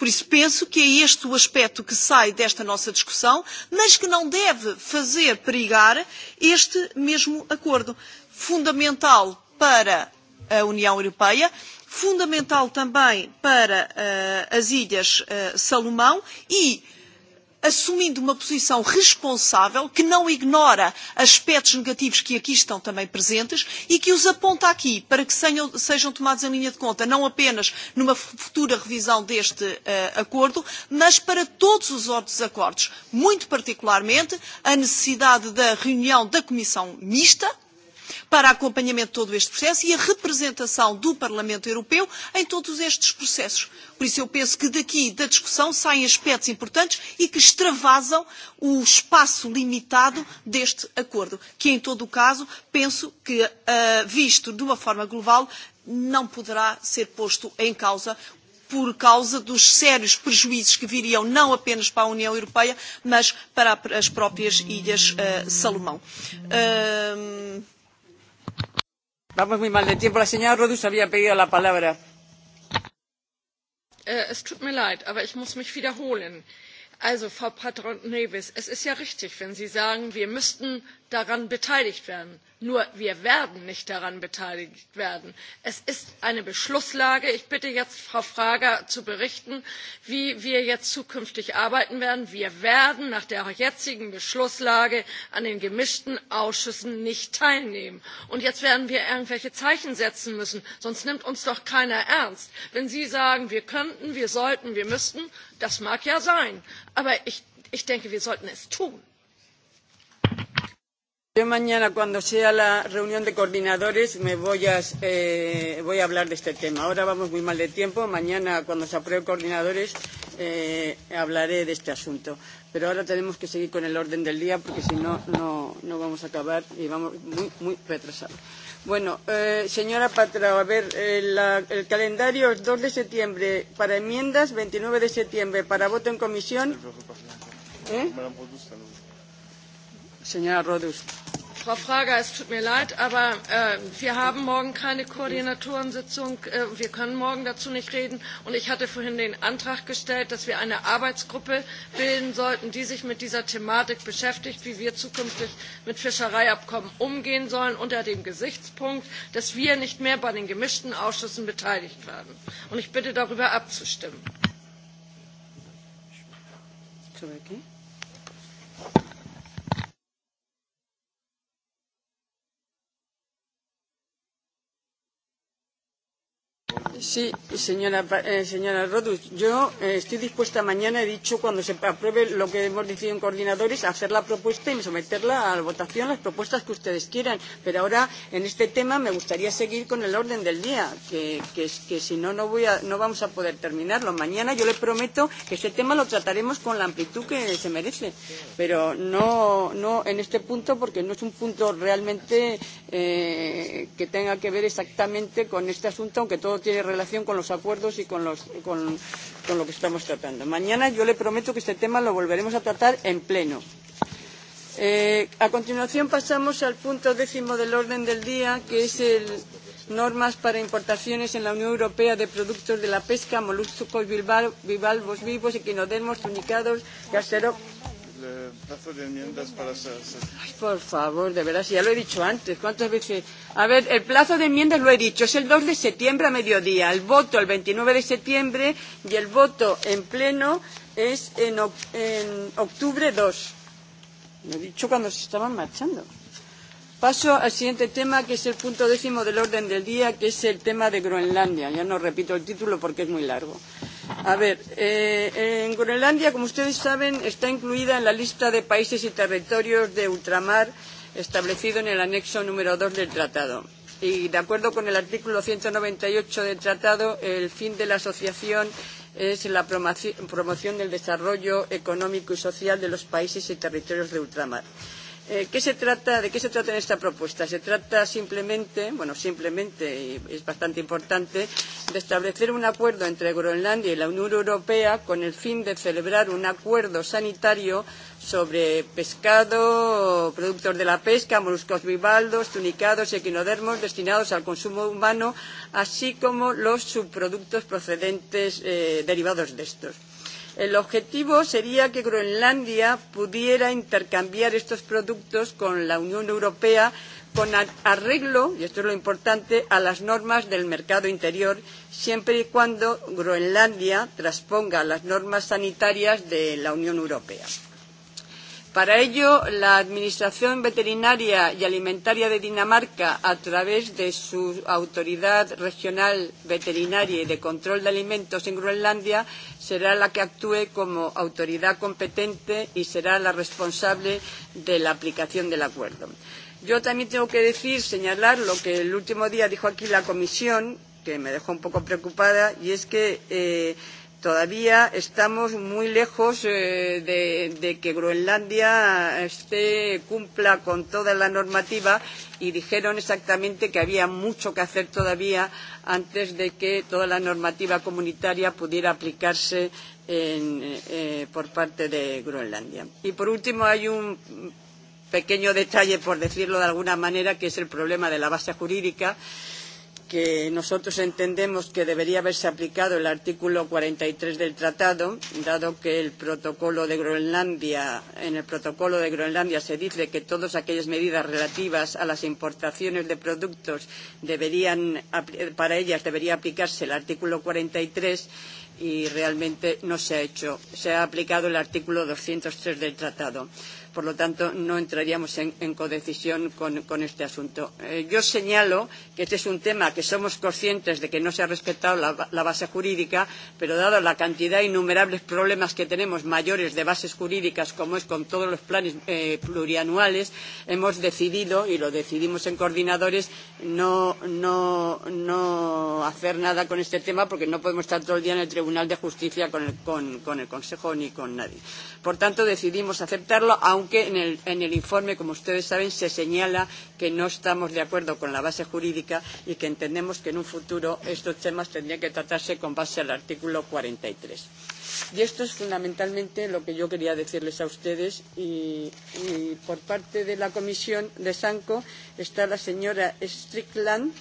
Por isso penso que é este o aspecto que sai desta nossa discussão, mas que não deve fazer perigar este mesmo acordo. Fundamental para a União Europeia, fundamental também para as Ilhas Salomão e assumindo uma posição responsável, que não ignora aspectos negativos que aqui estão também presentes e que os aponta aqui para que sejam, tomados em linha de conta, não apenas numa futura revisão deste acordo, mas para todos os outros acordos, muito particularmente a necessidade da reunião da Comissão Mista, para acompanhamento de todo este processo e a representação do Parlamento Europeu em todos estes processos. Por isso eu penso que daqui da discussão saem aspectos importantes e que extravasam o espaço limitado deste acordo, que em todo o caso penso que, visto de uma forma global, não poderá ser posto em causa por causa dos sérios prejuízos que viriam não apenas para a União Europeia, mas para as próprias Ilhas Salomão. Vamos muy mal de tiempo. La señora Rodus había pedido la palabra. Es tut mir leid, aber ich muss mich wiederholen. Also, Frau Patron-Neves, es ist ja richtig, wenn Sie sagen, wir müssten daran beteiligt werden nur wir werden nicht daran beteiligt werden. es ist eine beschlusslage. ich bitte jetzt frau fraga zu berichten wie wir jetzt zukünftig arbeiten werden. wir werden nach der jetzigen beschlusslage an den gemischten ausschüssen nicht teilnehmen. und jetzt werden wir irgendwelche zeichen setzen müssen sonst nimmt uns doch keiner ernst. wenn sie sagen wir könnten wir sollten wir müssten das mag ja sein aber ich denke wir sollten es tun. Yo mañana, cuando sea la reunión de coordinadores, me voy a, eh, voy a hablar de este tema. Ahora vamos muy mal de tiempo. Mañana, cuando se apruebe coordinadores, eh, hablaré de este asunto. Pero ahora tenemos que seguir con el orden del día porque si no, no, no vamos a acabar y vamos muy, muy retrasados. Bueno, eh, señora Patrao, a ver, eh, la, el calendario es 2 de septiembre para enmiendas, 29 de septiembre para voto en comisión. ¿Eh? señora Rodust. Frau Frager, es tut mir leid, aber wir haben morgen keine Koordinatorensitzung. wir können morgen dazu nicht reden. Und ich hatte vorhin den Antrag gestellt, dass wir eine Arbeitsgruppe bilden sollten, die sich mit dieser Thematik beschäftigt, wie wir zukünftig mit Fischereiabkommen umgehen sollen, unter dem Gesichtspunkt, dass wir nicht mehr bei den gemischten Ausschüssen beteiligt werden. Und ich bitte darüber abzustimmen. Sí, señora, eh, señora Rodus, yo eh, estoy dispuesta mañana, he dicho, cuando se apruebe lo que hemos decidido en coordinadores, a hacer la propuesta y someterla a la votación, las propuestas que ustedes quieran. Pero ahora, en este tema, me gustaría seguir con el orden del día, que, que, que si no, no, voy a, no vamos a poder terminarlo. Mañana yo le prometo que este tema lo trataremos con la amplitud que se merece, pero no, no en este punto, porque no es un punto realmente eh, que tenga que ver exactamente con este asunto, aunque todo tiene relación relación con los acuerdos y con, los, con, con lo que estamos tratando. Mañana yo le prometo que este tema lo volveremos a tratar en pleno. Eh, a continuación pasamos al punto décimo del orden del día, que es el normas para importaciones en la Unión Europea de productos de la pesca, moluscos bivalvos vivos, equinodermos, tunicados, gasterópodos plazo de enmiendas para Ay, por favor, de verdad si ya lo he dicho antes. ¿Cuántas veces? A ver, el plazo de enmiendas lo he dicho, es el 2 de septiembre a mediodía, el voto el 29 de septiembre y el voto en pleno es en, en octubre 2. Lo he dicho cuando se estaban marchando. Paso al siguiente tema, que es el punto décimo del orden del día, que es el tema de Groenlandia. Ya no repito el título porque es muy largo. A ver, eh, en Groenlandia, como ustedes saben, está incluida en la lista de países y territorios de ultramar establecido en el anexo número 2 del tratado. Y de acuerdo con el artículo 198 del tratado, el fin de la asociación es la promoción del desarrollo económico y social de los países y territorios de ultramar. Eh, ¿qué se trata, ¿De qué se trata en esta propuesta? Se trata simplemente, bueno, simplemente, y es bastante importante, de establecer un acuerdo entre Groenlandia y la Unión Europea con el fin de celebrar un acuerdo sanitario sobre pescado, productos de la pesca, moluscos bivaldos, tunicados y equinodermos destinados al consumo humano, así como los subproductos procedentes eh, derivados de estos. El objetivo sería que Groenlandia pudiera intercambiar estos productos con la Unión Europea con arreglo, y esto es lo importante, a las normas del mercado interior, siempre y cuando Groenlandia transponga las normas sanitarias de la Unión Europea. Para ello, la Administración Veterinaria y Alimentaria de Dinamarca, a través de su Autoridad Regional Veterinaria y de Control de Alimentos en Groenlandia, será la que actúe como autoridad competente y será la responsable de la aplicación del acuerdo. Yo también tengo que decir, señalar lo que el último día dijo aquí la Comisión, que me dejó un poco preocupada, y es que eh, todavía estamos muy lejos eh, de, de que Groenlandia esté, cumpla con toda la normativa y dijeron exactamente que había mucho que hacer todavía antes de que toda la normativa comunitaria pudiera aplicarse en, eh, por parte de Groenlandia. Y por último hay un pequeño detalle, por decirlo de alguna manera, que es el problema de la base jurídica. Eh, que nosotros entendemos que debería haberse aplicado el artículo 43 del tratado, dado que el protocolo de Groenlandia, en el protocolo de Groenlandia se dice que todas aquellas medidas relativas a las importaciones de productos deberían, para ellas debería aplicarse el artículo 43 y realmente no se ha hecho. Se ha aplicado el artículo 203 del tratado por lo tanto, no entraríamos en, en codecisión con, con este asunto. Eh, yo señalo que este es un tema que somos conscientes de que no se ha respetado la, la base jurídica, pero dado la cantidad de innumerables problemas que tenemos mayores de bases jurídicas, como es con todos los planes eh, plurianuales, hemos decidido, y lo decidimos en coordinadores, no, no, no hacer nada con este tema porque no podemos estar todo el día en el Tribunal de Justicia con el, con, con el Consejo ni con nadie. Por tanto, decidimos aceptarlo, aunque aunque en el, en el informe, como ustedes saben, se señala que no estamos de acuerdo con la base jurídica y que entendemos que en un futuro estos temas tendrían que tratarse con base al artículo 43. Y esto es fundamentalmente lo que yo quería decirles a ustedes. Y, y por parte de la comisión de Sanco está la señora Strickland,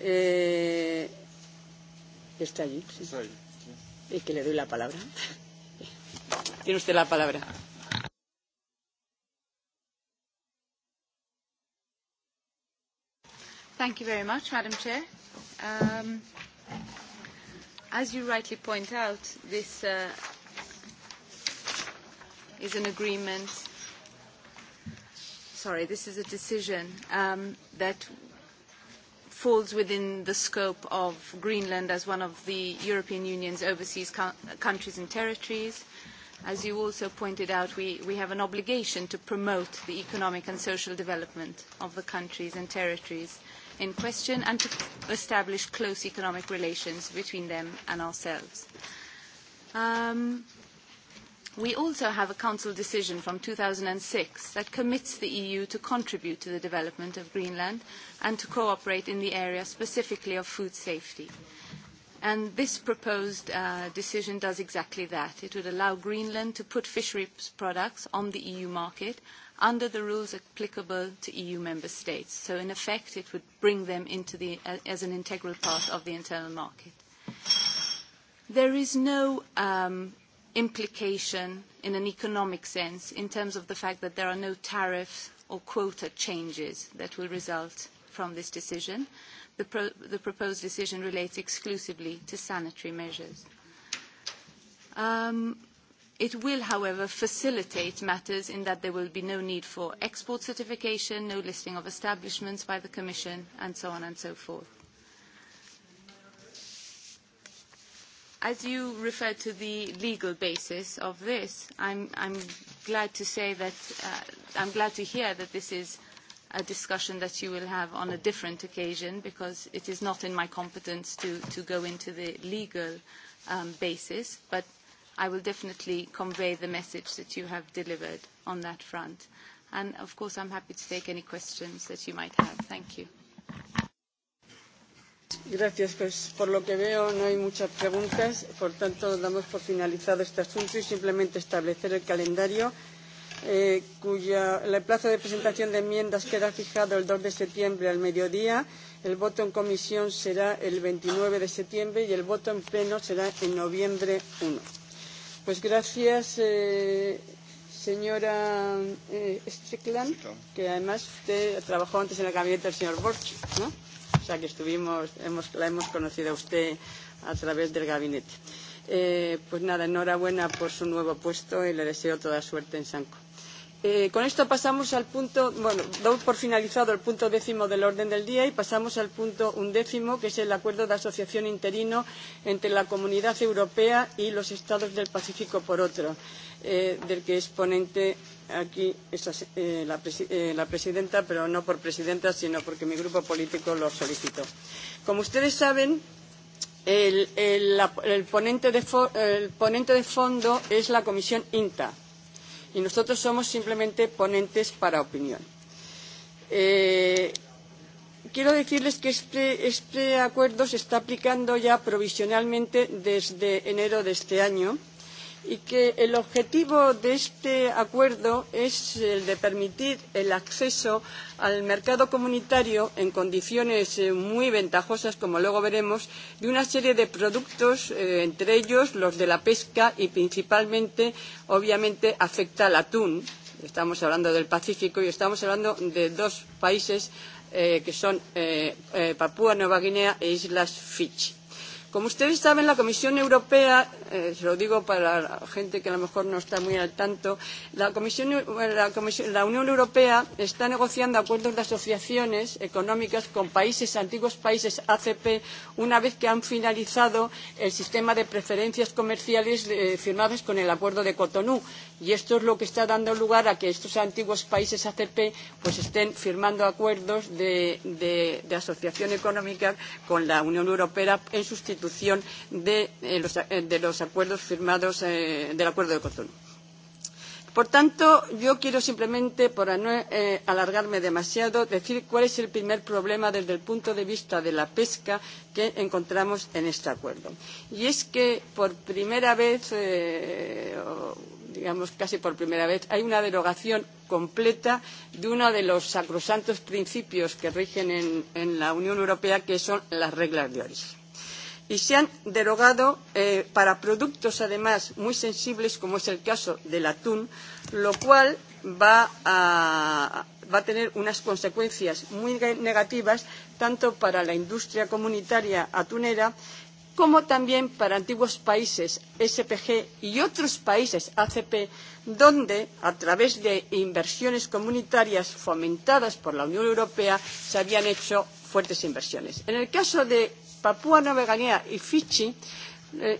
eh, que está allí, sí. y que le doy la palabra. Tiene usted la palabra. Thank you very much, Madam Chair. Um, as you rightly point out, this uh, is an agreement. Sorry, this is a decision um, that falls within the scope of Greenland as one of the European Union's overseas countries and territories. As you also pointed out, we, we have an obligation to promote the economic and social development of the countries and territories in question and to establish close economic relations between them and ourselves. Um, we also have a Council decision from 2006 that commits the EU to contribute to the development of Greenland and to cooperate in the area specifically of food safety. And this proposed uh, decision does exactly that. It would allow Greenland to put fisheries products on the EU market under the rules applicable to EU member states. So in effect, it would bring them into the, as an integral part of the internal market. There is no um, implication in an economic sense in terms of the fact that there are no tariffs or quota changes that will result from this decision. The, pro the proposed decision relates exclusively to sanitary measures. Um, It will, however, facilitate matters in that there will be no need for export certification, no listing of establishments by the Commission, and so on and so forth. As you refer to the legal basis of this, I'm, I'm glad to say that uh, I'm glad to hear that this is a discussion that you will have on a different occasion because it is not in my competence to, to go into the legal um, basis, but I will definitely convey the message that you have delivered on that front. And of course, I'm happy to take any questions that you might have. Thank you. Gracias. Pues por lo que veo no hay muchas preguntas. Por tanto, damos por finalizado este asunto y simplemente establecer el calendario eh, cuya el plazo de presentación de enmiendas queda fijado el 2 de septiembre al mediodía. El voto en comisión será el 29 de septiembre y el voto en pleno será en noviembre 1. Pues gracias, eh, señora eh, Strickland, que además usted trabajó antes en el gabinete del señor Borch, ¿no? O sea que estuvimos, hemos, la hemos conocido a usted a través del gabinete. Eh, pues nada, enhorabuena por su nuevo puesto y le deseo toda suerte en Sanco con esto pasamos al punto, bueno, doy por finalizado el punto décimo del orden del día y pasamos al punto undécimo, que es el acuerdo de asociación interino entre la Comunidad Europea y los Estados del Pacífico por otro, del que es ponente aquí la, presidenta, pero no por presidenta, sino porque mi grupo político lo solicitó. Como ustedes saben, el, ponente de fondo es la Comisión INTA y nosotros somos simplemente ponentes para opinión. Eh, quiero decirles que este, este acuerdo se está aplicando ya provisionalmente desde enero de este año y que el objetivo de este acuerdo es el de permitir el acceso al mercado comunitario en condiciones muy ventajosas, como luego veremos, de una serie de productos, entre ellos los de la pesca y principalmente, obviamente, afecta al atún. Estamos hablando del Pacífico y estamos hablando de dos países que son Papúa Nueva Guinea e Islas Fiji Como ustedes saben, la Comisión Europea, eh, se lo digo para la gente que a lo mejor no está muy al tanto, la, Comisión, la, Comisión, la Unión Europea está negociando acuerdos de asociaciones económicas con países, antiguos países ACP, una vez que han finalizado el sistema de preferencias comerciales eh, firmadas con el acuerdo de Cotonú. Y esto es lo que está dando lugar a que estos antiguos países ACP pues, estén firmando acuerdos de, de, de asociación económica con la Unión Europea en sustitución ejecución de, los, de los acuerdos firmados del Acuerdo de Cotonou. Por tanto, yo quiero simplemente, para no alargarme demasiado, decir cuál es el primer problema desde el punto de vista de la pesca que encontramos en este acuerdo. Y es que por primera vez, digamos casi por primera vez, hay una derogación completa de uno de los sacrosantos principios que rigen en, la Unión Europea, que son las reglas de origen y se han derogado eh, para productos además muy sensibles como es el caso del atún, lo cual va a, va a tener unas consecuencias muy negativas tanto para la industria comunitaria atunera como también para antiguos países SPG y otros países ACP, donde, a través de inversiones comunitarias fomentadas por la Unión Europea, se habían hecho fuertes inversiones. En el caso de Papúa Nueva Guinea y Fiji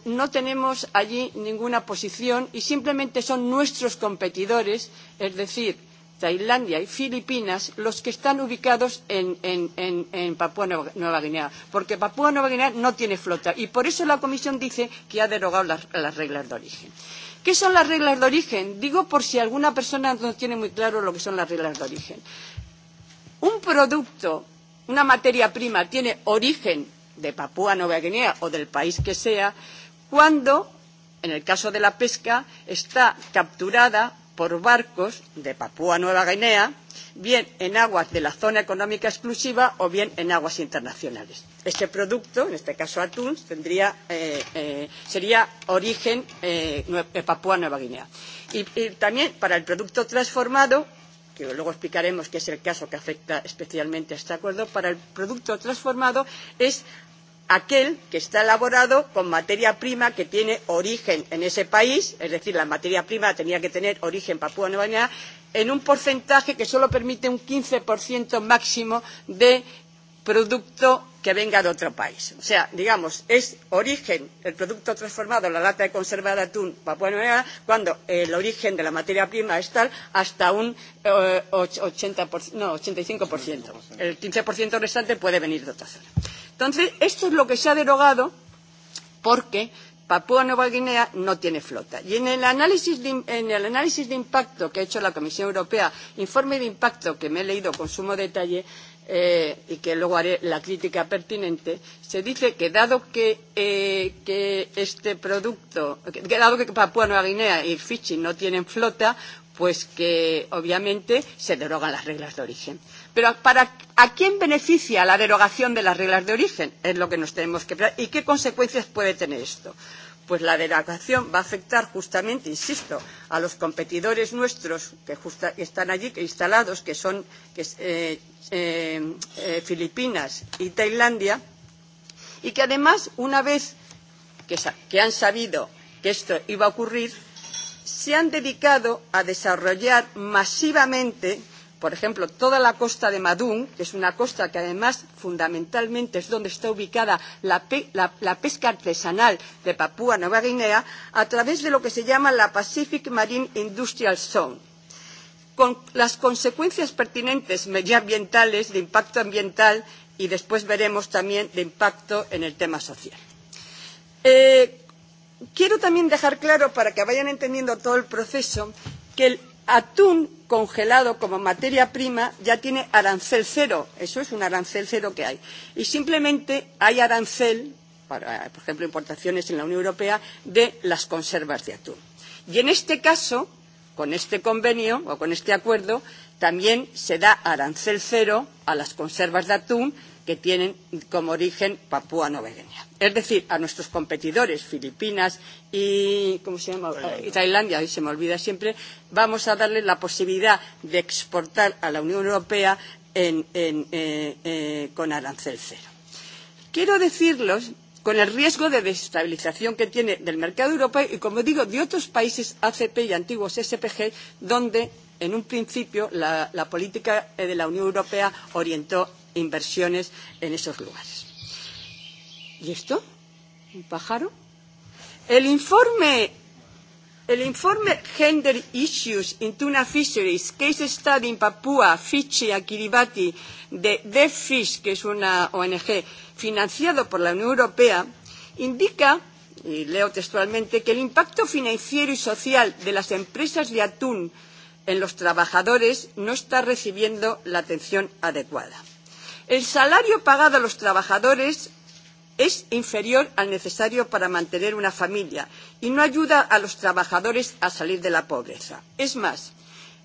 no tenemos allí ninguna posición y simplemente son nuestros competidores, es decir, Tailandia y Filipinas, los que están ubicados en, en, en, en Papúa Nueva Guinea, porque Papúa Nueva Guinea no tiene flota y por eso la Comisión dice que ha derogado las, las reglas de origen. ¿Qué son las reglas de origen? Digo por si alguna persona no tiene muy claro lo que son las reglas de origen. Un producto, una materia prima, tiene origen de Papúa Nueva Guinea o del país que sea, cuando, en el caso de la pesca, está capturada por barcos de Papúa Nueva Guinea, bien en aguas de la zona económica exclusiva o bien en aguas internacionales. Este producto, en este caso atún, tendría, eh, eh, sería origen eh, Papúa Nueva Guinea. Y, y también para el producto transformado, que luego explicaremos que es el caso que afecta especialmente a este acuerdo, para el producto transformado es aquel que está elaborado con materia prima que tiene origen en ese país, es decir, la materia prima tenía que tener origen Papúa Nueva Guinea, en un porcentaje que solo permite un quince máximo de producto que venga de otro país. O sea, digamos, es origen, el producto transformado, la lata de conserva de atún, Papua Nueva Guinea, cuando el origen de la materia prima es tal hasta un eh, 80 no, 85%. El 15% restante puede venir de otra zona. Entonces, esto es lo que se ha derogado porque Papúa Nueva Guinea no tiene flota. Y en el, análisis de, en el análisis de impacto que ha hecho la Comisión Europea, informe de impacto que me he leído con sumo detalle, eh, y que luego haré la crítica pertinente, se dice que dado que, eh, que este producto, que dado que Papua Nueva Guinea y Fiji no tienen flota, pues que obviamente se derogan las reglas de origen. Pero para, ¿a quién beneficia la derogación de las reglas de origen? Es lo que nos tenemos que preguntar. ¿Y qué consecuencias puede tener esto? pues la derogación va a afectar justamente, insisto, a los competidores nuestros que justa, están allí instalados, que son que, eh, eh, Filipinas y Tailandia, y que además, una vez que, que han sabido que esto iba a ocurrir, se han dedicado a desarrollar masivamente por ejemplo, toda la costa de Madún, que es una costa que además fundamentalmente es donde está ubicada la, pe la, la pesca artesanal de Papúa Nueva Guinea, a través de lo que se llama la Pacific Marine Industrial Zone con las consecuencias pertinentes medioambientales, de impacto ambiental y después veremos también de impacto en el tema social. Eh, quiero también dejar claro, para que vayan entendiendo todo el proceso, que el atún congelado como materia prima ya tiene arancel cero. Eso es un arancel cero que hay. Y simplemente hay arancel, para, por ejemplo, importaciones en la Unión Europea, de las conservas de atún. Y en este caso, con este convenio o con este acuerdo, también se da arancel cero a las conservas de atún que tienen como origen Papúa Guinea. Es decir, a nuestros competidores Filipinas y, ¿cómo se llama? y Tailandia, hoy se me olvida siempre, vamos a darles la posibilidad de exportar a la Unión Europea en, en, eh, eh, con arancel cero. Quiero decirlos con el riesgo de desestabilización que tiene del mercado europeo y, como digo, de otros países ACP y antiguos SPG, donde en un principio, la, la política de la Unión Europea orientó inversiones en esos lugares. ¿Y esto? ¿Un pájaro? El informe El informe Gender Issues in Tuna Fisheries, Case Study in Papua, Fiji, a Kiribati, de DeFish, que es una ONG financiado por la Unión Europea, indica, y leo textualmente, que el impacto financiero y social de las empresas de atún en los trabajadores no está recibiendo la atención adecuada. El salario pagado a los trabajadores es inferior al necesario para mantener una familia y no ayuda a los trabajadores a salir de la pobreza. Es más,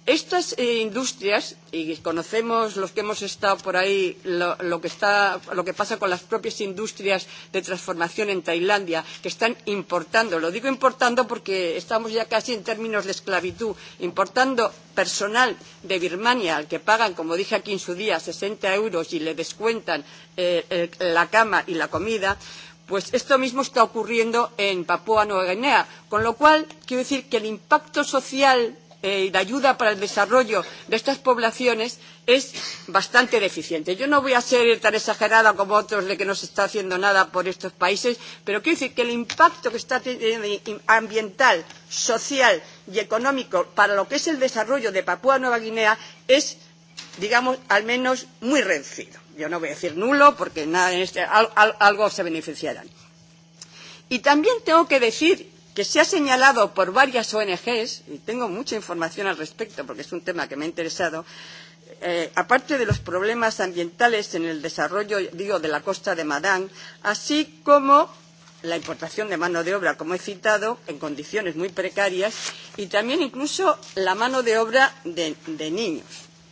Estas eh, industrias, y conocemos los que hemos estado por ahí lo, lo, que está, lo que pasa con las propias industrias de transformación en Tailandia, que están importando, lo digo importando porque estamos ya casi en términos de esclavitud, importando personal de Birmania al que pagan, como dije aquí en su día, 60 euros y le descuentan eh, el, la cama y la comida, Pues esto mismo está ocurriendo en Papúa Nueva Guinea, con lo cual quiero decir que el impacto social eh, de ayuda para el desarrollo de estas poblaciones es bastante deficiente. Yo no voy a ser tan exagerada como otros de que no se está haciendo nada por estos países, pero quiero decir que el impacto que está teniendo ambiental, social y económico para lo que es el desarrollo de Papúa Nueva Guinea es, digamos, al menos muy reducido. Yo no voy a decir nulo porque nada en este, al, al, algo se beneficiarán. Y también tengo que decir que se ha señalado por varias ONGs, y tengo mucha información al respecto porque es un tema que me ha interesado, eh, aparte de los problemas ambientales en el desarrollo, digo, de la costa de Madán, así como la importación de mano de obra, como he citado, en condiciones muy precarias, y también incluso la mano de obra de, de niños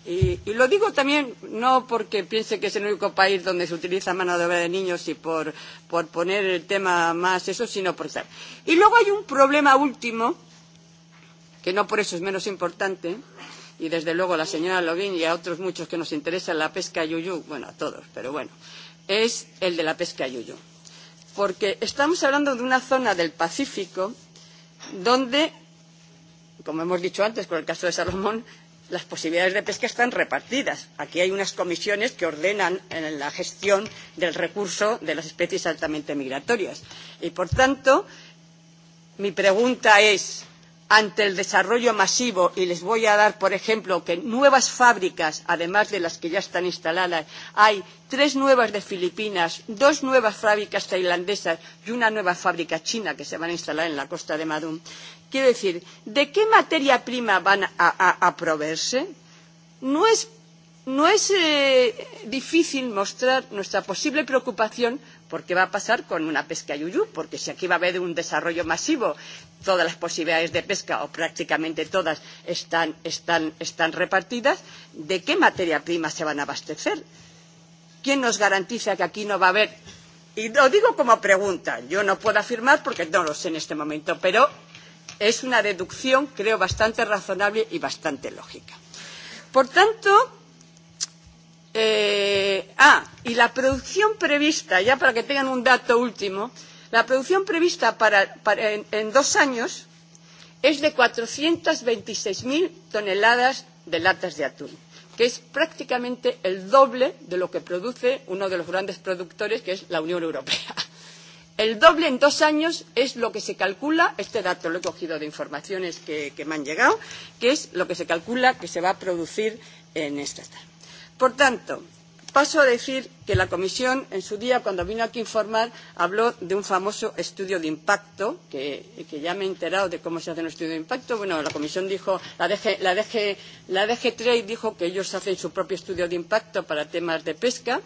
Y, y lo digo también no porque piense que es el único país donde se utiliza mano de obra de niños y por, por poner el tema más eso, sino por tal. Y luego hay un problema último, que no por eso es menos importante, y desde luego a la señora Login y a otros muchos que nos interesa la pesca yuyu, bueno, a todos, pero bueno, es el de la pesca yuyu. Porque estamos hablando de una zona del Pacífico donde, como hemos dicho antes con el caso de Salomón, las posibilidades de pesca están repartidas. Aquí hay unas comisiones que ordenan la gestión del recurso de las especies altamente migratorias. Y, por tanto, mi pregunta es, ante el desarrollo masivo, y les voy a dar, por ejemplo, que nuevas fábricas, además de las que ya están instaladas, hay tres nuevas de Filipinas, dos nuevas fábricas tailandesas y una nueva fábrica china que se van a instalar en la costa de Madum. Quiero decir, ¿de qué materia prima van a, a, a proveerse? No es, no es eh, difícil mostrar nuestra posible preocupación por qué va a pasar con una pesca yuyú, porque si aquí va a haber un desarrollo masivo, todas las posibilidades de pesca, o prácticamente todas, están, están, están repartidas, ¿de qué materia prima se van a abastecer? ¿Quién nos garantiza que aquí no va a haber? Y lo digo como pregunta, yo no puedo afirmar porque no lo sé en este momento, pero es una deducción, creo, bastante razonable y bastante lógica. Por tanto, eh, ah, y la producción prevista, ya para que tengan un dato último, la producción prevista para, para, en, en dos años es de 426.000 toneladas de latas de atún, que es prácticamente el doble de lo que produce uno de los grandes productores, que es la Unión Europea. El doble en dos años es lo que se calcula, este dato lo he cogido de informaciones que, que me han llegado, que es lo que se calcula que se va a producir en esta tarde. Por tanto, paso a decir que la Comisión, en su día, cuando vino aquí a informar, habló de un famoso estudio de impacto, que, que ya me he enterado de cómo se hace un estudio de impacto. Bueno, la Comisión dijo, la DG, la DG, la DG Trade dijo que ellos hacen su propio estudio de impacto para temas de pesca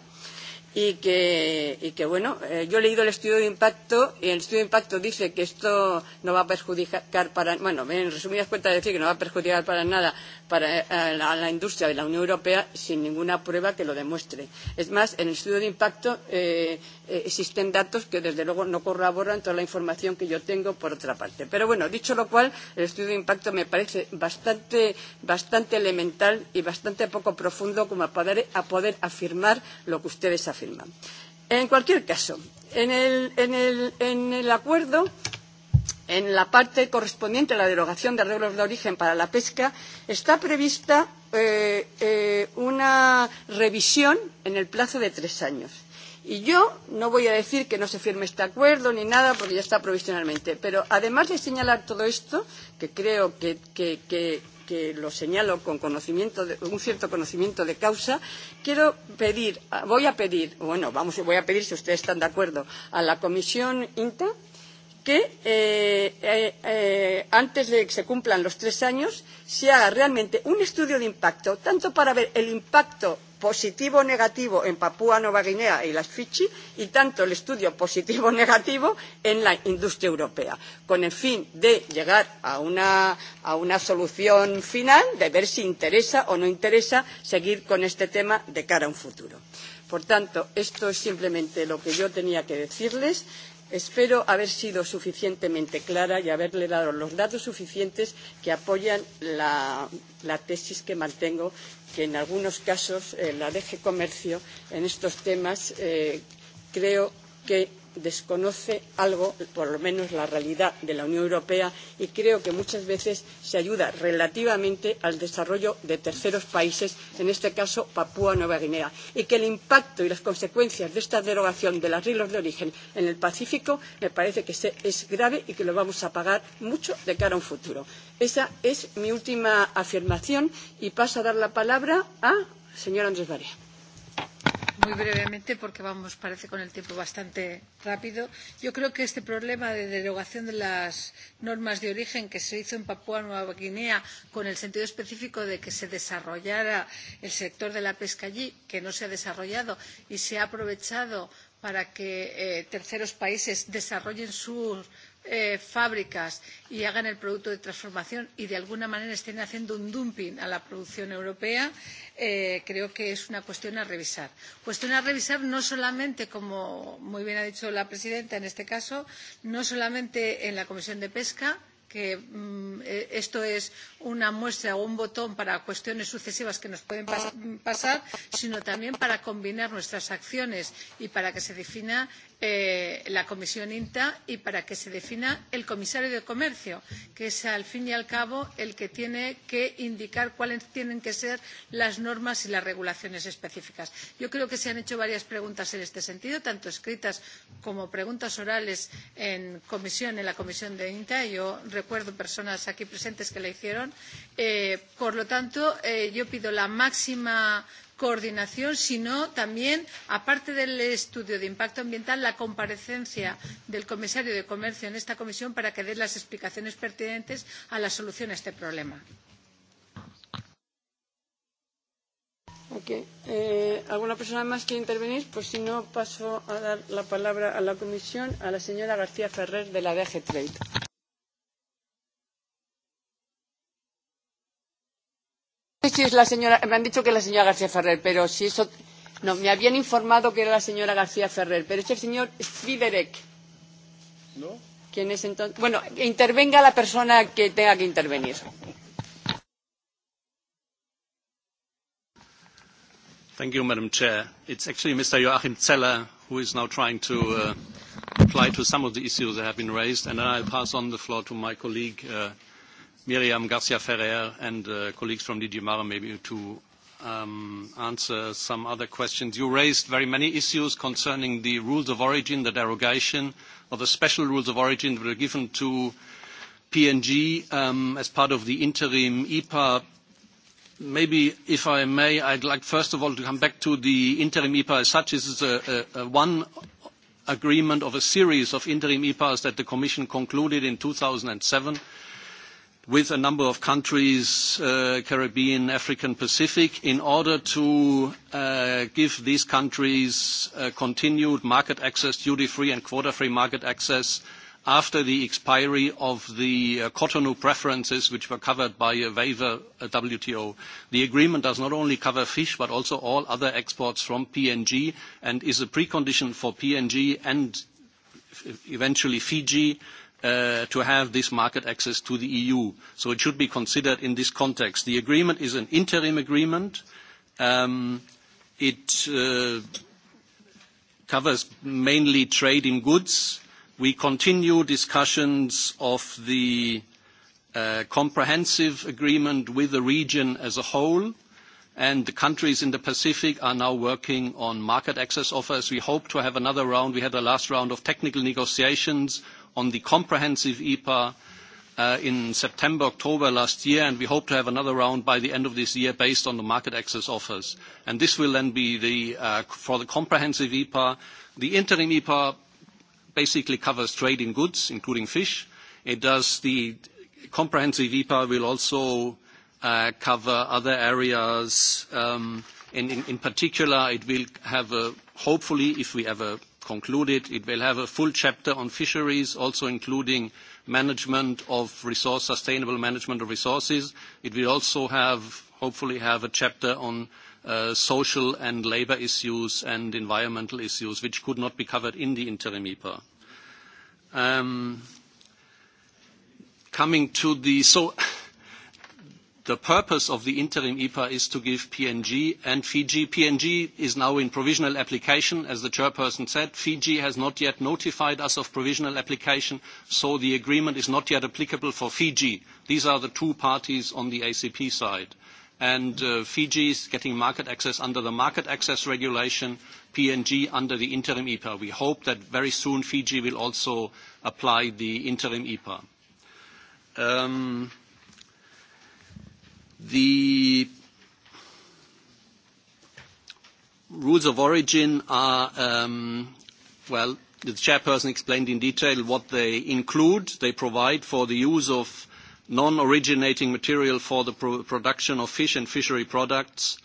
y que, y que bueno, eh, yo he leído el estudio de impacto y el estudio de impacto dice que esto no va a perjudicar para, bueno, en resumidas cuentas decir que no va a perjudicar para nada para a la, a la industria de la Unión Europea sin ninguna prueba que lo demuestre. Es más, en el estudio de impacto eh, existen datos que desde luego no corroboran toda la información que yo tengo por otra parte. Pero bueno, dicho lo cual, el estudio de impacto me parece bastante, bastante elemental y bastante poco profundo como a poder, a poder afirmar lo que ustedes afirman firma. En cualquier caso, en el, en el, en el acuerdo, en la parte correspondiente a la derogación de arreglos de origen para la pesca, está prevista eh, eh, una revisión en el plazo de tres años. Y yo no voy a decir que no se firme este acuerdo ni nada, porque ya está provisionalmente. Pero además de señalar todo esto, que creo que, que, que, que lo señalo con conocimiento de, un cierto conocimiento de causa, quiero pedir, voy a pedir, bueno, vamos, voy a pedir si ustedes están de acuerdo, a la Comisión INTA que eh, eh, eh, antes de que se cumplan los tres años se haga realmente un estudio de impacto, tanto para ver el impacto positivo o negativo en Papúa Nueva Guinea y las Fichi y tanto el estudio positivo o negativo en la industria europea, con el fin de llegar a una, a una solución final, de ver si interesa o no interesa seguir con este tema de cara a un futuro. Por tanto, esto es simplemente lo que yo tenía que decirles. Espero haber sido suficientemente clara y haberle dado los datos suficientes que apoyan la, la tesis que mantengo que en algunos casos la DG Comercio en estos temas creo que desconoce algo, por lo menos la realidad de la Unión Europea, y creo que muchas veces se ayuda relativamente al desarrollo de terceros países, en este caso Papúa Nueva Guinea, y que el impacto y las consecuencias de esta derogación de las reglas de origen en el Pacífico me parece que es grave y que lo vamos a pagar mucho de cara a un futuro. Esa es mi última afirmación y paso a dar la palabra a señor Andrés Barea muy brevemente porque vamos, parece con el tiempo bastante rápido. Yo creo que este problema de derogación de las normas de origen que se hizo en Papúa Nueva Guinea con el sentido específico de que se desarrollara el sector de la pesca allí, que no se ha desarrollado y se ha aprovechado para que terceros países desarrollen sus fábricas y hagan el producto de transformación y de alguna manera estén haciendo un dumping a la producción europea, creo que es una cuestión a revisar. Cuestión a revisar no solamente, como muy bien ha dicho la presidenta en este caso, no solamente en la Comisión de Pesca, que esto es una muestra o un botón para cuestiones sucesivas que nos pueden pasar, sino también para combinar nuestras acciones y para que se defina la Comisión INTA y para que se defina el comisario de comercio, que es al fin y al cabo el que tiene que indicar cuáles tienen que ser las normas y las regulaciones específicas. Yo creo que se han hecho varias preguntas en este sentido, tanto escritas como preguntas orales en comisión, en la Comisión de INTA. Yo recuerdo personas aquí presentes que la hicieron. por lo tanto, yo pido la máxima coordinación, sino también, aparte del estudio de impacto ambiental, la comparecencia del comisario de Comercio en esta comisión para que dé las explicaciones pertinentes a la solución a este problema. ¿Alguna persona más quiere intervenir? Pues si no, paso a dar la palabra a la comisión, a la señora García Ferrer de la DG Trade. sé si es la señora, me han dicho que es la señora García Ferrer, pero si eso... No, me habían informado que era la señora García Ferrer, pero es el señor Friderek. ¿No? ¿Quién es entonces? Bueno, intervenga la persona que tenga que intervenir. Thank you, Madam Chair. It's actually Mr. Joachim Zeller who is now trying to uh, reply to some of the issues that have been raised, and then I'll pass on the floor to my colleague, uh, Miriam Garcia Ferrer and uh, colleagues from DG Mara maybe to um, answer some other questions. You raised very many issues concerning the rules of origin, the derogation or the special rules of origin that were given to PNG um, as part of the interim EPA Maybe, if I may, I'd like first of all to come back to the interim EPA as such. This is one agreement of a series of interim EPAs that the Commission concluded in two thousand seven with a number of countries, Caribbean, African, Pacific, in order to give these countries continued market access, duty-free and quota-free market access after the expiry of the Cotonou preferences, which were covered by a waiver at WTO. The agreement does not only cover fish, but also all other exports from PNG and is a precondition for PNG and eventually Fiji to have this market access to the EU. So it should be considered in this context. The agreement is an interim agreement. It covers mainly trade in goods. We continue discussions of the comprehensive agreement with the region as a whole, and the countries in the Pacific are now working on market access offers. We hope to have another round. We had the last round of technical negotiations on the comprehensive EPA in September, October last year, and we hope to have another round by the end of this year based on the market access offers. And This will then be the for the comprehensive EPA. The interim EPA basically covers trade in goods, including fish. It does the comprehensive EPA will also cover other areas. and In particular, it will have a, hopefully, if we a concluded. It will have a full chapter on fisheries, also including management of resource, sustainable management of resources. It will also have, hopefully have a chapter on social and labour issues and environmental issues, which could not be covered in the interim EPA. Coming to the... So The purpose of the interim EPA is to give PNG and Fiji. PNG is now in provisional application, as the chairperson said. Fiji has not yet notified us of provisional application, so the agreement is not yet applicable for Fiji. These are the two parties on the ACP side. And Fiji is getting market access under the market access regulation, PNG under the interim EPA. We hope that very soon Fiji will also apply the interim EPA. The rules of origin are, um, well, the chairperson explained in detail what they include. They provide for the use of non-originating material for the production of fish and fishery products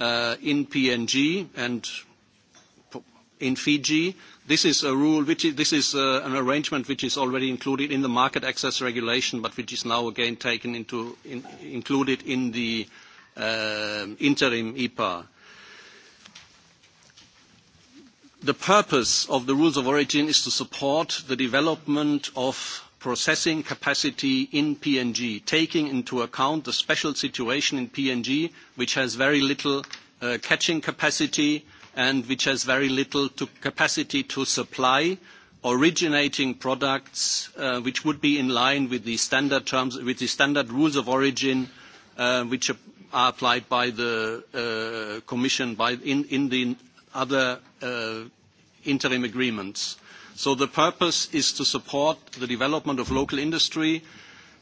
in PNG and in Fiji This is a rule which is, this is uh, an arrangement which is already included in the market access regulation, but which is now again taken into in, included in the uh, interim EPA. The purpose of the rules of origin is to support the development of processing capacity in PNG, taking into account the special situation in PNG, which has very little catching capacity, and which has very little capacity to supply originating products which would be in line with the standard terms, with the standard rules of origin which are applied by the Commission in the other interim agreements. So the purpose is to support the development of local industry,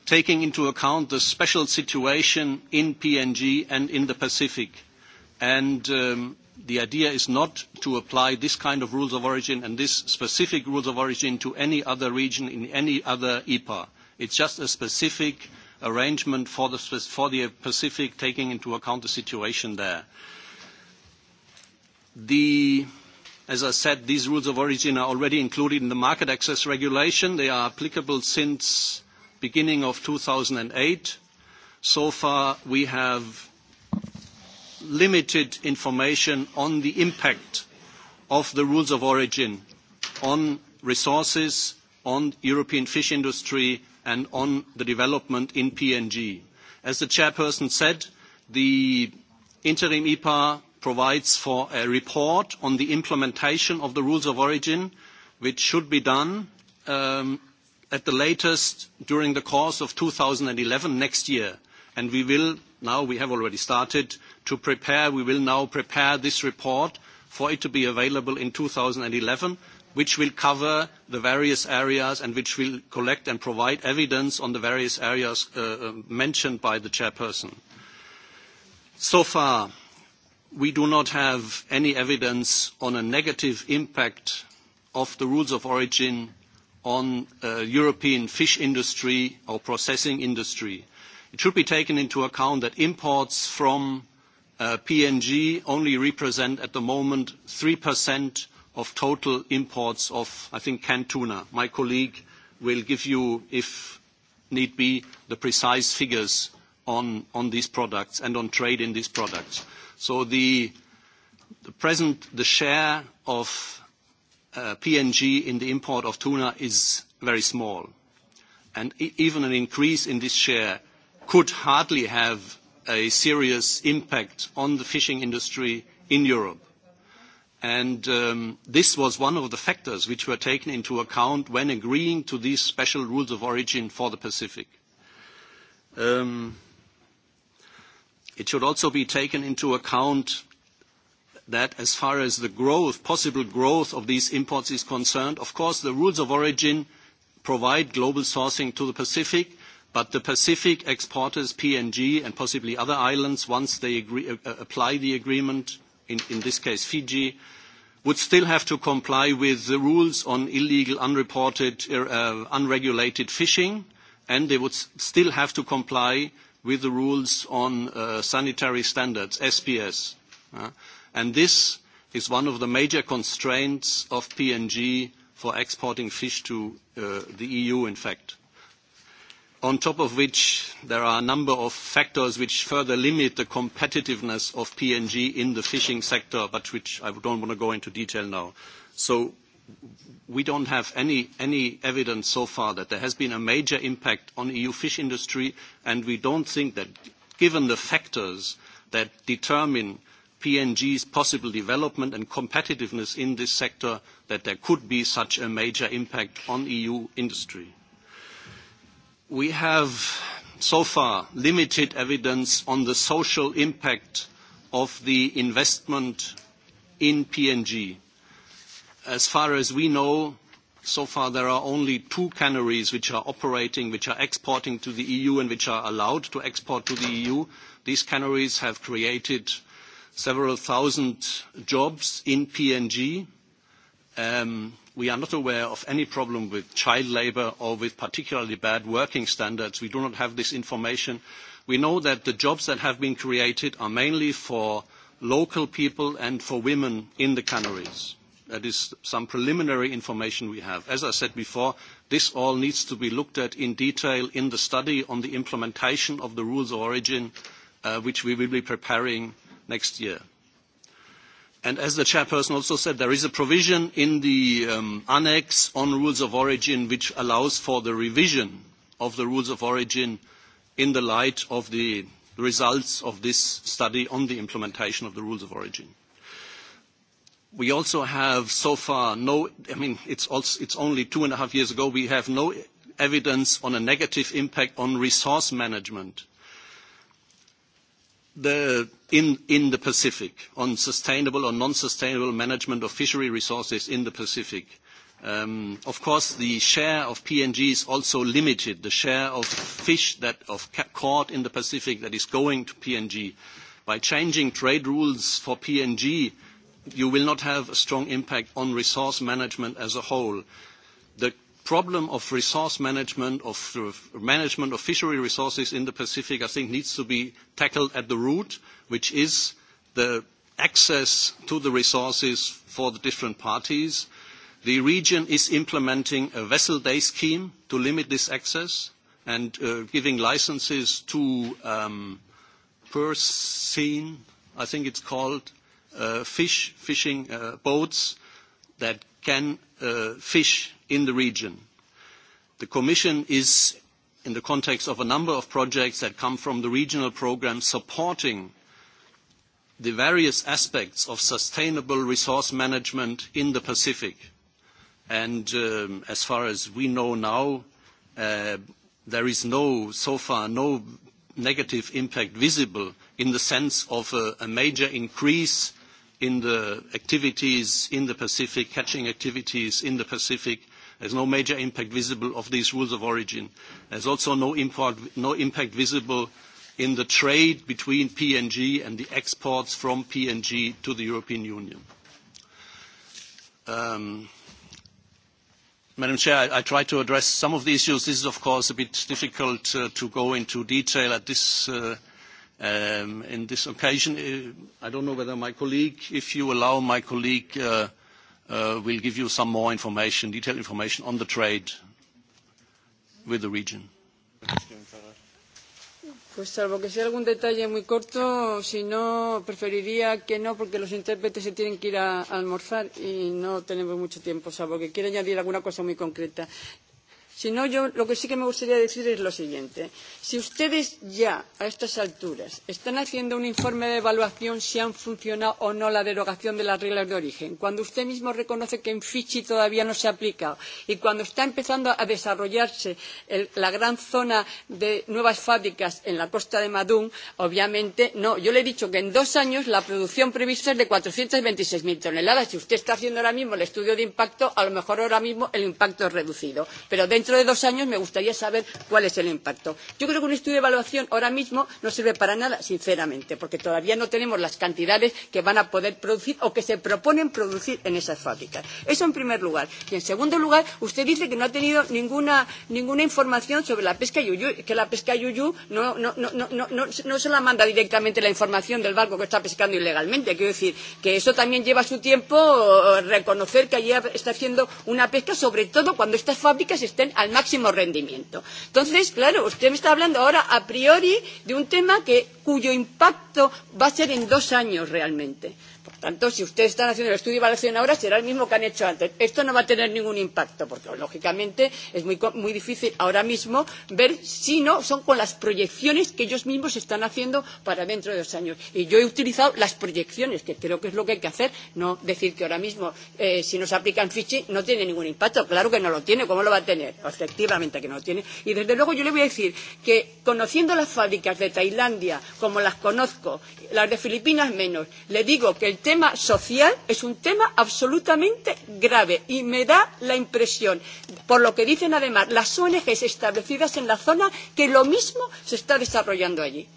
taking into account the special situation in PNG and in the Pacific. And the idea is not to apply this kind of rules of origin and this specific rules of origin to any other region in any other EPA. It's just a specific arrangement for the, for the Pacific taking into account the situation there. The, as I said, these rules of origin are already included in the market access regulation. They are applicable since beginning of 2008. So far, we have limited information on the impact of the rules of origin on resources, on European fish industry, and on the development in PNG. As the chairperson said, the interim EPA provides for a report on the implementation of the rules of origin, which should be done at the latest during the course of eleven next year. and We will now, we have already started, to prepare. We will now prepare this report for it to be available in eleven, which will cover the various areas and which will collect and provide evidence on the various areas mentioned by the chairperson. So far, we do not have any evidence on a negative impact of the rules of origin on the European fish industry or processing industry. It should be taken into account that imports from PNG only represent at the moment 3% of total imports of, I think, canned tuna. My colleague will give you, if need be, the precise figures on these products and on trade in these products. So the present, the share of PNG in the import of tuna is very small, and even an increase in this share could hardly have a serious impact on the fishing industry in Europe. And this was one of the factors which were taken into account when agreeing to these special rules of origin for the Pacific. it should also be taken into account that as far as the growth, possible growth of these imports is concerned, of course the rules of origin provide global sourcing to the Pacific, But the Pacific exporters, PNG and possibly other islands, once they apply the agreement, in this case Fiji, would still have to comply with the rules on illegal, unreported, unregulated fishing, and they would still have to comply with the rules on sanitary standards, SPS. And this is one of the major constraints of PNG for exporting fish to the EU, in fact on top of which there are a number of factors which further limit the competitiveness of PNG in the fishing sector, but which I don't want to go into detail now. So we don't have any evidence so far that there has been a major impact on EU fish industry, and we don't think that given the factors that determine PNG's possible development and competitiveness in this sector, that there could be such a major impact on EU industry. We have so far limited evidence on the social impact of the investment in PNG. As far as we know, so far there are only two canneries which are operating, which are exporting to the EU and which are allowed to export to the EU. These canneries have created several thousand jobs in PNG. We are not aware of any problem with child labour or with particularly bad working standards. We do not have this information. We know that the jobs that have been created are mainly for local people and for women in the canneries. That is some preliminary information we have. As I said before, this all needs to be looked at in detail in the study on the implementation of the rules of origin, which we will be preparing next year. And as the chairperson also said, there is a provision in the annex on rules of origin which allows for the revision of the rules of origin in the light of the results of this study on the implementation of the rules of origin. We also have so far no, I mean, it's, also, it's only two and a half years ago, we have no evidence on a negative impact on resource management the, in, the Pacific on sustainable or non-sustainable management of fishery resources in the Pacific. of course, the share of PNG is also limited. The share of fish that of caught in the Pacific that is going to PNG. By changing trade rules for PNG, you will not have a strong impact on resource management as a whole problem of resource management, of management of fishery resources in the Pacific, I think needs to be tackled at the root, which is the access to the resources for the different parties. The region is implementing a vessel day scheme to limit this access and giving licenses to scene I think it's called, fish, fishing boats that can fish in the region. The Commission is, in the context of a number of projects that come from the regional programme, supporting the various aspects of sustainable resource management in the Pacific. And as far as we know now, there is no, so far, no negative impact visible in the sense of a major increase in the activities in the Pacific, catching activities in the Pacific. There's no major impact visible of these rules of origin. There's also no impact visible in the trade between PNG and the exports from PNG to the European Union. Madam Chair, I tried to address some of the issues. This is, of course, a bit difficult to go into detail at this Um, in this occasion, I don't know whether my colleague, if you allow, my colleague uh, uh, will give you some more information, detailed information on the trade with the region. Pues salvo que sea algún detalle muy corto, si no, preferiría que no, porque los intérpretes se tienen que ir a, almorzar y no tenemos mucho tiempo, salvo que quiera añadir alguna cosa muy concreta. Si no, yo lo que sí que me gustaría decir es lo siguiente. Si ustedes ya, a estas alturas, están haciendo un informe de evaluación si han funcionado o no la derogación de las reglas de origen, cuando usted mismo reconoce que en Fiji todavía no se ha aplicado y cuando está empezando a desarrollarse la gran zona de nuevas fábricas en la costa de Madún, obviamente no. Yo le he dicho que en dos años la producción prevista es de cuatrocientos veintiséis 426.000 toneladas. Si usted está haciendo ahora mismo el estudio de impacto, a lo mejor ahora mismo el impacto es reducido. Pero dentro dentro de dos años me gustaría saber cuál es el impacto. Yo creo que un estudio de evaluación ahora mismo no sirve para nada, sinceramente, porque todavía no tenemos las cantidades que van a poder producir o que se proponen producir en esas fábricas. Eso en primer lugar. Y en segundo lugar, usted dice que no ha tenido ninguna, ninguna información sobre la pesca yuyu, que la pesca yuyú no, no, no, no, no, no, no se la manda directamente la información del barco que está pescando ilegalmente. Quiero decir que eso también lleva su tiempo reconocer que allí está haciendo una pesca, sobre todo cuando estas fábricas estén al máximo rendimiento. Entonces, claro, usted me está hablando ahora a priori de un tema que, cuyo impacto va a ser en dos años realmente tanto, si ustedes están haciendo el estudio de evaluación ahora, será el mismo que han hecho antes. Esto no va a tener ningún impacto, porque lógicamente es muy, muy difícil ahora mismo ver si no son con las proyecciones que ellos mismos están haciendo para dentro de dos años. Y yo he utilizado las proyecciones, que creo que es lo que hay que hacer, no decir que ahora mismo, eh, si nos aplican fichi, no tiene ningún impacto. Claro que no lo tiene, ¿cómo lo va a tener? Efectivamente que no lo tiene. Y desde luego yo le voy a decir que conociendo las fábricas de Tailandia, como las conozco, las de Filipinas menos, le digo que el tema social es un tema absolutamente grave y me da la impresión, por lo que dicen además las ONG establecidas en la zona, que lo mismo se está desarrollando allí.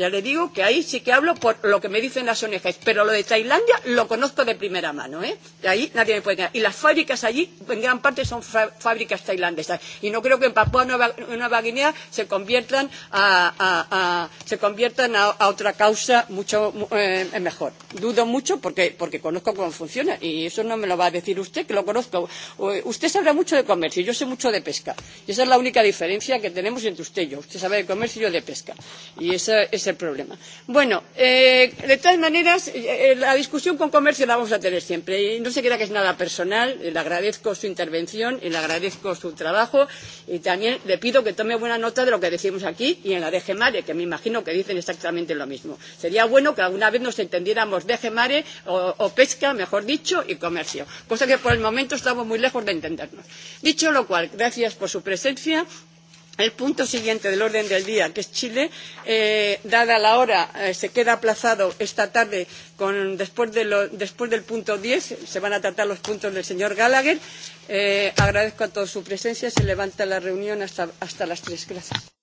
Ya le digo que ahí sí que hablo por lo que me dicen las ONG, pero lo de Tailandia lo conozco de primera mano, ¿eh? Y ahí nadie me puede quedar. Y las fábricas allí, en gran parte, son fábricas tailandesas. Y no creo que en Papua Nueva, Nueva Guinea se conviertan a, a, a, se conviertan a, a otra causa mucho eh, mejor. Dudo mucho porque, porque conozco cómo funciona y eso no me lo va a decir usted, que lo conozco. Usted sabrá mucho de comercio, yo sé mucho de pesca. Y esa es la única diferencia que tenemos entre usted y yo. Usted sabe de comercio y yo de pesca. Y esa, esa el problema. Bueno, eh, de todas maneras, eh, la discusión con comercio la vamos a tener siempre. Y no se crea que es nada personal. Le agradezco su intervención y le agradezco su trabajo. Y también le pido que tome buena nota de lo que decimos aquí y en la DG Mare, que me imagino que dicen exactamente lo mismo. Sería bueno que alguna vez nos entendiéramos DG Mare o, o pesca, mejor dicho, y comercio. Cosa que por el momento estamos muy lejos de entendernos. Dicho lo cual, gracias por su presencia El punto siguiente del orden del día, que es Chile, eh, dada la hora, eh, se queda aplazado esta tarde con, después, de lo, después del punto 10. Se van a tratar los puntos del señor Gallagher. Eh, agradezco a todos su presencia. Se levanta la reunión hasta, hasta las tres Gracias.